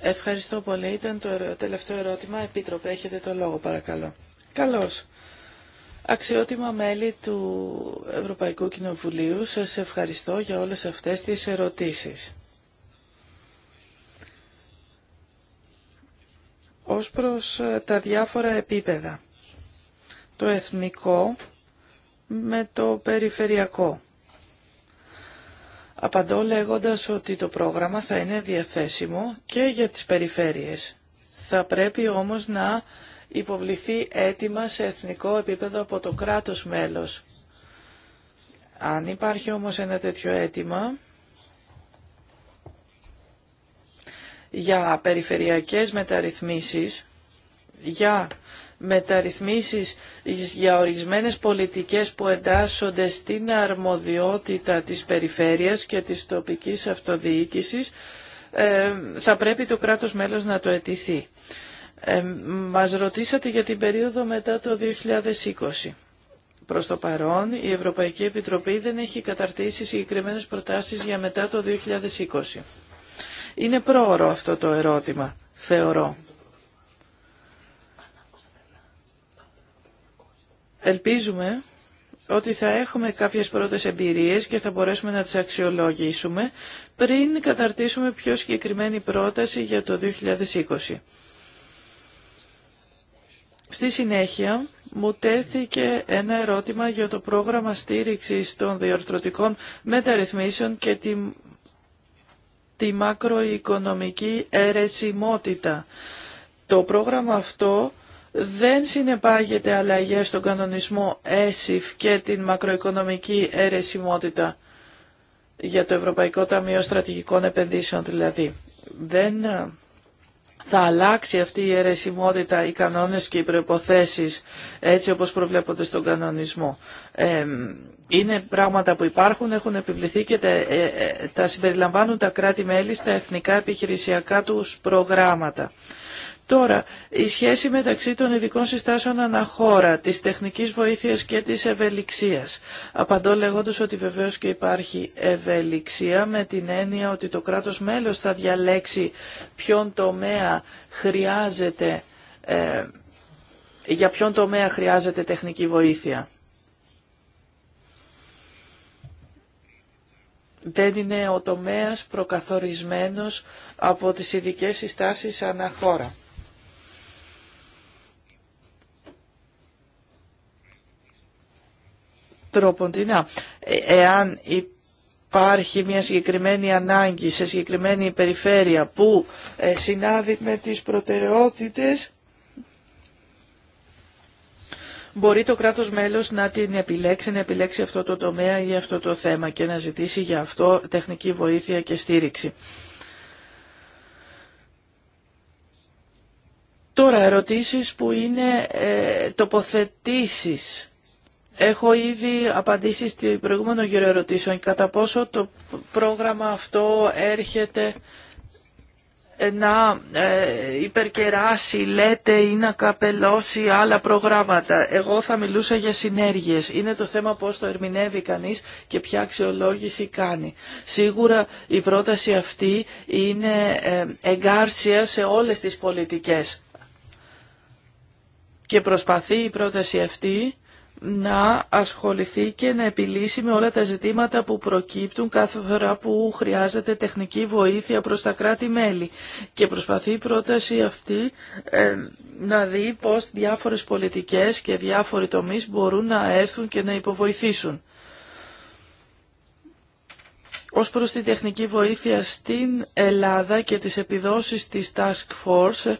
Ευχαριστώ πολύ. Ήταν το τελευταίο ερώτημα. Επίτροπε, έχετε το λόγο παρακαλώ. Καλώς. Αξιότιμα μέλη του Ευρωπαϊκού Κοινοβουλίου, σας ευχαριστώ για όλες αυτές τις ερωτήσεις. ως προς ε, τα διάφορα επίπεδα. Το εθνικό με το περιφερειακό. Απαντώ λέγοντας ότι το πρόγραμμα θα είναι διαθέσιμο και για τις περιφέρειες. Θα πρέπει όμως να υποβληθεί έτοιμα σε εθνικό επίπεδο από το κράτος μέλος. Αν υπάρχει όμως ένα τέτοιο αίτημα, για περιφερειακές μεταρρυθμίσεις, για μεταρρυθμίσεις για ορισμένες πολιτικές που εντάσσονται στην αρμοδιότητα της περιφέρειας και της τοπικής αυτοδιοίκησης, ε, θα πρέπει το κράτος μέλος να το αιτηθεί. Ε, μας ρωτήσατε για την περίοδο μετά το 2020. Προς το παρόν, η Ευρωπαϊκή Επιτροπή δεν έχει καταρτήσει συγκεκριμένες προτάσεις για μετά το 2020. Είναι πρόωρο αυτό το ερώτημα, θεωρώ. Ελπίζουμε ότι θα έχουμε κάποιες πρώτες εμπειρίες και θα μπορέσουμε να τις αξιολογήσουμε πριν καταρτήσουμε πιο συγκεκριμένη πρόταση για το 2020. Στη συνέχεια μου τέθηκε ένα ερώτημα για το πρόγραμμα στήριξης των διορθωτικών μεταρρυθμίσεων και τη τη μακροοικονομική αιρεσιμότητα. Το πρόγραμμα αυτό δεν συνεπάγεται αλλαγές στον κανονισμό ΕΣΥΦ και την μακροοικονομική αιρεσιμότητα για το Ευρωπαϊκό Ταμείο Στρατηγικών Επενδύσεων δηλαδή. Δεν ε, θα αλλάξει αυτή η αιρεσιμότητα, οι κανόνες και οι προϋποθέσεις έτσι όπως προβλέπονται στον κανονισμό. Ε, είναι πράγματα που υπάρχουν, έχουν επιβληθεί και ε, ε, τα, συμπεριλαμβάνουν τα κράτη-μέλη στα εθνικά επιχειρησιακά τους προγράμματα. Τώρα, η σχέση μεταξύ των ειδικών συστάσεων αναχώρα, της τεχνικής βοήθειας και της ευελιξίας. Απαντώ λέγοντας ότι βεβαίως και υπάρχει ευελιξία με την έννοια ότι το κράτος μέλος θα διαλέξει ποιον τομέα χρειάζεται, ε, για ποιον τομέα χρειάζεται τεχνική βοήθεια. δεν είναι ο τομέας προκαθορισμένος από τις ειδικές συστάσεις αναχώρα. Τροποντινά, ε, εάν υπάρχει μια συγκεκριμένη ανάγκη σε συγκεκριμένη περιφέρεια που ε, συνάδει με τις προτεραιότητες μπορεί το κράτος μέλος να την επιλέξει, να επιλέξει αυτό το τομέα ή αυτό το θέμα και να ζητήσει για αυτό τεχνική βοήθεια και στήριξη. Τώρα, ερωτήσεις που είναι ε, τοποθετήσεις. Έχω ήδη απαντήσει στην προηγούμενο γύρω ερωτήσεων κατά πόσο το πρόγραμμα αυτό έρχεται να ε, υπερκεράσει, λέτε, ή να καπελώσει άλλα προγράμματα. Εγώ θα μιλούσα για συνέργειες. Είναι το θέμα πώς το ερμηνεύει κανείς και ποια αξιολόγηση κάνει. Σίγουρα η πρόταση αυτή είναι ε, εγκάρσια σε όλες τις πολιτικές. Και προσπαθεί η πρόταση αυτή να ασχοληθεί και να επιλύσει με όλα τα ζητήματα που προκύπτουν κάθε φορά που χρειάζεται τεχνική βοήθεια προς τα κράτη-μέλη. Και προσπαθεί η πρόταση αυτή ε, να δει πώς διάφορες πολιτικές και διάφοροι τομείς μπορούν να έρθουν και να υποβοηθήσουν. Ως προς τη τεχνική βοήθεια στην Ελλάδα και τις επιδόσεις της Task Force,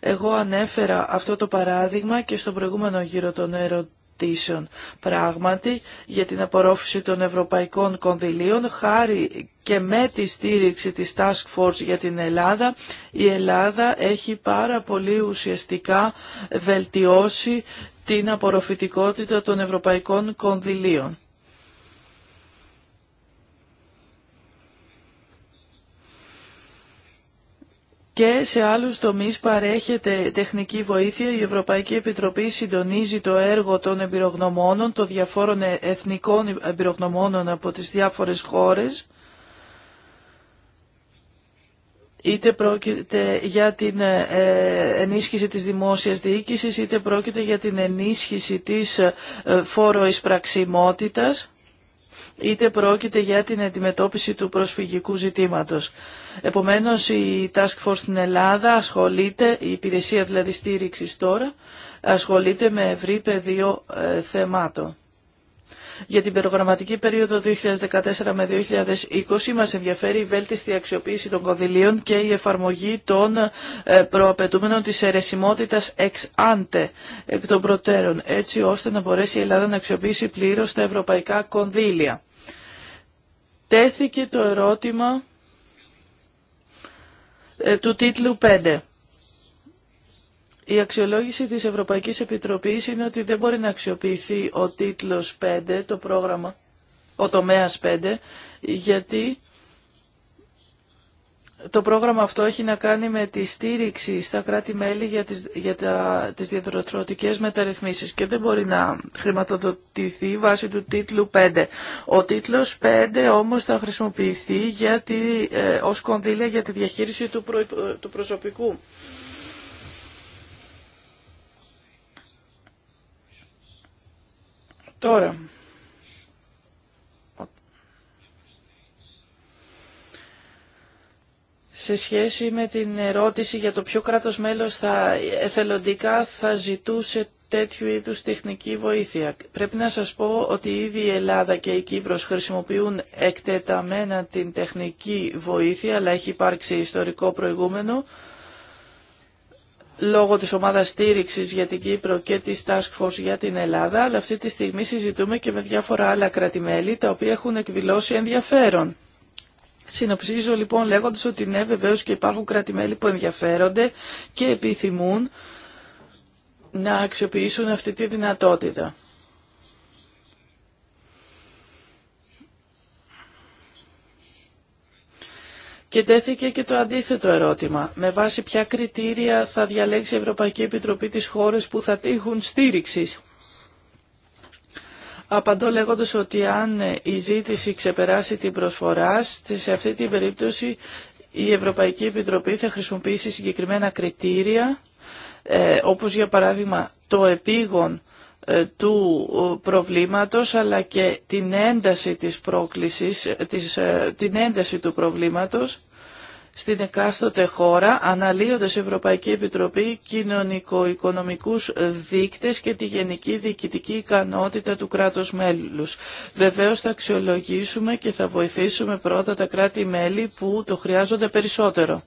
εγώ ανέφερα αυτό το παράδειγμα και στον προηγούμενο γύρο των ερωτήσεων πράγματι για την απορρόφηση των ευρωπαϊκών κονδυλίων χάρη και με τη στήριξη της Task Force για την Ελλάδα η Ελλάδα έχει πάρα πολύ ουσιαστικά βελτιώσει την απορροφητικότητα των ευρωπαϊκών κονδυλίων. και σε άλλους τομείς παρέχεται τεχνική βοήθεια. Η Ευρωπαϊκή Επιτροπή συντονίζει το έργο των εμπειρογνωμόνων, των διαφόρων ε, εθνικών εμπειρογνωμόνων από τις διάφορες χώρες. Είτε πρόκειται για την ε, ε, ενίσχυση της δημόσιας διοίκησης, είτε πρόκειται για την ενίσχυση της φόρο πραξιμότητας είτε πρόκειται για την αντιμετώπιση του προσφυγικού ζητήματος. Επομένως η Task Force στην Ελλάδα ασχολείται, η υπηρεσία δηλαδή στήριξης τώρα, ασχολείται με ευρύ πεδίο ε, θεμάτων για την προγραμματική περίοδο 2014 με 2020. Μας ενδιαφέρει η βέλτιστη αξιοποίηση των κονδυλίων και η εφαρμογή των ε, προαπαιτούμενων της αιρεσιμότητας εξ άντε εκ των προτέρων, έτσι ώστε να μπορέσει η Ελλάδα να αξιοποιήσει πλήρως τα ευρωπαϊκά κονδύλια. Τέθηκε το ερώτημα ε, του τίτλου 5 η αξιολόγηση της Ευρωπαϊκής Επιτροπής είναι ότι δεν μπορεί να αξιοποιηθεί ο τίτλος 5, το πρόγραμμα, ο τομέας 5, γιατί το πρόγραμμα αυτό έχει να κάνει με τη στήριξη στα κράτη-μέλη για τις, για τα, τις διαδροτρωτικές μεταρρυθμίσεις και δεν μπορεί να χρηματοδοτηθεί βάσει του τίτλου 5. Ο τίτλος 5 όμως θα χρησιμοποιηθεί για ε, ως κονδύλια για τη διαχείριση του, του προσωπικού. Τώρα, σε σχέση με την ερώτηση για το ποιο κράτος μέλος θα εθελοντικά θα ζητούσε τέτοιου είδους τεχνική βοήθεια. Πρέπει να σας πω ότι ήδη η Ελλάδα και η Κύπρος χρησιμοποιούν εκτεταμένα την τεχνική βοήθεια, αλλά έχει υπάρξει ιστορικό προηγούμενο λόγω της ομάδας στήριξης για την Κύπρο και της Task Force για την Ελλάδα, αλλά αυτή τη στιγμή συζητούμε και με διάφορα άλλα κρατημέλη, τα οποία έχουν εκδηλώσει ενδιαφέρον. Συνοψίζω λοιπόν λέγοντας ότι ναι βεβαίως και υπάρχουν κρατημέλη που ενδιαφέρονται και επιθυμούν να αξιοποιήσουν αυτή τη δυνατότητα. Και τέθηκε και το αντίθετο ερώτημα. Με βάση ποια κριτήρια θα διαλέξει η Ευρωπαϊκή Επιτροπή τις χώρες που θα τύχουν στήριξη. Απαντώ λέγοντας ότι αν η ζήτηση ξεπεράσει την προσφορά, σε αυτή την περίπτωση η Ευρωπαϊκή Επιτροπή θα χρησιμοποιήσει συγκεκριμένα κριτήρια, ε, όπως για παράδειγμα το επίγον ε, του προβλήματος αλλά και την ένταση της πρόκλησης, της, ε, την ένταση του προβλήματος στην εκάστοτε χώρα, αναλύοντας η Ευρωπαϊκή Επιτροπή κοινωνικο-οικονομικούς δείκτες και τη γενική διοικητική ικανότητα του κράτους μέλους. Βεβαίως θα αξιολογήσουμε και θα βοηθήσουμε πρώτα τα κράτη-μέλη που το χρειάζονται περισσότερο.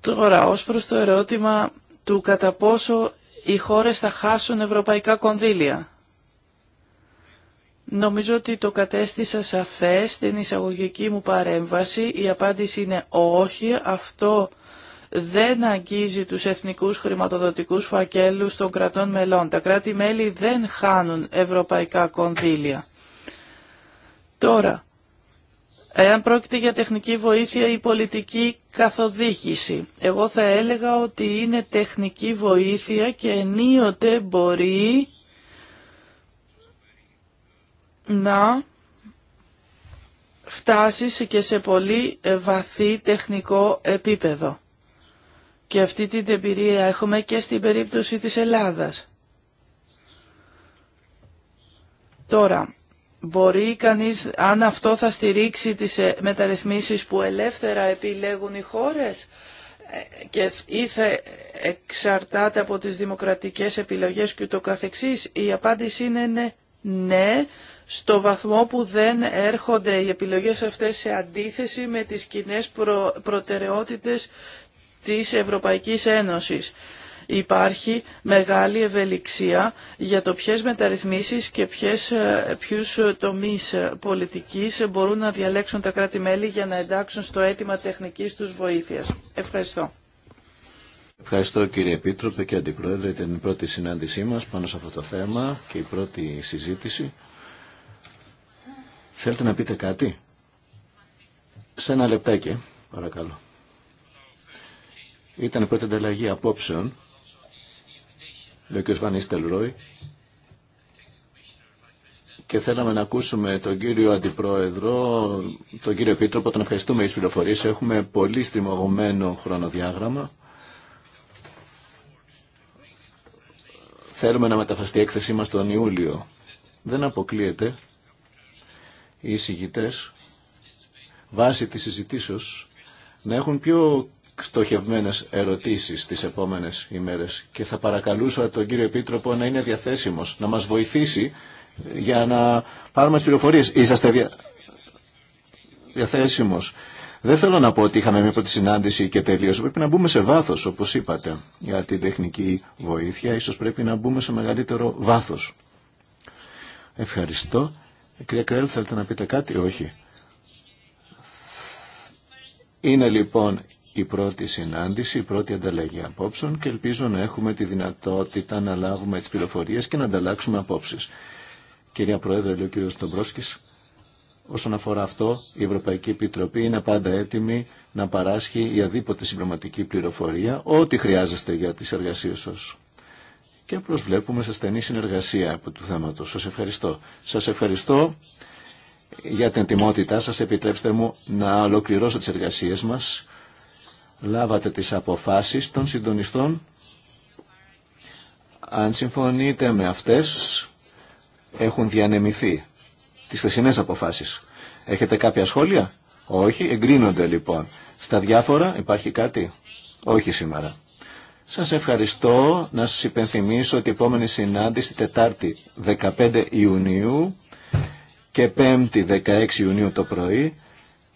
Τώρα, ως προς το ερώτημα του κατά πόσο οι χώρες θα χάσουν ευρωπαϊκά κονδύλια. Νομίζω ότι το κατέστησα σαφές στην εισαγωγική μου παρέμβαση. Η απάντηση είναι όχι. Αυτό δεν αγγίζει τους εθνικούς χρηματοδοτικούς φακέλους των κρατών μελών. Τα κράτη-μέλη δεν χάνουν ευρωπαϊκά κονδύλια. Τώρα, Εάν πρόκειται για τεχνική βοήθεια ή πολιτική καθοδήγηση. Εγώ θα έλεγα ότι είναι τεχνική βοήθεια και ενίοτε μπορεί να φτάσει και σε πολύ ε, βαθύ τεχνικό επίπεδο. Και αυτή την εμπειρία έχουμε και στην περίπτωση της Ελλάδας. Τώρα, Μπορεί κανείς, αν αυτό θα στηρίξει τις ε, μεταρρυθμίσεις που ελεύθερα επιλέγουν οι χώρες ε, και ή θα εξαρτάται από τις δημοκρατικές επιλογές και το καθεξής. Η απάντηση είναι ναι, ναι, στο βαθμό που δεν έρχονται οι επιλογές αυτές σε αντίθεση με τις κοινέ προ, προτεραιότητες της Ευρωπαϊκής Ένωσης υπάρχει μεγάλη ευελιξία για το ποιες μεταρρυθμίσεις και ποιες, ε, ποιους ε, τομείς ε, πολιτικής μπορούν να διαλέξουν τα κράτη-μέλη για να εντάξουν στο αίτημα τεχνικής τους βοήθειας. Ευχαριστώ. Ευχαριστώ κύριε Επίτροπε και Αντιπρόεδρε. Ήταν η πρώτη συνάντησή μας πάνω σε αυτό το θέμα και η πρώτη συζήτηση. Θέλετε να πείτε κάτι. Σε ένα λεπτάκι, παρακαλώ. Ήταν η πρώτη ανταλλαγή απόψεων λέει ο κ. και θέλαμε να ακούσουμε τον κύριο Αντιπρόεδρο, τον κύριο Επίτροπο, τον ευχαριστούμε για τις Έχουμε πολύ στριμωγμένο χρονοδιάγραμμα. Θέλουμε να μεταφραστεί η έκθεσή μας τον Ιούλιο. Δεν αποκλείεται οι εισηγητές βάσει της συζητήσεως να έχουν πιο στοχευμένες ερωτήσεις τις επόμενες ημέρες και θα παρακαλούσα τον κύριο Επίτροπο να είναι διαθέσιμος, να μας βοηθήσει για να πάρουμε τις πληροφορίες. Είσαστε δια... διαθέσιμος. Δεν θέλω να πω ότι είχαμε μια πρώτη συνάντηση και τελείωσε. Πρέπει να μπούμε σε βάθος, όπως είπατε, για την τεχνική βοήθεια. Ίσως πρέπει να μπούμε σε μεγαλύτερο βάθος. Ευχαριστώ. Κυρία Κρέλ, θέλετε να πείτε κάτι. Όχι. Είναι λοιπόν η πρώτη συνάντηση, η πρώτη ανταλλαγή απόψεων και ελπίζω να έχουμε τη δυνατότητα να λάβουμε τις πληροφορίες και να ανταλλάξουμε απόψεις. Κυρία Πρόεδρε, λέει ο κύριος Στομπρόσκης, όσον αφορά αυτό, η Ευρωπαϊκή Επιτροπή είναι πάντα έτοιμη να παράσχει η αδίποτε συμπληρωματική πληροφορία, ό,τι χρειάζεστε για τις εργασίες σας. Και προσβλέπουμε σε στενή συνεργασία από του θέματος. Σας ευχαριστώ. Σας ευχαριστώ για την τιμότητά σας. Επιτρέψτε μου να ολοκληρώσω τις εργασίες μας λάβατε τις αποφάσεις των συντονιστών. Αν συμφωνείτε με αυτές, έχουν διανεμηθεί τις θεσινές αποφάσεις. Έχετε κάποια σχόλια? Όχι, εγκρίνονται λοιπόν. Στα διάφορα υπάρχει κάτι? Όχι σήμερα. Σας ευχαριστώ να σας υπενθυμίσω ότι η επόμενη συνάντηση Τετάρτη 15 Ιουνίου και 5η 16 Ιουνίου το πρωί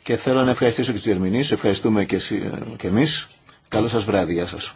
και θέλω να ευχαριστήσω και τους διερμηνείς. Ευχαριστούμε και, ε, και εμείς. Καλό σας βράδυ. Γεια σας.